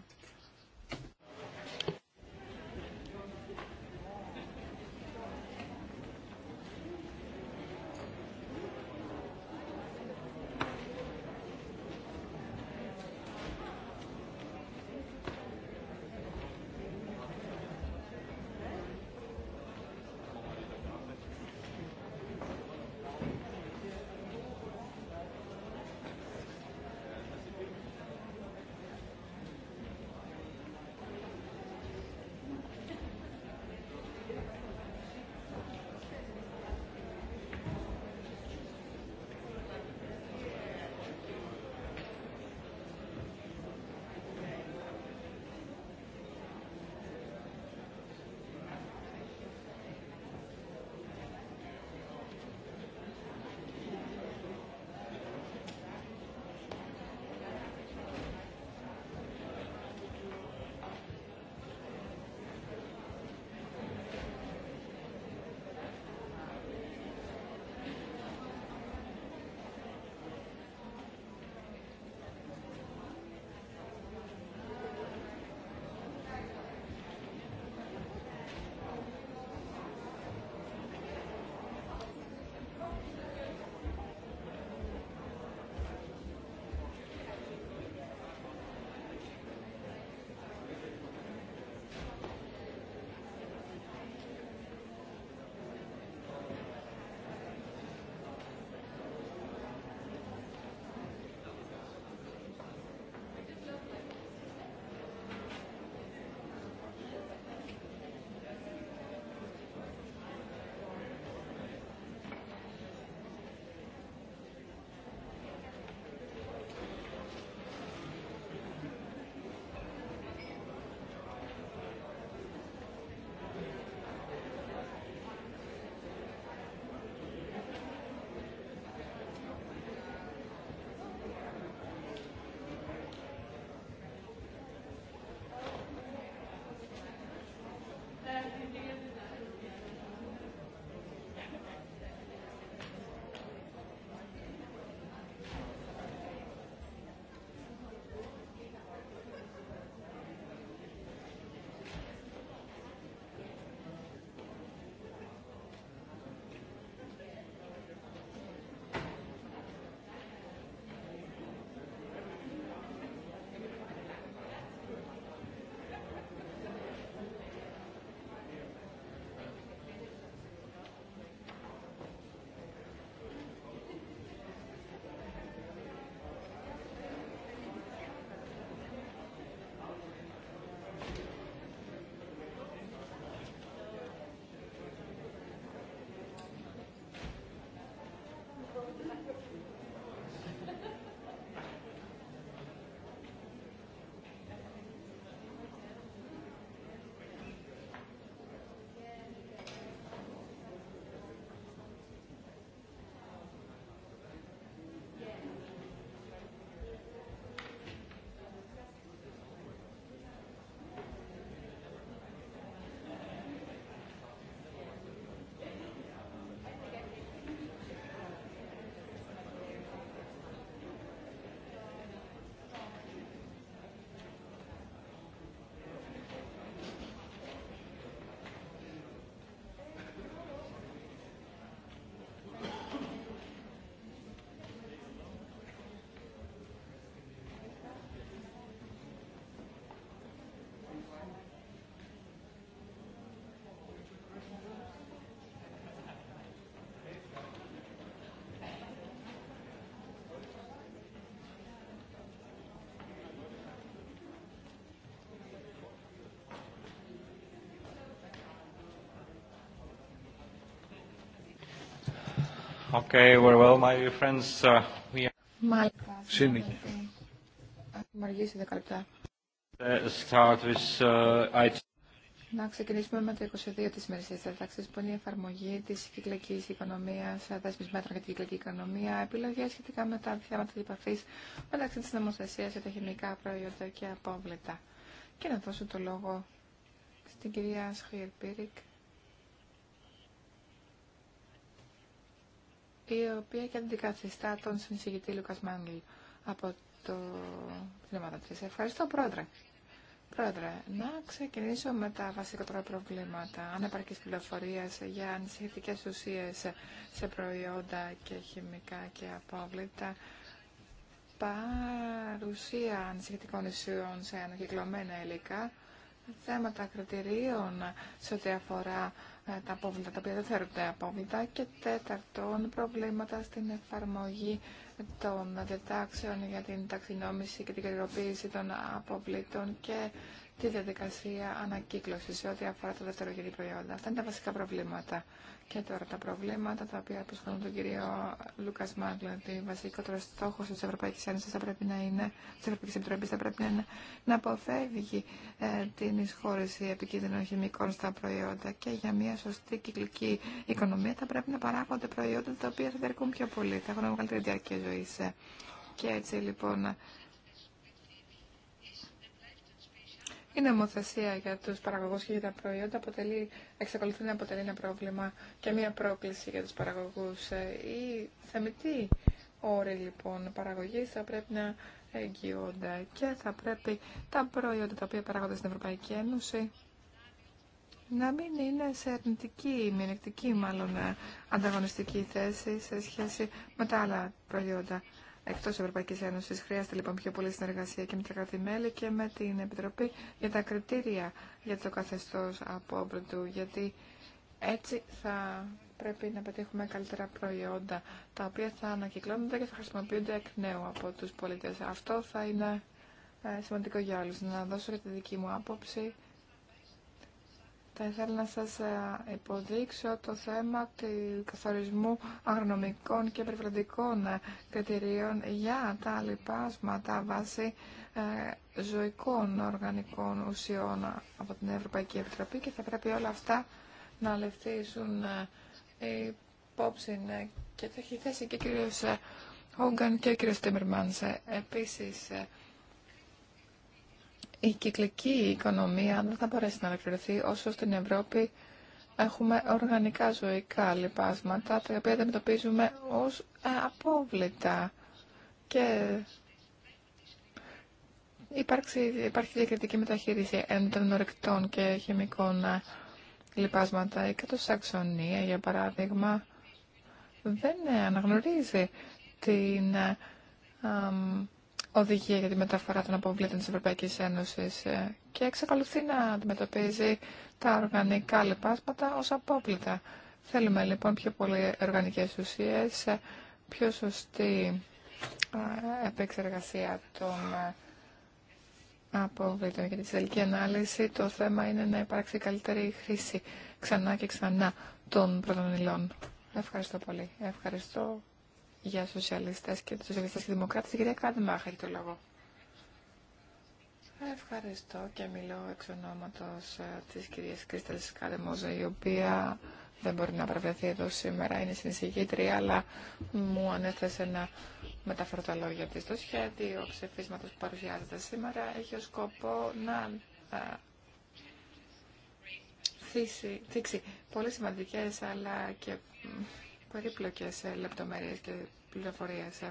Okay, well, my friends. Uh, uh, να ξεκινήσουμε με το 22 της μερισίας διατάξης που είναι η εφαρμογή της κυκλικής οικονομίας, δέσμης μέτρων για την κυκλική οικονομία, επιλογές σχετικά με τα θέματα της επαφής μεταξύ της νομοθεσίας για τα χημικά προϊόντα και απόβλητα. Και να δώσω το λόγο στην κυρία Σχοιερπίρικ η οποία και αντικαθιστά τον συνεισηγητή Λουκάς από το πνεύματα της. Ευχαριστώ, Πρόεδρε. Πρόεδρε, να ξεκινήσω με τα βασικότερα προβλήματα. Ανεπαρκής πληροφορία για ανησυχητικές ουσίες σε προϊόντα και χημικά και απόβλητα. Παρουσία ανησυχητικών ουσιών σε ανακυκλωμένα υλικά θέματα κριτηρίων σε ό,τι αφορά ε, τα απόβλητα, τα οποία δεν θεωρούνται απόβλητα και τέταρτον προβλήματα στην εφαρμογή των διατάξεων για την ταξινόμηση και την κατηγοροποίηση των αποβλήτων και τη διαδικασία ανακύκλωση σε ό,τι αφορά τα δευτερογενή προϊόντα. Αυτά είναι τα βασικά προβλήματα. Και τώρα τα προβλήματα τα οποία απασχολούν τον κύριο Λούκα Μάγκλ, ότι βασικότερο στόχο τη Ευρωπαϊκή Ένωση θα πρέπει να είναι, τη Ευρωπαϊκή Επιτροπή θα πρέπει να είναι να αποφεύγει ε, την εισχώρηση επικίνδυνων χημικών στα προϊόντα και για μια σωστή κυκλική οικονομία θα πρέπει να παράγονται προϊόντα τα οποία θα διαρκούν πιο πολύ, θα έχουν μεγαλύτερη διάρκεια ζωή. Και έτσι λοιπόν Η νομοθεσία για τους παραγωγούς και για τα προϊόντα αποτελεί, εξακολουθεί να αποτελεί ένα πρόβλημα και μια πρόκληση για τους παραγωγούς. Ε, οι θεμητοί όροι λοιπόν παραγωγής θα πρέπει να εγγυώνται και θα πρέπει τα προϊόντα τα οποία παράγονται στην Ευρωπαϊκή Ένωση να μην είναι σε αρνητική, μειονεκτική μάλλον ε, ανταγωνιστική θέση σε σχέση με τα άλλα προϊόντα εκτό Ευρωπαϊκή Ένωση. Χρειάζεται λοιπόν πιο πολύ συνεργασία και με τα κράτη-μέλη και με την Επιτροπή για τα κριτήρια για το καθεστώ του, γιατί έτσι θα πρέπει να πετύχουμε καλύτερα προϊόντα, τα οποία θα ανακυκλώνονται και θα χρησιμοποιούνται εκ νέου από τους πολίτες. Αυτό θα είναι ε, σημαντικό για όλους. Να δώσω και τη δική μου άποψη θα ήθελα να σας ε, υποδείξω το θέμα του καθορισμού αγρονομικών και περιβαλλοντικών ε, κριτηρίων για τα λοιπάσματα βάσει ε, ζωικών οργανικών ουσιών από την Ευρωπαϊκή Επιτροπή και θα πρέπει όλα αυτά να λεφτήσουν υπόψη και το έχει θέσει και ο κύριος Όγκαν και ο κύριος Τίμερμανς. Επίσης, η κυκλική οικονομία δεν θα μπορέσει να ανακριθεί όσο στην Ευρώπη έχουμε οργανικά ζωικά λοιπάσματα, τα οποία αντιμετωπίζουμε ως ε, απόβλητα. Και υπάρξει, υπάρχει διακριτική μεταχείριση εν και χημικών ε, λοιπάσματα. Η κατοσαξονία, για παράδειγμα, δεν αναγνωρίζει την ε, οδηγία για τη μεταφορά των αποβλήτων της Ευρωπαϊκής Ένωσης ε, και εξακολουθεί να αντιμετωπίζει τα οργανικά λεπάσματα ως απόβλητα. Θέλουμε λοιπόν πιο πολλές οργανικές ουσίες, ε, πιο σωστή επεξεργασία των ε, αποβλήτων. για τη τελική ανάλυση το θέμα είναι να υπάρξει καλύτερη χρήση ξανά και ξανά των πρωτονηλών. Ευχαριστώ πολύ. Ευχαριστώ για σοσιαλιστές και σοσιαλιστές και δημοκράτες. Η κυρία Κάντεμπαχ έχει το λόγο. Ευχαριστώ και μιλώ εξ ονόματος ε, της κυρίας Κρίστελ Κάντεμόζα, η οποία δεν μπορεί να παραβρεθεί εδώ σήμερα, είναι συνεισηγήτρια, αλλά μου ανέθεσε να μεταφέρω τα λόγια της. Το σχέδιο ψηφίσματος που παρουσιάζεται σήμερα έχει ως σκοπό να ε, θίξει πολύ σημαντικέ, αλλά και περίπλοκες ε, λεπτομέρειες και πληροφορίες. Ε.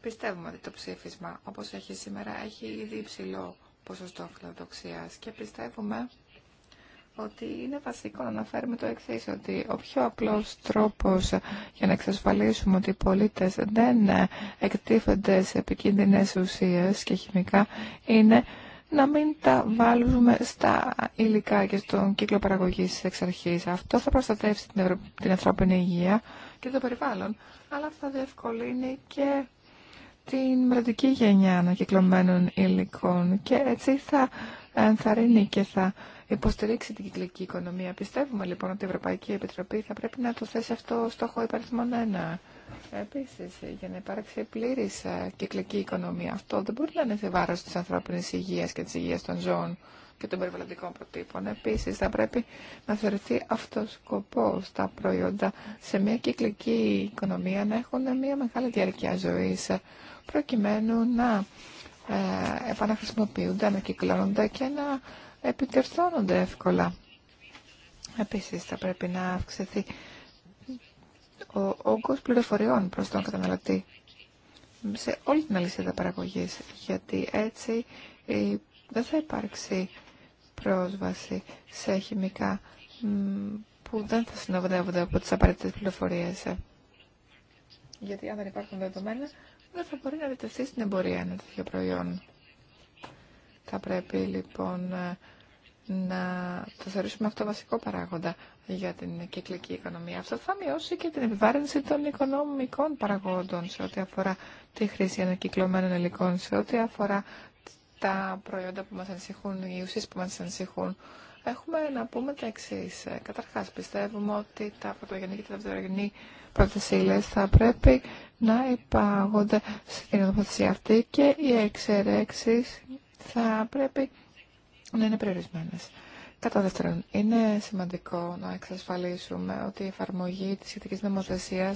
Πιστεύουμε ότι το ψήφισμα, όπως έχει σήμερα, έχει ήδη υψηλό ποσοστό φιλοδοξίας και πιστεύουμε ότι είναι βασικό να αναφέρουμε το εξή ότι ο πιο απλός τρόπος για να εξασφαλίσουμε ότι οι πολίτες δεν εκτίθενται σε επικίνδυνες ουσίες και χημικά είναι να μην τα βάλουμε στα υλικά και στον κύκλο παραγωγής εξ αρχής. Αυτό θα προστατεύσει την, ευρω... την ανθρώπινη υγεία και το περιβάλλον, αλλά θα διευκολύνει και την μελλοντική γενιά ανακυκλωμένων υλικών και έτσι θα ενθαρρύνει και θα υποστηρίξει την κυκλική οικονομία. Πιστεύουμε λοιπόν ότι η Ευρωπαϊκή Επιτροπή θα πρέπει να το θέσει αυτό στόχο υπαριθμών 1 Επίση, για να υπάρξει πλήρη ε, κυκλική οικονομία, αυτό δεν μπορεί να είναι σε βάρο τη ανθρώπινη υγεία και τη υγεία των ζώων και των περιβαλλοντικών προτύπων. Επίση, θα πρέπει να θεωρηθεί αυτό σκοπό τα προϊόντα σε μια κυκλική οικονομία να έχουν μια μεγάλη διάρκεια ζωή ε, προκειμένου να ε, επαναχρησιμοποιούνται, κυκλώνονται και να επιτερθώνονται εύκολα. Επίση θα πρέπει να αυξηθεί ο όγκος πληροφοριών προς τον καταναλωτή σε όλη την αλυσίδα παραγωγής, γιατί έτσι δεν θα υπάρξει πρόσβαση σε χημικά που δεν θα συνοδεύονται από τι απαραίτητε πληροφορίες. Γιατί αν δεν υπάρχουν δεδομένα, δεν θα μπορεί να διτεθεί στην εμπορία ένα τέτοιο προϊόν. Θα πρέπει λοιπόν να το θεωρήσουμε αυτό βασικό παράγοντα για την κυκλική οικονομία. Αυτό θα μειώσει και την επιβάρυνση των οικονομικών παραγόντων σε ό,τι αφορά τη χρήση ανακυκλωμένων υλικών, σε ό,τι αφορά τα προϊόντα που μας ανησυχούν, οι ουσίες που μας ανησυχούν. Έχουμε να πούμε τα εξή. Καταρχάς, πιστεύουμε ότι τα πρωτογενή και τα δευτερογενή πρώτες θα πρέπει να υπάγονται στην νομοθεσία αυτή και οι εξαιρέξεις θα πρέπει να είναι περιορισμένε. Κατά δεύτερον, είναι σημαντικό να εξασφαλίσουμε ότι η εφαρμογή της σχετική νομοθεσία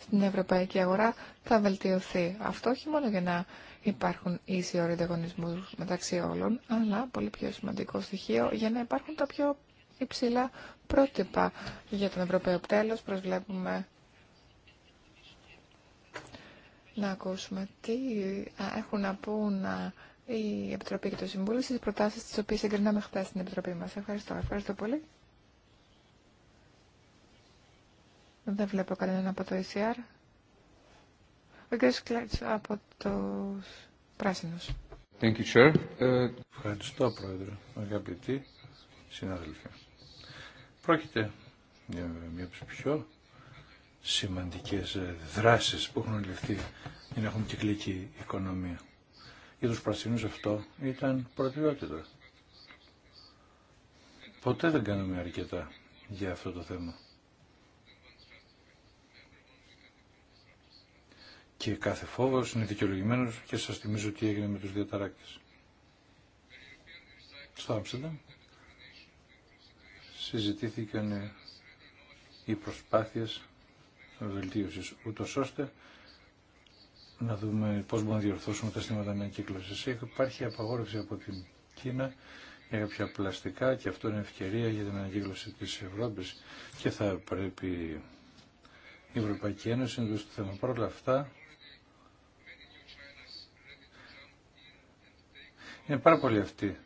στην ευρωπαϊκή αγορά θα βελτιωθεί. Αυτό όχι μόνο για να υπάρχουν ίσοι όροι ανταγωνισμού μεταξύ όλων, αλλά πολύ πιο σημαντικό στοιχείο για να υπάρχουν τα πιο υψηλά πρότυπα για τον Ευρωπαίο. τέλο. προσβλέπουμε να ακούσουμε τι έχουν να πούν η Επιτροπή και το Συμβούλιο στις προτάσεις τις οποίες εγκρινάμε χθε στην Επιτροπή μας. Ευχαριστώ. Ευχαριστώ πολύ. Δεν βλέπω κανέναν από το ECR. Ο κ. Κλάρτς από τους Πράσινους. Ε, Ευχαριστώ, Πρόεδρε. Αγαπητοί συνάδελφοι. Πρόκειται για μια από τις πιο σημαντικές δράσεις που έχουν ληφθεί για να έχουμε κυκλική οικονομία για τους πρασινούς αυτό ήταν προτεραιότητα. Ποτέ δεν κάναμε αρκετά για αυτό το θέμα. Και κάθε φόβος είναι δικαιολογημένος και σας θυμίζω τι έγινε με τους διαταράκτες. Στο Άμψεντα συζητήθηκαν οι προσπάθειες βελτίωσης, ούτως ώστε να δούμε πώς μπορούμε να διορθώσουμε τα στήματα με κύκλωση. Υπάρχει απαγόρευση από την Κίνα για κάποια πλαστικά και αυτό είναι ευκαιρία για την ανακύκλωση της Ευρώπης και θα πρέπει η Ευρωπαϊκή Ένωση να δώσει το θέμα. Παρ' όλα αυτά είναι πάρα πολλοί αυτοί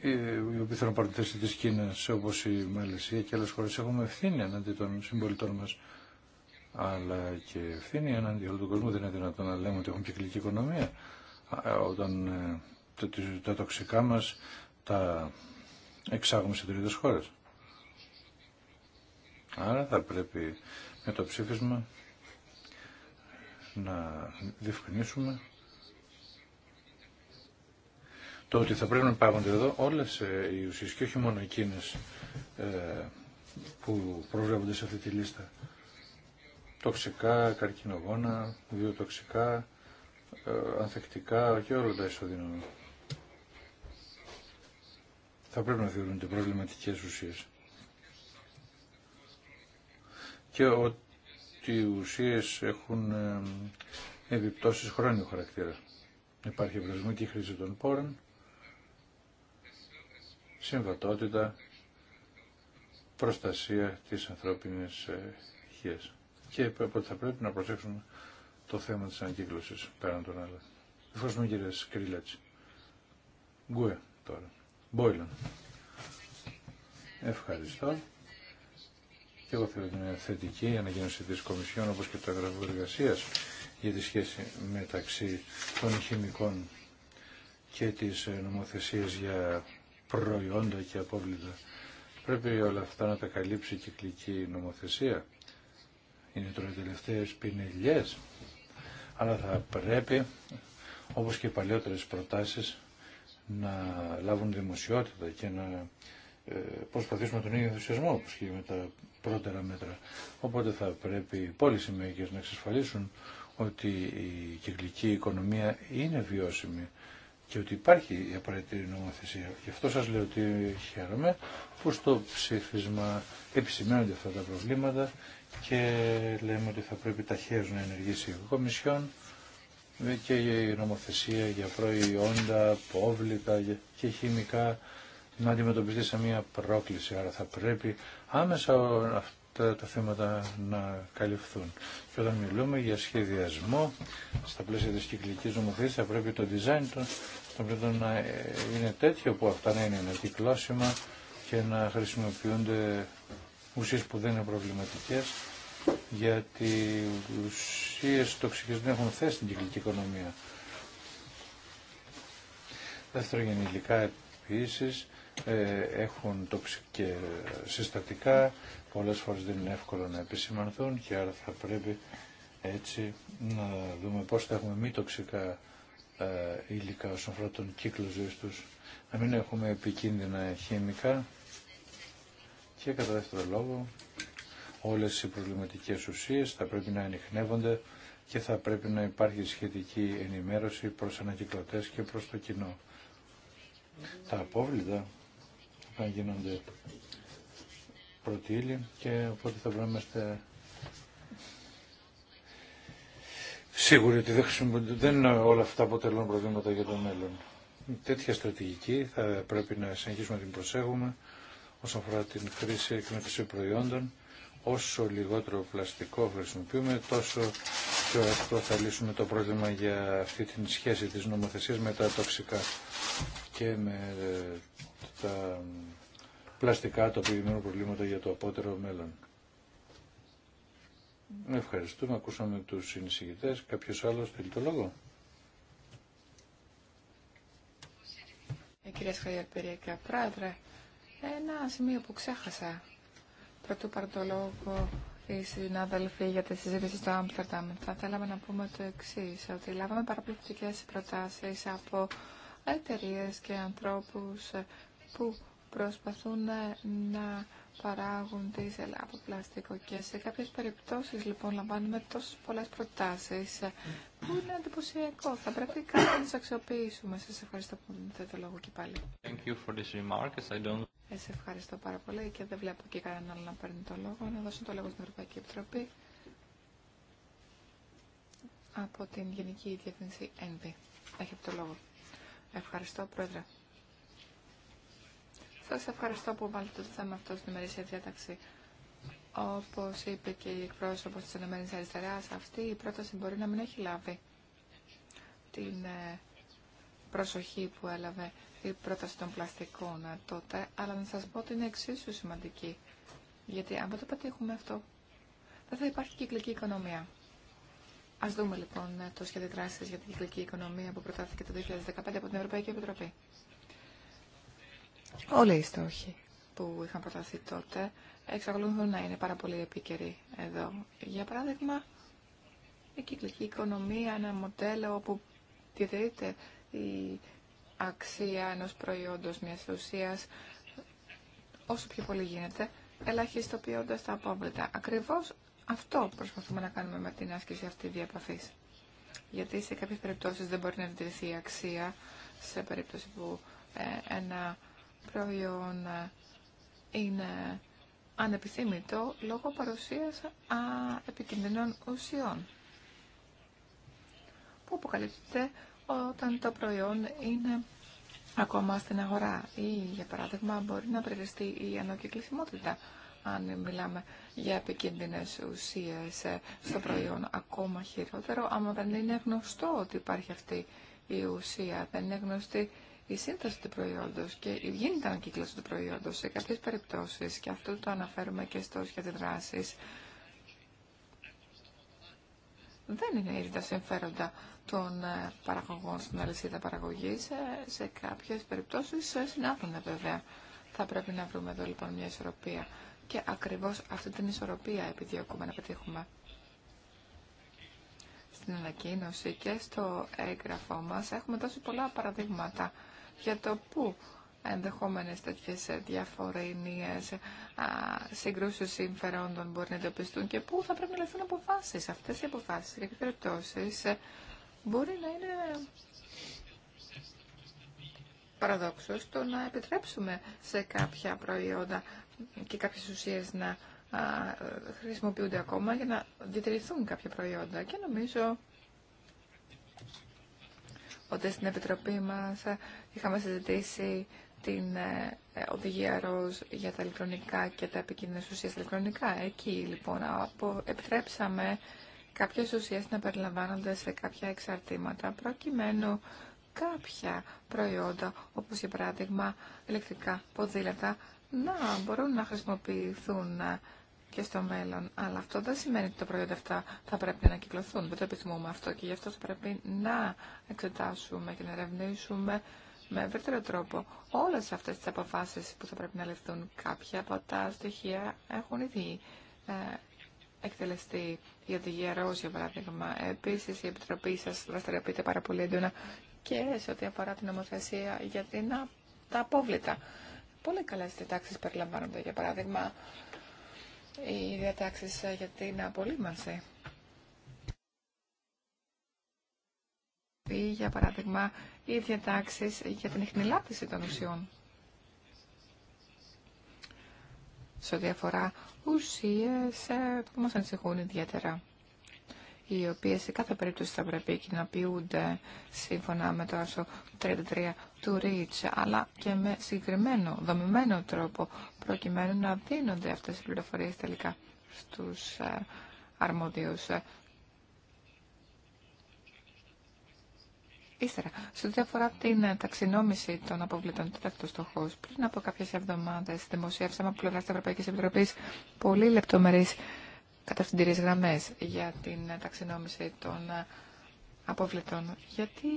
οι οποίοι θέλουν να πάρουν θέση της Κίνας όπως η Μαλαισία και άλλες χώρες. Έχουμε ευθύνη αντί των συμπολιτών μας αλλά και ευθύνη εναντί όλου του κόσμου. Δεν είναι δυνατόν να λέμε ότι έχουμε κυκλική οικονομία ε, όταν ε, τα, τοξικά μας τα εξάγουμε σε τρίτες χώρες. Άρα θα πρέπει με το ψήφισμα να διευκρινίσουμε το ότι θα πρέπει να υπάρχουν εδώ όλες ε, οι ουσίες και όχι μόνο εκείνες που προβλέπονται σε αυτή τη λίστα τοξικά, καρκινογόνα, βιοτοξικά, ε, ανθεκτικά και όλα τα ισοδύναμα. Θα πρέπει να θεωρούνται προβληματικές ουσίες. Και ότι οι ουσίες έχουν ε, επιπτώσεις χρόνιου χαρακτήρα. Υπάρχει ευρωσμική χρήση των πόρων, συμβατότητα, προστασία της ανθρώπινης ε, υγείας και θα πρέπει να προσέξουμε το θέμα της ανακύκλωσης πέραν των άλλων. Ευχαριστούμε κύριε Σκρίλετς. Γκουέ τώρα. Μπόιλαν. Ευχαριστώ. Και εγώ θέλω μια θετική ανακοίνωση της Κομισιόν όπως και το έγγραφο Εργασίας για τη σχέση μεταξύ των χημικών και της ε, νομοθεσίας για προϊόντα και απόβλητα. Πρέπει όλα αυτά να τα καλύψει η κυκλική νομοθεσία είναι τώρα οι τελευταίες πινελιές, αλλά θα πρέπει, όπως και οι παλιότερες προτάσεις, να λάβουν δημοσιότητα και να ε, προσπαθήσουμε τον ίδιο ενθουσιασμό, όπως και με τα πρώτερα μέτρα. Οπότε θα πρέπει οι πόλεις οι να εξασφαλίσουν ότι η κυκλική οικονομία είναι βιώσιμη και ότι υπάρχει η απαραίτητη νομοθεσία. Γι' αυτό σας λέω ότι χαίρομαι που στο ψήφισμα επισημαίνονται αυτά τα προβλήματα και λέμε ότι θα πρέπει ταχαίως να ενεργήσει η Κομισιόν και η νομοθεσία για προϊόντα, πόβλητα και χημικά να αντιμετωπιστεί σε μια πρόκληση. Άρα θα πρέπει άμεσα αυτά τα θέματα να καλυφθούν. Και όταν μιλούμε για σχεδιασμό, στα πλαίσια της κυκλικής νομοθεσίας θα πρέπει το design των πρέπει να είναι τέτοιο που αυτά να είναι ανακυκλώσιμα και να χρησιμοποιούνται ουσίες που δεν είναι προβληματικές γιατί οι ουσίες τοξικές δεν έχουν θέση στην κυκλική οικονομία. Δεύτερο υλικά επίσης ε, έχουν τοξικές συστατικά, πολλές φορές δεν είναι εύκολο να επισημανθούν και άρα θα πρέπει έτσι να δούμε πώς θα έχουμε μη τοξικά ε, υλικά όσον αφορά τον κύκλο ζωής τους, να μην έχουμε επικίνδυνα χημικά και κατά δεύτερο λόγο όλες οι προβληματικές ουσίες θα πρέπει να ανοιχνεύονται και θα πρέπει να υπάρχει σχετική ενημέρωση προς ανακυκλωτές και προς το κοινό. Τα απόβλητα θα γίνονται πρωτήλοι και οπότε θα πρέπει να είμαστε σίγουροι ότι δεν, όλα αυτά αποτελούν προβλήματα για το μέλλον. Τέτοια στρατηγική θα πρέπει να συνεχίσουμε να την προσέχουμε όσον αφορά την χρήση εκμετωσή προϊόντων όσο λιγότερο πλαστικό χρησιμοποιούμε, τόσο πιο εύκολο θα λύσουμε το πρόβλημα για αυτή τη σχέση της νομοθεσίας με τα τοξικά και με ε, τα πλαστικά το οποία προβλήματα για το απότερο μέλλον. Ευχαριστούμε. Ακούσαμε τους συνεισηγητές. Κάποιος άλλος θέλει το λόγο. κυρία ε, και πρόεδρε, ένα σημείο που ξέχασα Πρωτού πάρω το λόγο οι συνάδελφοι για τη συζήτηση στο Άμστερνταμ. Θα θέλαμε να πούμε το εξή, ότι λάβαμε παραπληκτικέ προτάσει από εταιρείε και ανθρώπου που προσπαθούν να παράγουν δίζελ από πλαστικό και σε κάποιες περιπτώσεις λοιπόν λαμβάνουμε τόσες πολλές προτάσεις που είναι εντυπωσιακό. Θα πρέπει κάτι να τις αξιοποιήσουμε. Σας ευχαριστώ που μου δίνετε το λόγο και πάλι. Σας ευχαριστώ πάρα πολύ και δεν βλέπω και κανέναν άλλο να παίρνει το λόγο. Να δώσω το λόγο στην Ευρωπαϊκή Επιτροπή από την Γενική Διεύθυνση ΕΝΒΗ. Έχετε το λόγο. Ευχαριστώ, Πρόεδρε. Σας ευχαριστώ που βάλετε το θέμα αυτό στην ημερήσια διάταξη. Όπως είπε και η εκπρόσωπο τη ΕΕ, αυτή η πρόταση μπορεί να μην έχει λάβει την ε, προσοχή που έλαβε η πρόταση των πλαστικών τότε, αλλά να σας πω ότι είναι εξίσου σημαντική. Γιατί αν δεν το πετύχουμε αυτό, δεν θα υπάρχει κυκλική οικονομία. Ας δούμε λοιπόν το σχέδιο δράσης για την κυκλική οικονομία που προτάθηκε το 2015 από την Ευρωπαϊκή Επιτροπή. Όλοι οι στόχοι που είχαν προταθεί τότε εξακολουθούν να είναι πάρα πολύ επίκαιροι εδώ. Για παράδειγμα, η κυκλική οικονομία, ένα μοντέλο όπου διατηρείται η αξία ενός προϊόντος μιας ουσίας όσο πιο πολύ γίνεται, ελαχιστοποιώντας τα απόβλητα. Ακριβώς αυτό προσπαθούμε να κάνουμε με την άσκηση αυτή διαπαθής. Γιατί σε κάποιες περιπτώσεις δεν μπορεί να διτηρηθεί η αξία, σε περίπτωση που ε, ένα προϊόν ε, είναι ανεπιθύμητο λόγω παρουσίας α, επικίνδυνων ουσιών που αποκαλύπτεται όταν το προϊόν είναι ακόμα στην αγορά ή, για παράδειγμα, μπορεί να περιοριστεί η ανακυκλισμότητα αν μιλάμε για επικίνδυνες ουσίες ε, στο προϊόν ακόμα χειρότερο, άμα δεν είναι γνωστό ότι υπάρχει αυτή η ουσία, δεν είναι γνωστή η σύνθεση του προϊόντος και γίνεται ανακύκλωση του προϊόντος σε κάποιες περιπτώσεις και αυτό το αναφέρουμε και στο σχέδιο δράσης δεν είναι τα συμφέροντα των ε, παραγωγών στην αλυσίδα παραγωγή. Ε, σε κάποιε περιπτώσει ε, συνάδουν βέβαια. Θα πρέπει να βρούμε εδώ λοιπόν μια ισορροπία. Και ακριβώ αυτή την ισορροπία επιδιώκουμε να πετύχουμε. Στην ανακοίνωση και στο έγγραφό μα έχουμε δώσει πολλά παραδείγματα για το πού ενδεχόμενες τέτοιες ε, διαφορετικές ε, συγκρούσεις συμφερόντων μπορεί να εντοπιστούν και πού θα πρέπει να λεφθούν αποφάσεις. Αυτές οι αποφάσεις και ε, μπορεί να είναι παραδόξως το να επιτρέψουμε σε κάποια προϊόντα και κάποιες ουσίες να χρησιμοποιούνται ακόμα για να διατηρηθούν κάποια προϊόντα. Και νομίζω ότι στην Επιτροπή μας είχαμε συζητήσει την ε, ε, οδηγία ΡΟΖ για τα ηλεκτρονικά και τα επικίνδυνες ουσίες ηλεκτρονικά. Εκεί λοιπόν απο... επιτρέψαμε κάποιε ουσίε να περιλαμβάνονται σε κάποια εξαρτήματα προκειμένου κάποια προϊόντα όπως για παράδειγμα ηλεκτρικά ποδήλατα να μπορούν να χρησιμοποιηθούν ε, και στο μέλλον. Αλλά αυτό δεν σημαίνει ότι τα προϊόντα αυτά θα πρέπει να κυκλοθούν. Δεν το επιθυμούμε αυτό και γι' αυτό θα πρέπει να εξετάσουμε και να ερευνήσουμε με ευρύτερο τρόπο όλες αυτές τι αποφάσει που θα πρέπει να λεφθούν. Κάποια από τα στοιχεία έχουν ήδη ε, εκτελεστεί για τη Γερός, για παράδειγμα. Επίσης, η Επιτροπή σας δραστηριοποιείται πάρα πολύ έντονα και σε ό,τι αφορά την νομοθεσία για την, τα απόβλητα. Πολύ καλέ διατάξει περιλαμβάνονται, για παράδειγμα, οι διατάξει ε, για την απολύμανση. για παράδειγμα, οι διατάξει για την ειχνηλάτηση των ουσιών. Σε ό,τι αφορά ουσίε ε, που μα ανησυχούν ιδιαίτερα, οι οποίε σε κάθε περίπτωση θα πρέπει κοινοποιούνται σύμφωνα με το άρθρο 33 του ΡΙΤΣ, αλλά και με συγκεκριμένο, δομημένο τρόπο, προκειμένου να δίνονται αυτές οι πληροφορίε τελικά στους ε, αρμόδιους Ύστερα, σε ό,τι αφορά την ε, ταξινόμηση των αποβλήτων, τέταρτο στόχο, πριν από κάποιε εβδομάδε δημοσίευσαμε από πλευρά τη Ευρωπαϊκή Επιτροπή πολύ λεπτομερεί κατευθυντήριε γραμμέ για την ε, ταξινόμηση των ε, αποβλήτων. Γιατί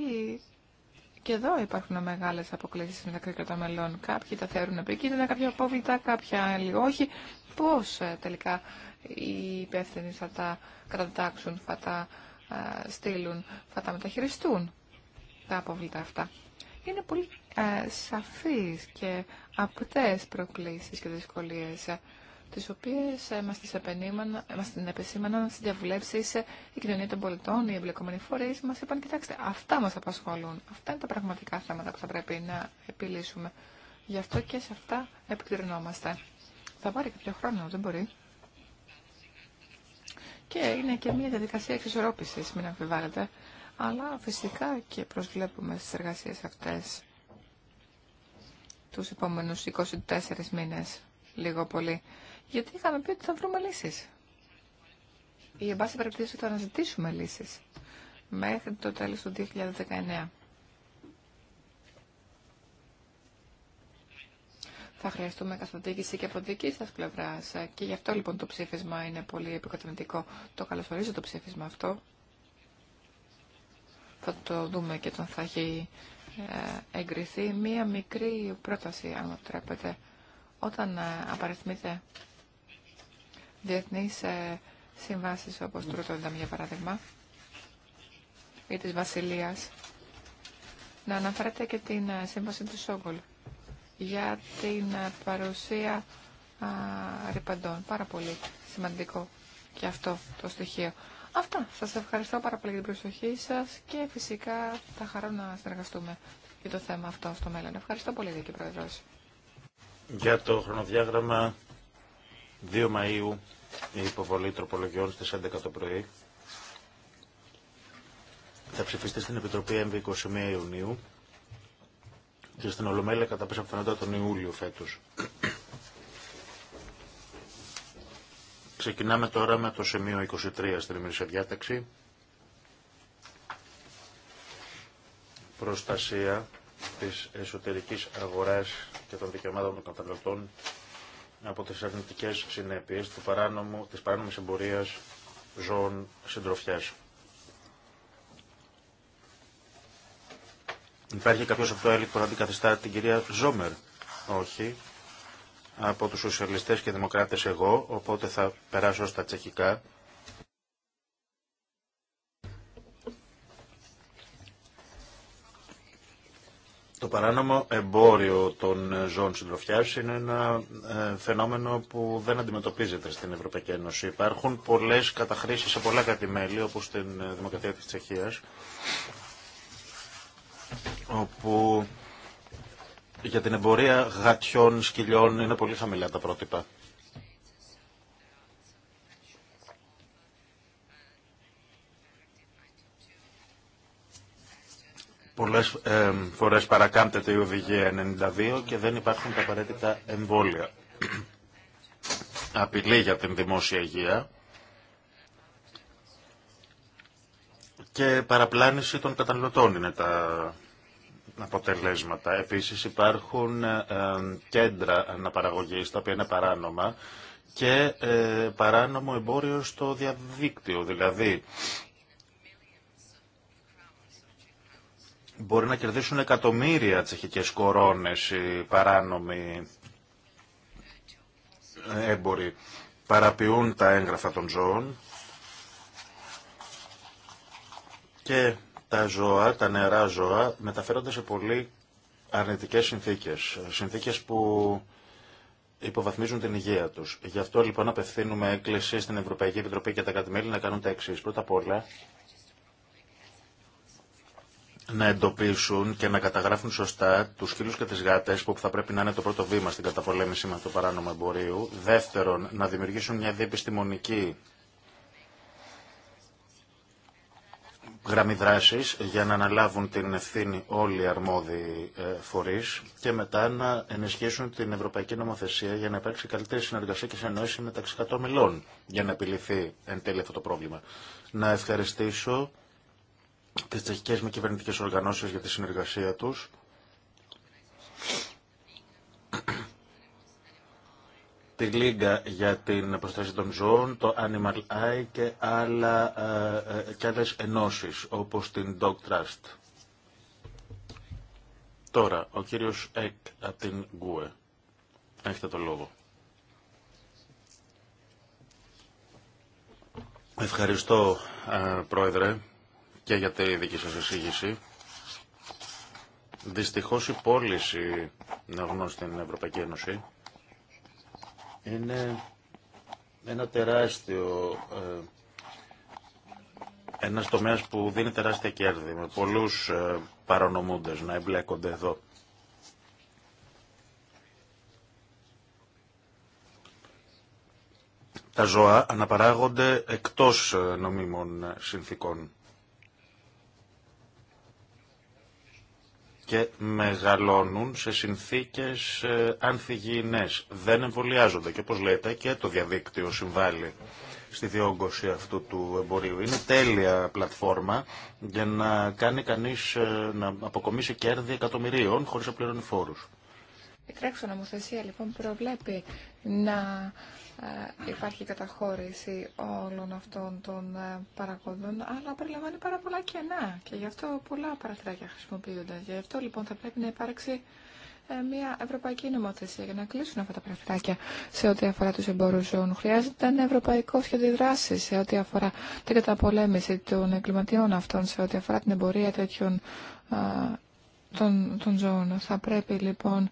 και εδώ υπάρχουν μεγάλε αποκλήσει μεταξύ κρατών μελών. Κάποιοι τα θεωρούν επικίνδυνα, κάποια απόβλητα, κάποια άλλοι όχι. Πώ τελικά οι υπεύθυνοι θα τα κατατάξουν, θα τα στείλουν, θα τα μεταχειριστούν τα απόβλητα αυτά. Είναι πολύ ε, σαφείς και απτές προκλήσεις και δυσκολίες, ε, τις οποίες ε, μας, τις μας την επεσήμαναν στις διαβουλεύσεις ε, η κοινωνία των πολιτών, οι εμπλεκόμενοι φορείς, μας είπαν, κοιτάξτε, αυτά μας απασχολούν, αυτά είναι τα πραγματικά θέματα που θα πρέπει να επιλύσουμε. Γι' αυτό και σε αυτά επικρινόμαστε. Θα πάρει κάποιο χρόνο, δεν μπορεί. Και είναι και μια διαδικασία εξισορρόπησης, μην αμφιβάλλετε αλλά φυσικά και προσβλέπουμε στις εργασίες αυτές τους επόμενους 24 μήνες, λίγο πολύ, γιατί είχαμε πει ότι θα βρούμε λύσεις. Ή, εν πάση περιπτώσει, θα αναζητήσουμε λύσεις μέχρι το τέλος του 2019. Θα χρειαστούμε καθοδήγηση και από δική σα πλευρά. Και γι' αυτό λοιπόν το ψήφισμα είναι πολύ επικοδομητικό. Το καλωσορίζω το ψήφισμα αυτό θα το δούμε και τον θα έχει ε, εγκριθεί, μία μικρή πρόταση, αν τρέπετε. Όταν ε, απαριθμείτε διεθνείς ε, συμβάσεις όπως το για παράδειγμα, ή της Βασιλείας, να αναφέρετε και την σύμβαση του Σόγκολ για την παρουσία ρηπαντών. Πάρα πολύ σημαντικό και αυτό το στοιχείο. Αυτά. Σας ευχαριστώ πάρα πολύ για την προσοχή σας και φυσικά θα χαρώ να συνεργαστούμε για το θέμα αυτό στο μέλλον. Ευχαριστώ πολύ, Δίκη Πρόεδρο. Για το χρονοδιάγραμμα 2 Μαΐου η υποβολή τροπολογιών στις 11 το πρωί θα ψηφιστεί στην Επιτροπή ΕΜΒ 21 Ιουνίου και στην Ολομέλεια κατά πέσα πιθανότητα τον Ιούλιο φέτος. Ξεκινάμε τώρα με το σημείο 23 στην ημερήσια διάταξη. Προστασία της εσωτερικής αγοράς και των δικαιωμάτων των καταναλωτών από τις αρνητικές συνέπειες του παράνομου, της παράνομης εμπορίας ζώων συντροφιάς. Υπάρχει κάποιος από το έλεγχο που να αντικαθιστά την κυρία Ζόμερ. Όχι από τους σοσιαλιστές και δημοκράτες εγώ, οπότε θα περάσω στα τσεχικά. Το παράνομο εμπόριο των ζώων συντροφιά είναι ένα ε, φαινόμενο που δεν αντιμετωπίζεται στην Ευρωπαϊκή Ένωση. Υπάρχουν πολλές καταχρήσεις σε πολλά κατημέλη, όπως στην ε, Δημοκρατία της Τσεχίας, όπου για την εμπορία γατιών, σκυλιών είναι πολύ χαμηλά τα πρότυπα. Πολλές ε, φορές παρακάμπτεται η οδηγία 92 και δεν υπάρχουν τα απαραίτητα εμβόλια. Απειλή για την δημόσια υγεία και παραπλάνηση των καταναλωτών είναι τα αποτελέσματα. Επίσης υπάρχουν ε, ε, κέντρα αναπαραγωγής τα οποία είναι παράνομα και ε, παράνομο εμπόριο στο διαδίκτυο. Δηλαδή μπορεί να κερδίσουν εκατομμύρια τσεχικές κορώνες οι παράνομοι έμποροι. Παραποιούν τα έγγραφα των ζώων και τα ζώα, τα νερά ζώα, μεταφέρονται σε πολύ αρνητικές συνθήκες. Συνθήκες που υποβαθμίζουν την υγεία τους. Γι' αυτό λοιπόν απευθύνουμε έκκληση στην Ευρωπαϊκή Επιτροπή και τα Κατημέλη να κάνουν τα εξή. Πρώτα απ' όλα, να εντοπίσουν και να καταγράφουν σωστά τους σκύλους και τις γάτες που θα πρέπει να είναι το πρώτο βήμα στην καταπολέμηση με το παράνομο εμπορίου. Δεύτερον, να δημιουργήσουν μια διεπιστημονική γραμμή δράση για να αναλάβουν την ευθύνη όλοι οι αρμόδιοι ε, φορεί και μετά να ενισχύσουν την ευρωπαϊκή νομοθεσία για να υπάρξει καλύτερη συνεργασία και συνεννόηση μεταξύ 100 μελών για να επιληθεί εν τέλει αυτό το πρόβλημα. Να ευχαριστήσω τι τσεχικέ με κυβερνητικέ οργανώσει για τη συνεργασία του τη Λίγκα για την προστασία των ζώων, το Animal Eye και, άλλα, ε, ε, και άλλες ενώσεις όπως την Dog Trust. Τώρα, ο κύριος Εκ από την Γκουε. Έχετε το λόγο. Ευχαριστώ, ε, Πρόεδρε, και για τη δική σας εισήγηση. Δυστυχώς η πώληση γνώσει στην Ευρωπαϊκή Ένωση είναι ένα τεράστιο ε, ένα τομέα που δίνει τεράστια κέρδη με πολλού ε, παρανομούντε να εμπλέκονται εδώ. Τα ζώα αναπαράγονται εκτός ε, νομίμων συνθήκων. και μεγαλώνουν σε συνθήκες ε, ανθυγιεινές. Δεν εμβολιάζονται και όπως λέτε και το διαδίκτυο συμβάλλει στη διόγκωση αυτού του εμπορίου. Είναι τέλεια πλατφόρμα για να κάνει κανείς ε, να αποκομίσει κέρδη εκατομμυρίων χωρίς να πληρώνει φόρους. Η λοιπόν προβλέπει να ε, υπάρχει καταχώρηση όλων αυτών των ε, παραγόντων, αλλά περιλαμβάνει πάρα πολλά κενά και γι' αυτό πολλά παραθυράκια χρησιμοποιούνται. Γι' αυτό λοιπόν θα πρέπει να υπάρξει ε, μια ευρωπαϊκή νομοθεσία για να κλείσουν αυτά τα παραθυράκια σε ό,τι αφορά του εμπόρου ζώων. Χρειάζεται ένα ευρωπαϊκό σχέδιο δράση σε ό,τι αφορά την καταπολέμηση των εγκληματιών αυτών, σε ό,τι αφορά την εμπορία τέτοιων των, των ζώων. Θα πρέπει λοιπόν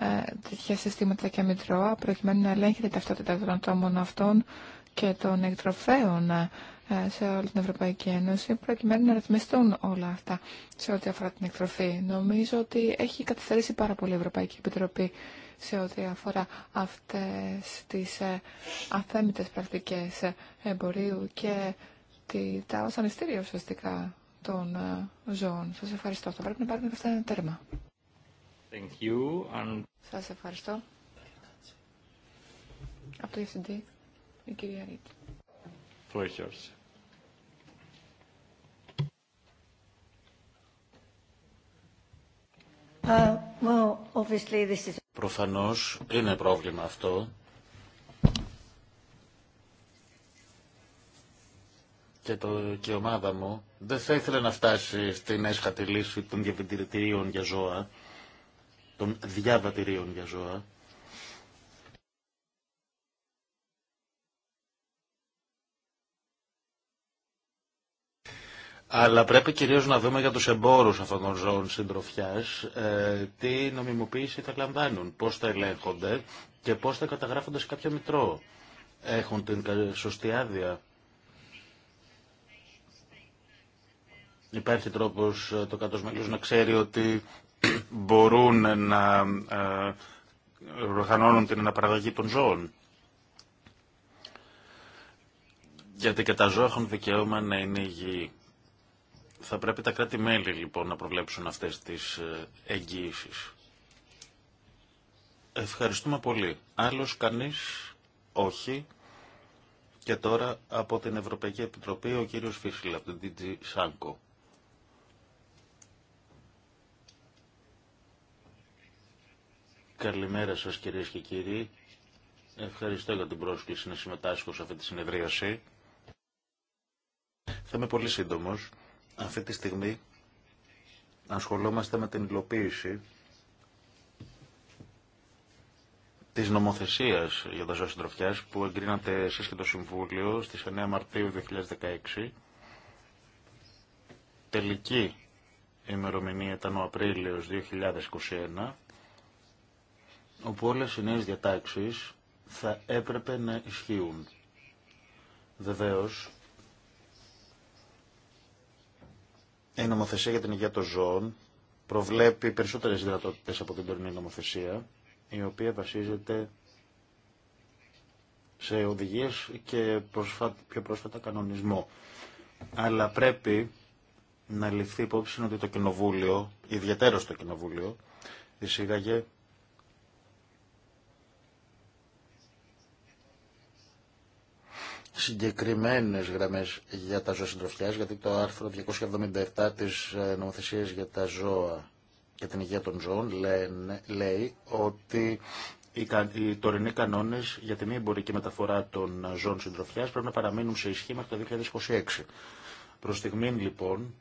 ε, τέτοια συστήματα και μητρώα προκειμένου να ελέγχεται η ταυτότητα των ατόμων αυτών και των εκτροφέων ε, σε όλη την Ευρωπαϊκή Ένωση προκειμένου να ρυθμιστούν όλα αυτά σε ό,τι αφορά την εκτροφή. Νομίζω ότι έχει καθυστερήσει πάρα πολύ η Ευρωπαϊκή Επιτροπή σε ό,τι αφορά αυτές τις ε, αθέμητες πρακτικές εμπορίου και τα τα ουσιαστικά των ζώων. Σας ευχαριστώ. Θα πρέπει να πάρουμε αυτά ένα τέρμα. Σας ευχαριστώ. Από το Διευθυντή, η κυρία Ρίτ. Pleasures. Uh, Προφανώς είναι πρόβλημα αυτό. και, το, και η ομάδα μου δεν θα ήθελε να φτάσει στην έσχατη λύση των διαπιτηρητήριων για ζώα των διαβατηρίων για ζώα. Αλλά πρέπει κυρίως να δούμε για τους εμπόρους αυτών των ζώων συντροφιάς ε, τι νομιμοποίηση θα λαμβάνουν, πώς θα ελέγχονται και πώς θα καταγράφονται σε κάποιο μητρό. Έχουν την σωστή άδεια. Υπάρχει τρόπος ε, το κάτω να ξέρει ότι μπορούν να ε, οργανώνουν την αναπαραγωγή των ζώων. Γιατί και τα ζώα έχουν δικαίωμα να είναι υγιή. Θα πρέπει τα κράτη-μέλη λοιπόν να προβλέψουν αυτές τις ε, εγγύησει. Ευχαριστούμε πολύ. Άλλος κανείς όχι. Και τώρα από την Ευρωπαϊκή Επιτροπή ο κύριος Φίσιλ από την DG Σάνκο. Καλημέρα σας κυρίες και κύριοι. Ευχαριστώ για την πρόσκληση να συμμετάσχω σε αυτή τη συνεδρίαση. Θα είμαι πολύ σύντομος. Αυτή τη στιγμή ασχολόμαστε με την υλοποίηση της νομοθεσίας για τα ζώα συντροφιάς που εγκρίνατε εσείς και το Συμβούλιο στις 9 Μαρτίου 2016. Τελική ημερομηνία ήταν ο Απρίλιος 2021 όπου όλες οι νέες διατάξεις θα έπρεπε να ισχύουν. Βεβαίως, η νομοθεσία για την υγεία των ζώων προβλέπει περισσότερες δυνατότητες από την τωρινή νομοθεσία, η οποία βασίζεται σε οδηγίες και πιο πρόσφατα κανονισμό. Αλλά πρέπει να ληφθεί υπόψη ότι το Κοινοβούλιο, ιδιαίτερο το Κοινοβούλιο, εισήγαγε συγκεκριμένες γραμμές για τα ζώα συντροφιάς, γιατί το άρθρο 277 της ε, νομοθεσίας για τα ζώα και την υγεία των ζώων λέει ότι οι τωρινοί κανόνες για τη μη εμπορική μεταφορά των ζώων συντροφιάς πρέπει να παραμείνουν σε ισχύ μέχρι το 2026. Προς στιγμή, λοιπόν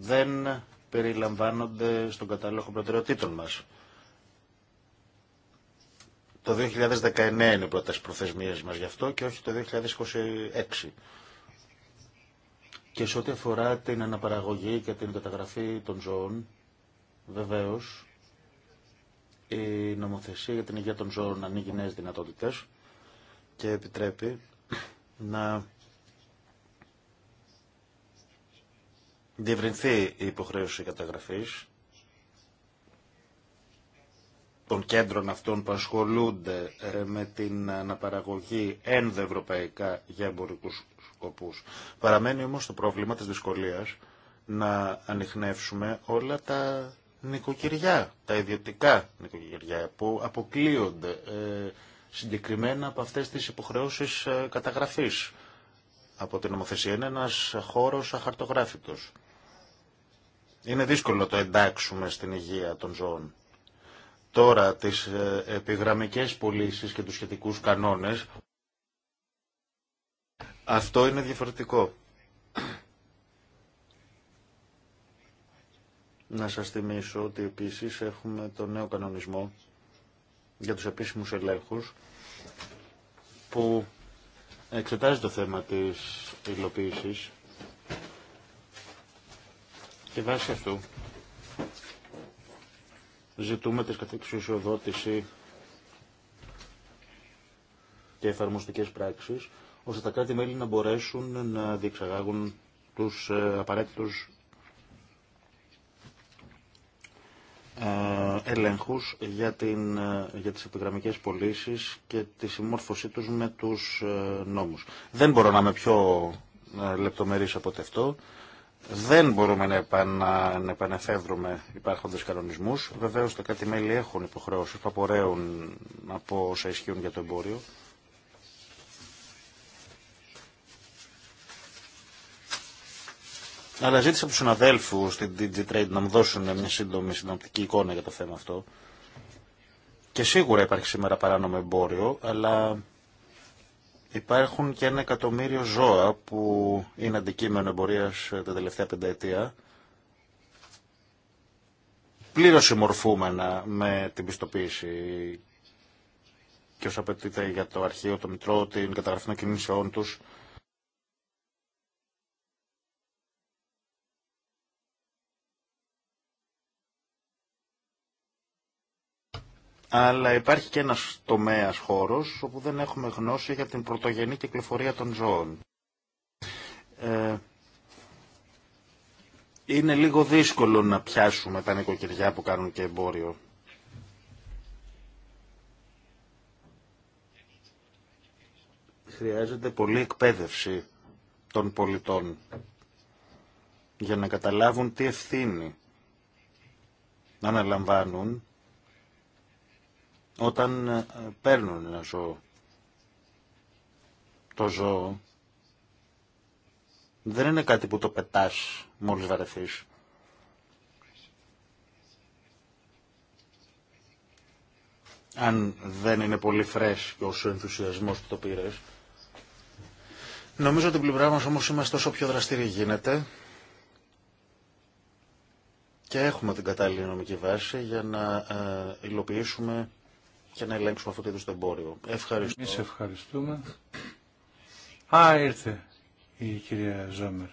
δεν περιλαμβάνονται στον κατάλογο προτεραιοτήτων μας. Το 2019 είναι οι πρώτες προθεσμίες μας γι' αυτό και όχι το 2026. Και σε ό,τι αφορά την αναπαραγωγή και την καταγραφή των ζώων, βεβαίως η νομοθεσία για την υγεία των ζώων ανοίγει νέες δυνατότητες και επιτρέπει να διευρυνθεί η υποχρέωση καταγραφής των κέντρων αυτών που ασχολούνται ε, με την αναπαραγωγή ενδοευρωπαϊκά για εμπορικού σκοπούς. Παραμένει όμως το πρόβλημα της δυσκολίας να ανοιχνεύσουμε όλα τα νοικοκυριά, τα ιδιωτικά νοικοκυριά που αποκλείονται ε, συγκεκριμένα από αυτές τις υποχρεώσεις ε, καταγραφής από την νομοθεσία. Είναι ένας χώρος αχαρτογράφητος. Είναι δύσκολο το εντάξουμε στην υγεία των ζώων τώρα τις ε, επιγραμμικές πωλήσει και τους σχετικούς κανόνες, αυτό είναι διαφορετικό. Να σας θυμίσω ότι επίσης έχουμε το νέο κανονισμό για τους επίσημους ελέγχους που εξετάζει το θέμα της υλοποίησης και βάσει αυτού Ζητούμε τις καθεξουσιοδότηση και εφαρμοστικές πράξεις, ώστε τα κράτη-μέλη να μπορέσουν να διεξαγάγουν τους ε, απαραίτητους ε, ελέγχους για, την, ε, για τις επιγραμμικές πωλήσει και τη συμμόρφωσή τους με τους νόμους. Δεν μπορώ να είμαι πιο λεπτομερής από τευτό. Δεν μπορούμε να, επανα, να επανεφεύρουμε υπάρχοντε κανονισμού. Βεβαίω τα κάτι μέλη έχουν υποχρεώσει που απορρέουν από όσα ισχύουν για το εμπόριο. Αλλά ζήτησα από του συναδέλφου στην DigiTrade να μου δώσουν μια σύντομη συνοπτική εικόνα για το θέμα αυτό. Και σίγουρα υπάρχει σήμερα παράνομο εμπόριο, αλλά Υπάρχουν και ένα εκατομμύριο ζώα που είναι αντικείμενο εμπορία τα τελευταία πενταετία. Πλήρω συμμορφούμενα με την πιστοποίηση και όσο απαιτείται για το αρχείο, το μητρό, την καταγραφή των κινήσεών τους αλλά υπάρχει και ένας τομέας χώρος όπου δεν έχουμε γνώση για την πρωτογενή κυκλοφορία των ζώων. Ε, είναι λίγο δύσκολο να πιάσουμε τα νοικοκυριά που κάνουν και εμπόριο. Χρειάζεται πολλή εκπαίδευση των πολιτών για να καταλάβουν τι ευθύνη να αναλαμβάνουν όταν ε, παίρνουν ένα ζώο, το ζώο δεν είναι κάτι που το πετάς μόλις βαρεθείς. Αν δεν είναι πολύ και όσο ενθουσιασμός που το πήρες. Νομίζω ότι την πλευρά μας όμως είμαστε όσο πιο δραστήριοι γίνεται και έχουμε την κατάλληλη νομική βάση για να ε, υλοποιήσουμε και να ελέγξουμε αυτό το είδο το εμπόριο. Ευχαριστώ. Εμεί ευχαριστούμε. Α, ήρθε η κυρία Ζόμερ.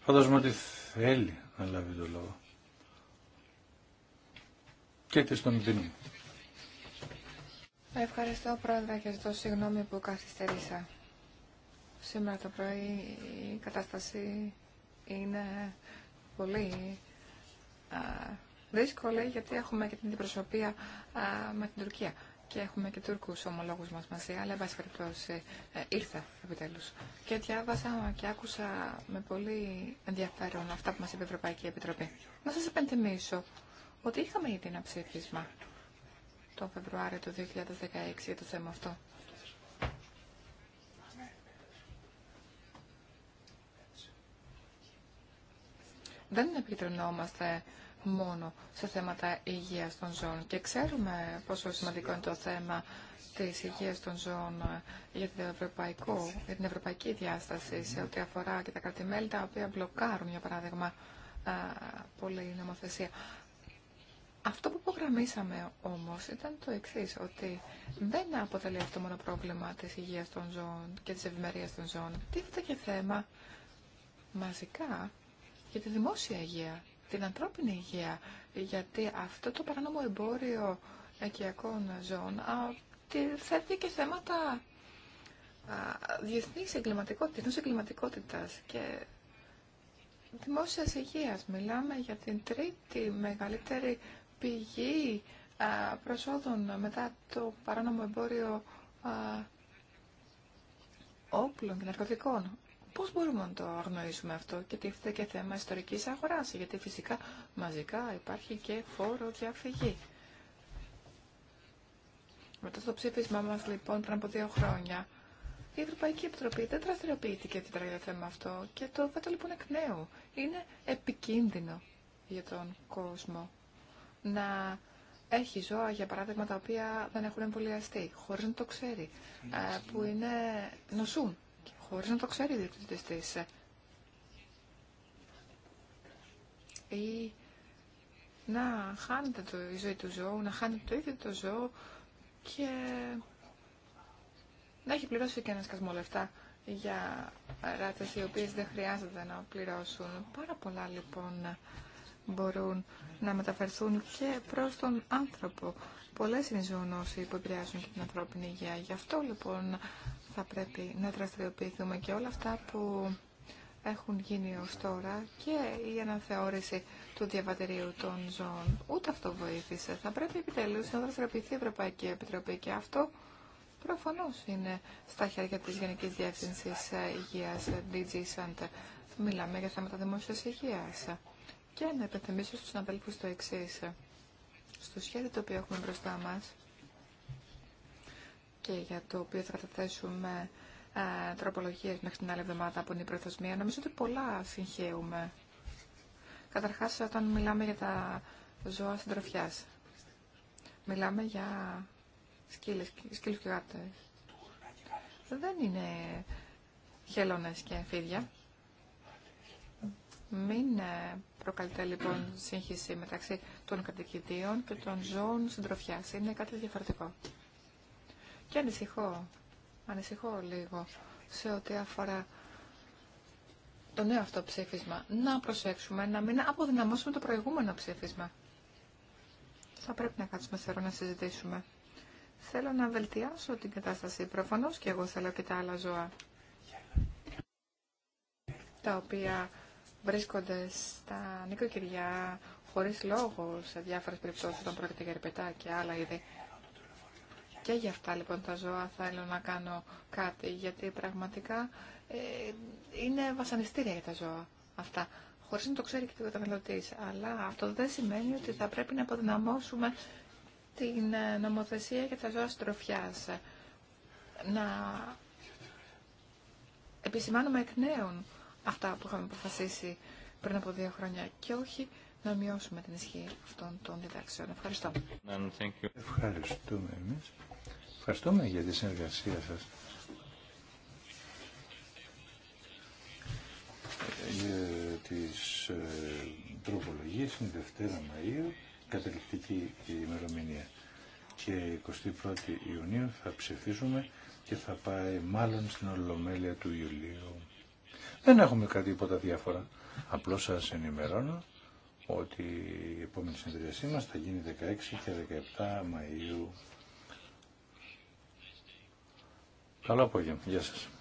Φαντάζομαι ότι θέλει να λάβει το λόγο. Και τη τον δίνω. Ευχαριστώ πρόεδρε και ζητώ συγγνώμη που καθυστερήσα. Σήμερα το πρωί η κατάσταση είναι πολύ δύσκολη γιατί έχουμε και την αντιπροσωπεία με την Τουρκία και έχουμε και Τούρκου ομολόγου μα μαζί, αλλά εν πάση περιπτώσει ε, ήρθα επιτέλου. Και διάβασα και άκουσα με πολύ ενδιαφέρον αυτά που μα είπε η Ευρωπαϊκή Επιτροπή. Να σα επενθυμίσω ότι είχαμε ήδη ένα ψήφισμα τον Φεβρουάριο του 2016 για το θέμα αυτό. Δεν επικεντρωνόμαστε μόνο σε θέματα υγείας των ζώων. Και ξέρουμε πόσο σημαντικό είναι το θέμα της υγείας των ζώων για την, ευρωπαϊκό, για ευρωπαϊκή διάσταση σε ό,τι αφορά και τα κρατημέλη τα οποία μπλοκάρουν, για παράδειγμα, πολλή νομοθεσία. Αυτό που προγραμμίσαμε όμως ήταν το εξή ότι δεν αποτελεί αυτό μόνο πρόβλημα της υγείας των ζώων και της ευημερίας των ζώων. Τίθεται και θέμα μαζικά για τη δημόσια υγεία την ανθρώπινη υγεία, γιατί αυτό το παράνομο εμπόριο οικιακών ζώων θετει και θέματα διεθνή εγκληματικότητα, εγκληματικότητας και Δημόσια υγείας. Μιλάμε για την τρίτη μεγαλύτερη πηγή προσόδων μετά το παράνομο εμπόριο όπλων και ναρκωτικών. Πώ μπορούμε να το αγνοήσουμε αυτό και τίθεται και θέμα ιστορική αγορά. γιατί φυσικά μαζικά υπάρχει και φόρο διαφυγή. Μετά στο ψήφισμά μα λοιπόν πριν από δύο χρόνια, η Ευρωπαϊκή Επιτροπή δεν δραστηριοποιήθηκε την για θέμα αυτό και το βέτο λοιπόν εκ νέου. Είναι επικίνδυνο για τον κόσμο να έχει ζώα, για παράδειγμα, τα οποία δεν έχουν εμβολιαστεί, χωρίς να το ξέρει, ε, που είναι νοσούν χωρίς να το ξέρει ο διευθυντής της. Ή να χάνεται το, η ζωή του ζώου, να χάνεται το ίδιο το ζώο και να έχει πληρώσει και ένα σκασμό λεφτά για ράτες οι οποίες δεν χρειάζεται να πληρώσουν. Πάρα πολλά λοιπόν μπορούν να μεταφερθούν και προς τον άνθρωπο. Πολλές είναι οι που επηρεάζουν και την ανθρώπινη υγεία. Γι' αυτό λοιπόν θα πρέπει να δραστηριοποιηθούμε και όλα αυτά που έχουν γίνει ως τώρα και η αναθεώρηση του διαβατηρίου των ζώων. Ούτε αυτό βοήθησε. Θα πρέπει επιτελούς να δραστηριοποιηθεί η Ευρωπαϊκή Επιτροπή και αυτό προφανώς είναι στα χέρια της Γενικής Διεύθυνσης ε, Υγείας ε, DG Santa. Μιλάμε για θέματα δημόσιας υγείας. Και να επιθυμήσω στους αδέλφους το εξή. Στο σχέδιο το οποίο έχουμε μπροστά μας, και για το οποίο θα καταθέσουμε ε, τροπολογίες μέχρι την άλλη εβδομάδα από την Νομίζω ότι πολλά συγχαίουμε. Καταρχάς όταν μιλάμε για τα ζώα συντροφιά. Μιλάμε για σκύλες, και γάτες. Δεν είναι χελώνες και φίδια. Μην ε, προκαλείται λοιπόν σύγχυση μεταξύ των κατοικιδίων και των ζώων συντροφιά. Είναι κάτι διαφορετικό. Και ανησυχώ, ανησυχώ λίγο σε ό,τι αφορά το νέο αυτό ψήφισμα. Να προσέξουμε, να μην αποδυναμώσουμε το προηγούμενο ψήφισμα. Θα πρέπει να κάτσουμε σε να συζητήσουμε. Θέλω να βελτιάσω την κατάσταση. Προφανώς και εγώ θέλω και τα άλλα ζώα. Τα οποία βρίσκονται στα νοικοκυριά χωρίς λόγο σε διάφορες περιπτώσεις όταν πρόκειται για ρηπετά και άλλα είδη. Και για αυτά λοιπόν τα ζώα θέλω να κάνω κάτι, γιατί πραγματικά ε, είναι βασανιστήρια για τα ζώα αυτά. Χωρίς να το ξέρει και το καταναλωτή. Αλλά αυτό δεν σημαίνει ότι θα πρέπει να αποδυναμώσουμε την ε, νομοθεσία για τα ζώα στροφιάς. Να επισημάνουμε εκ νέων αυτά που είχαμε αποφασίσει πριν από δύο χρόνια και όχι να μειώσουμε την ισχύ αυτών των διδάξεων. Ευχαριστώ. Ευχαριστούμε εμείς. Ευχαριστούμε για τη συνεργασία σας. Για τις ε, τροπολογίες είναι Δευτέρα Μαΐου, καταληκτική ημερομηνία. Και 21η Ιουνίου θα ψηφίσουμε και θα πάει μάλλον στην Ολομέλεια του Ιουλίου. Δεν έχουμε κάτι τίποτα διάφορα. Απλώς σας ενημερώνω ότι η επόμενη συνεδρίασή μας θα γίνει 16 και 17 Μαΐου. Καλό απόγευμα. Γεια σας.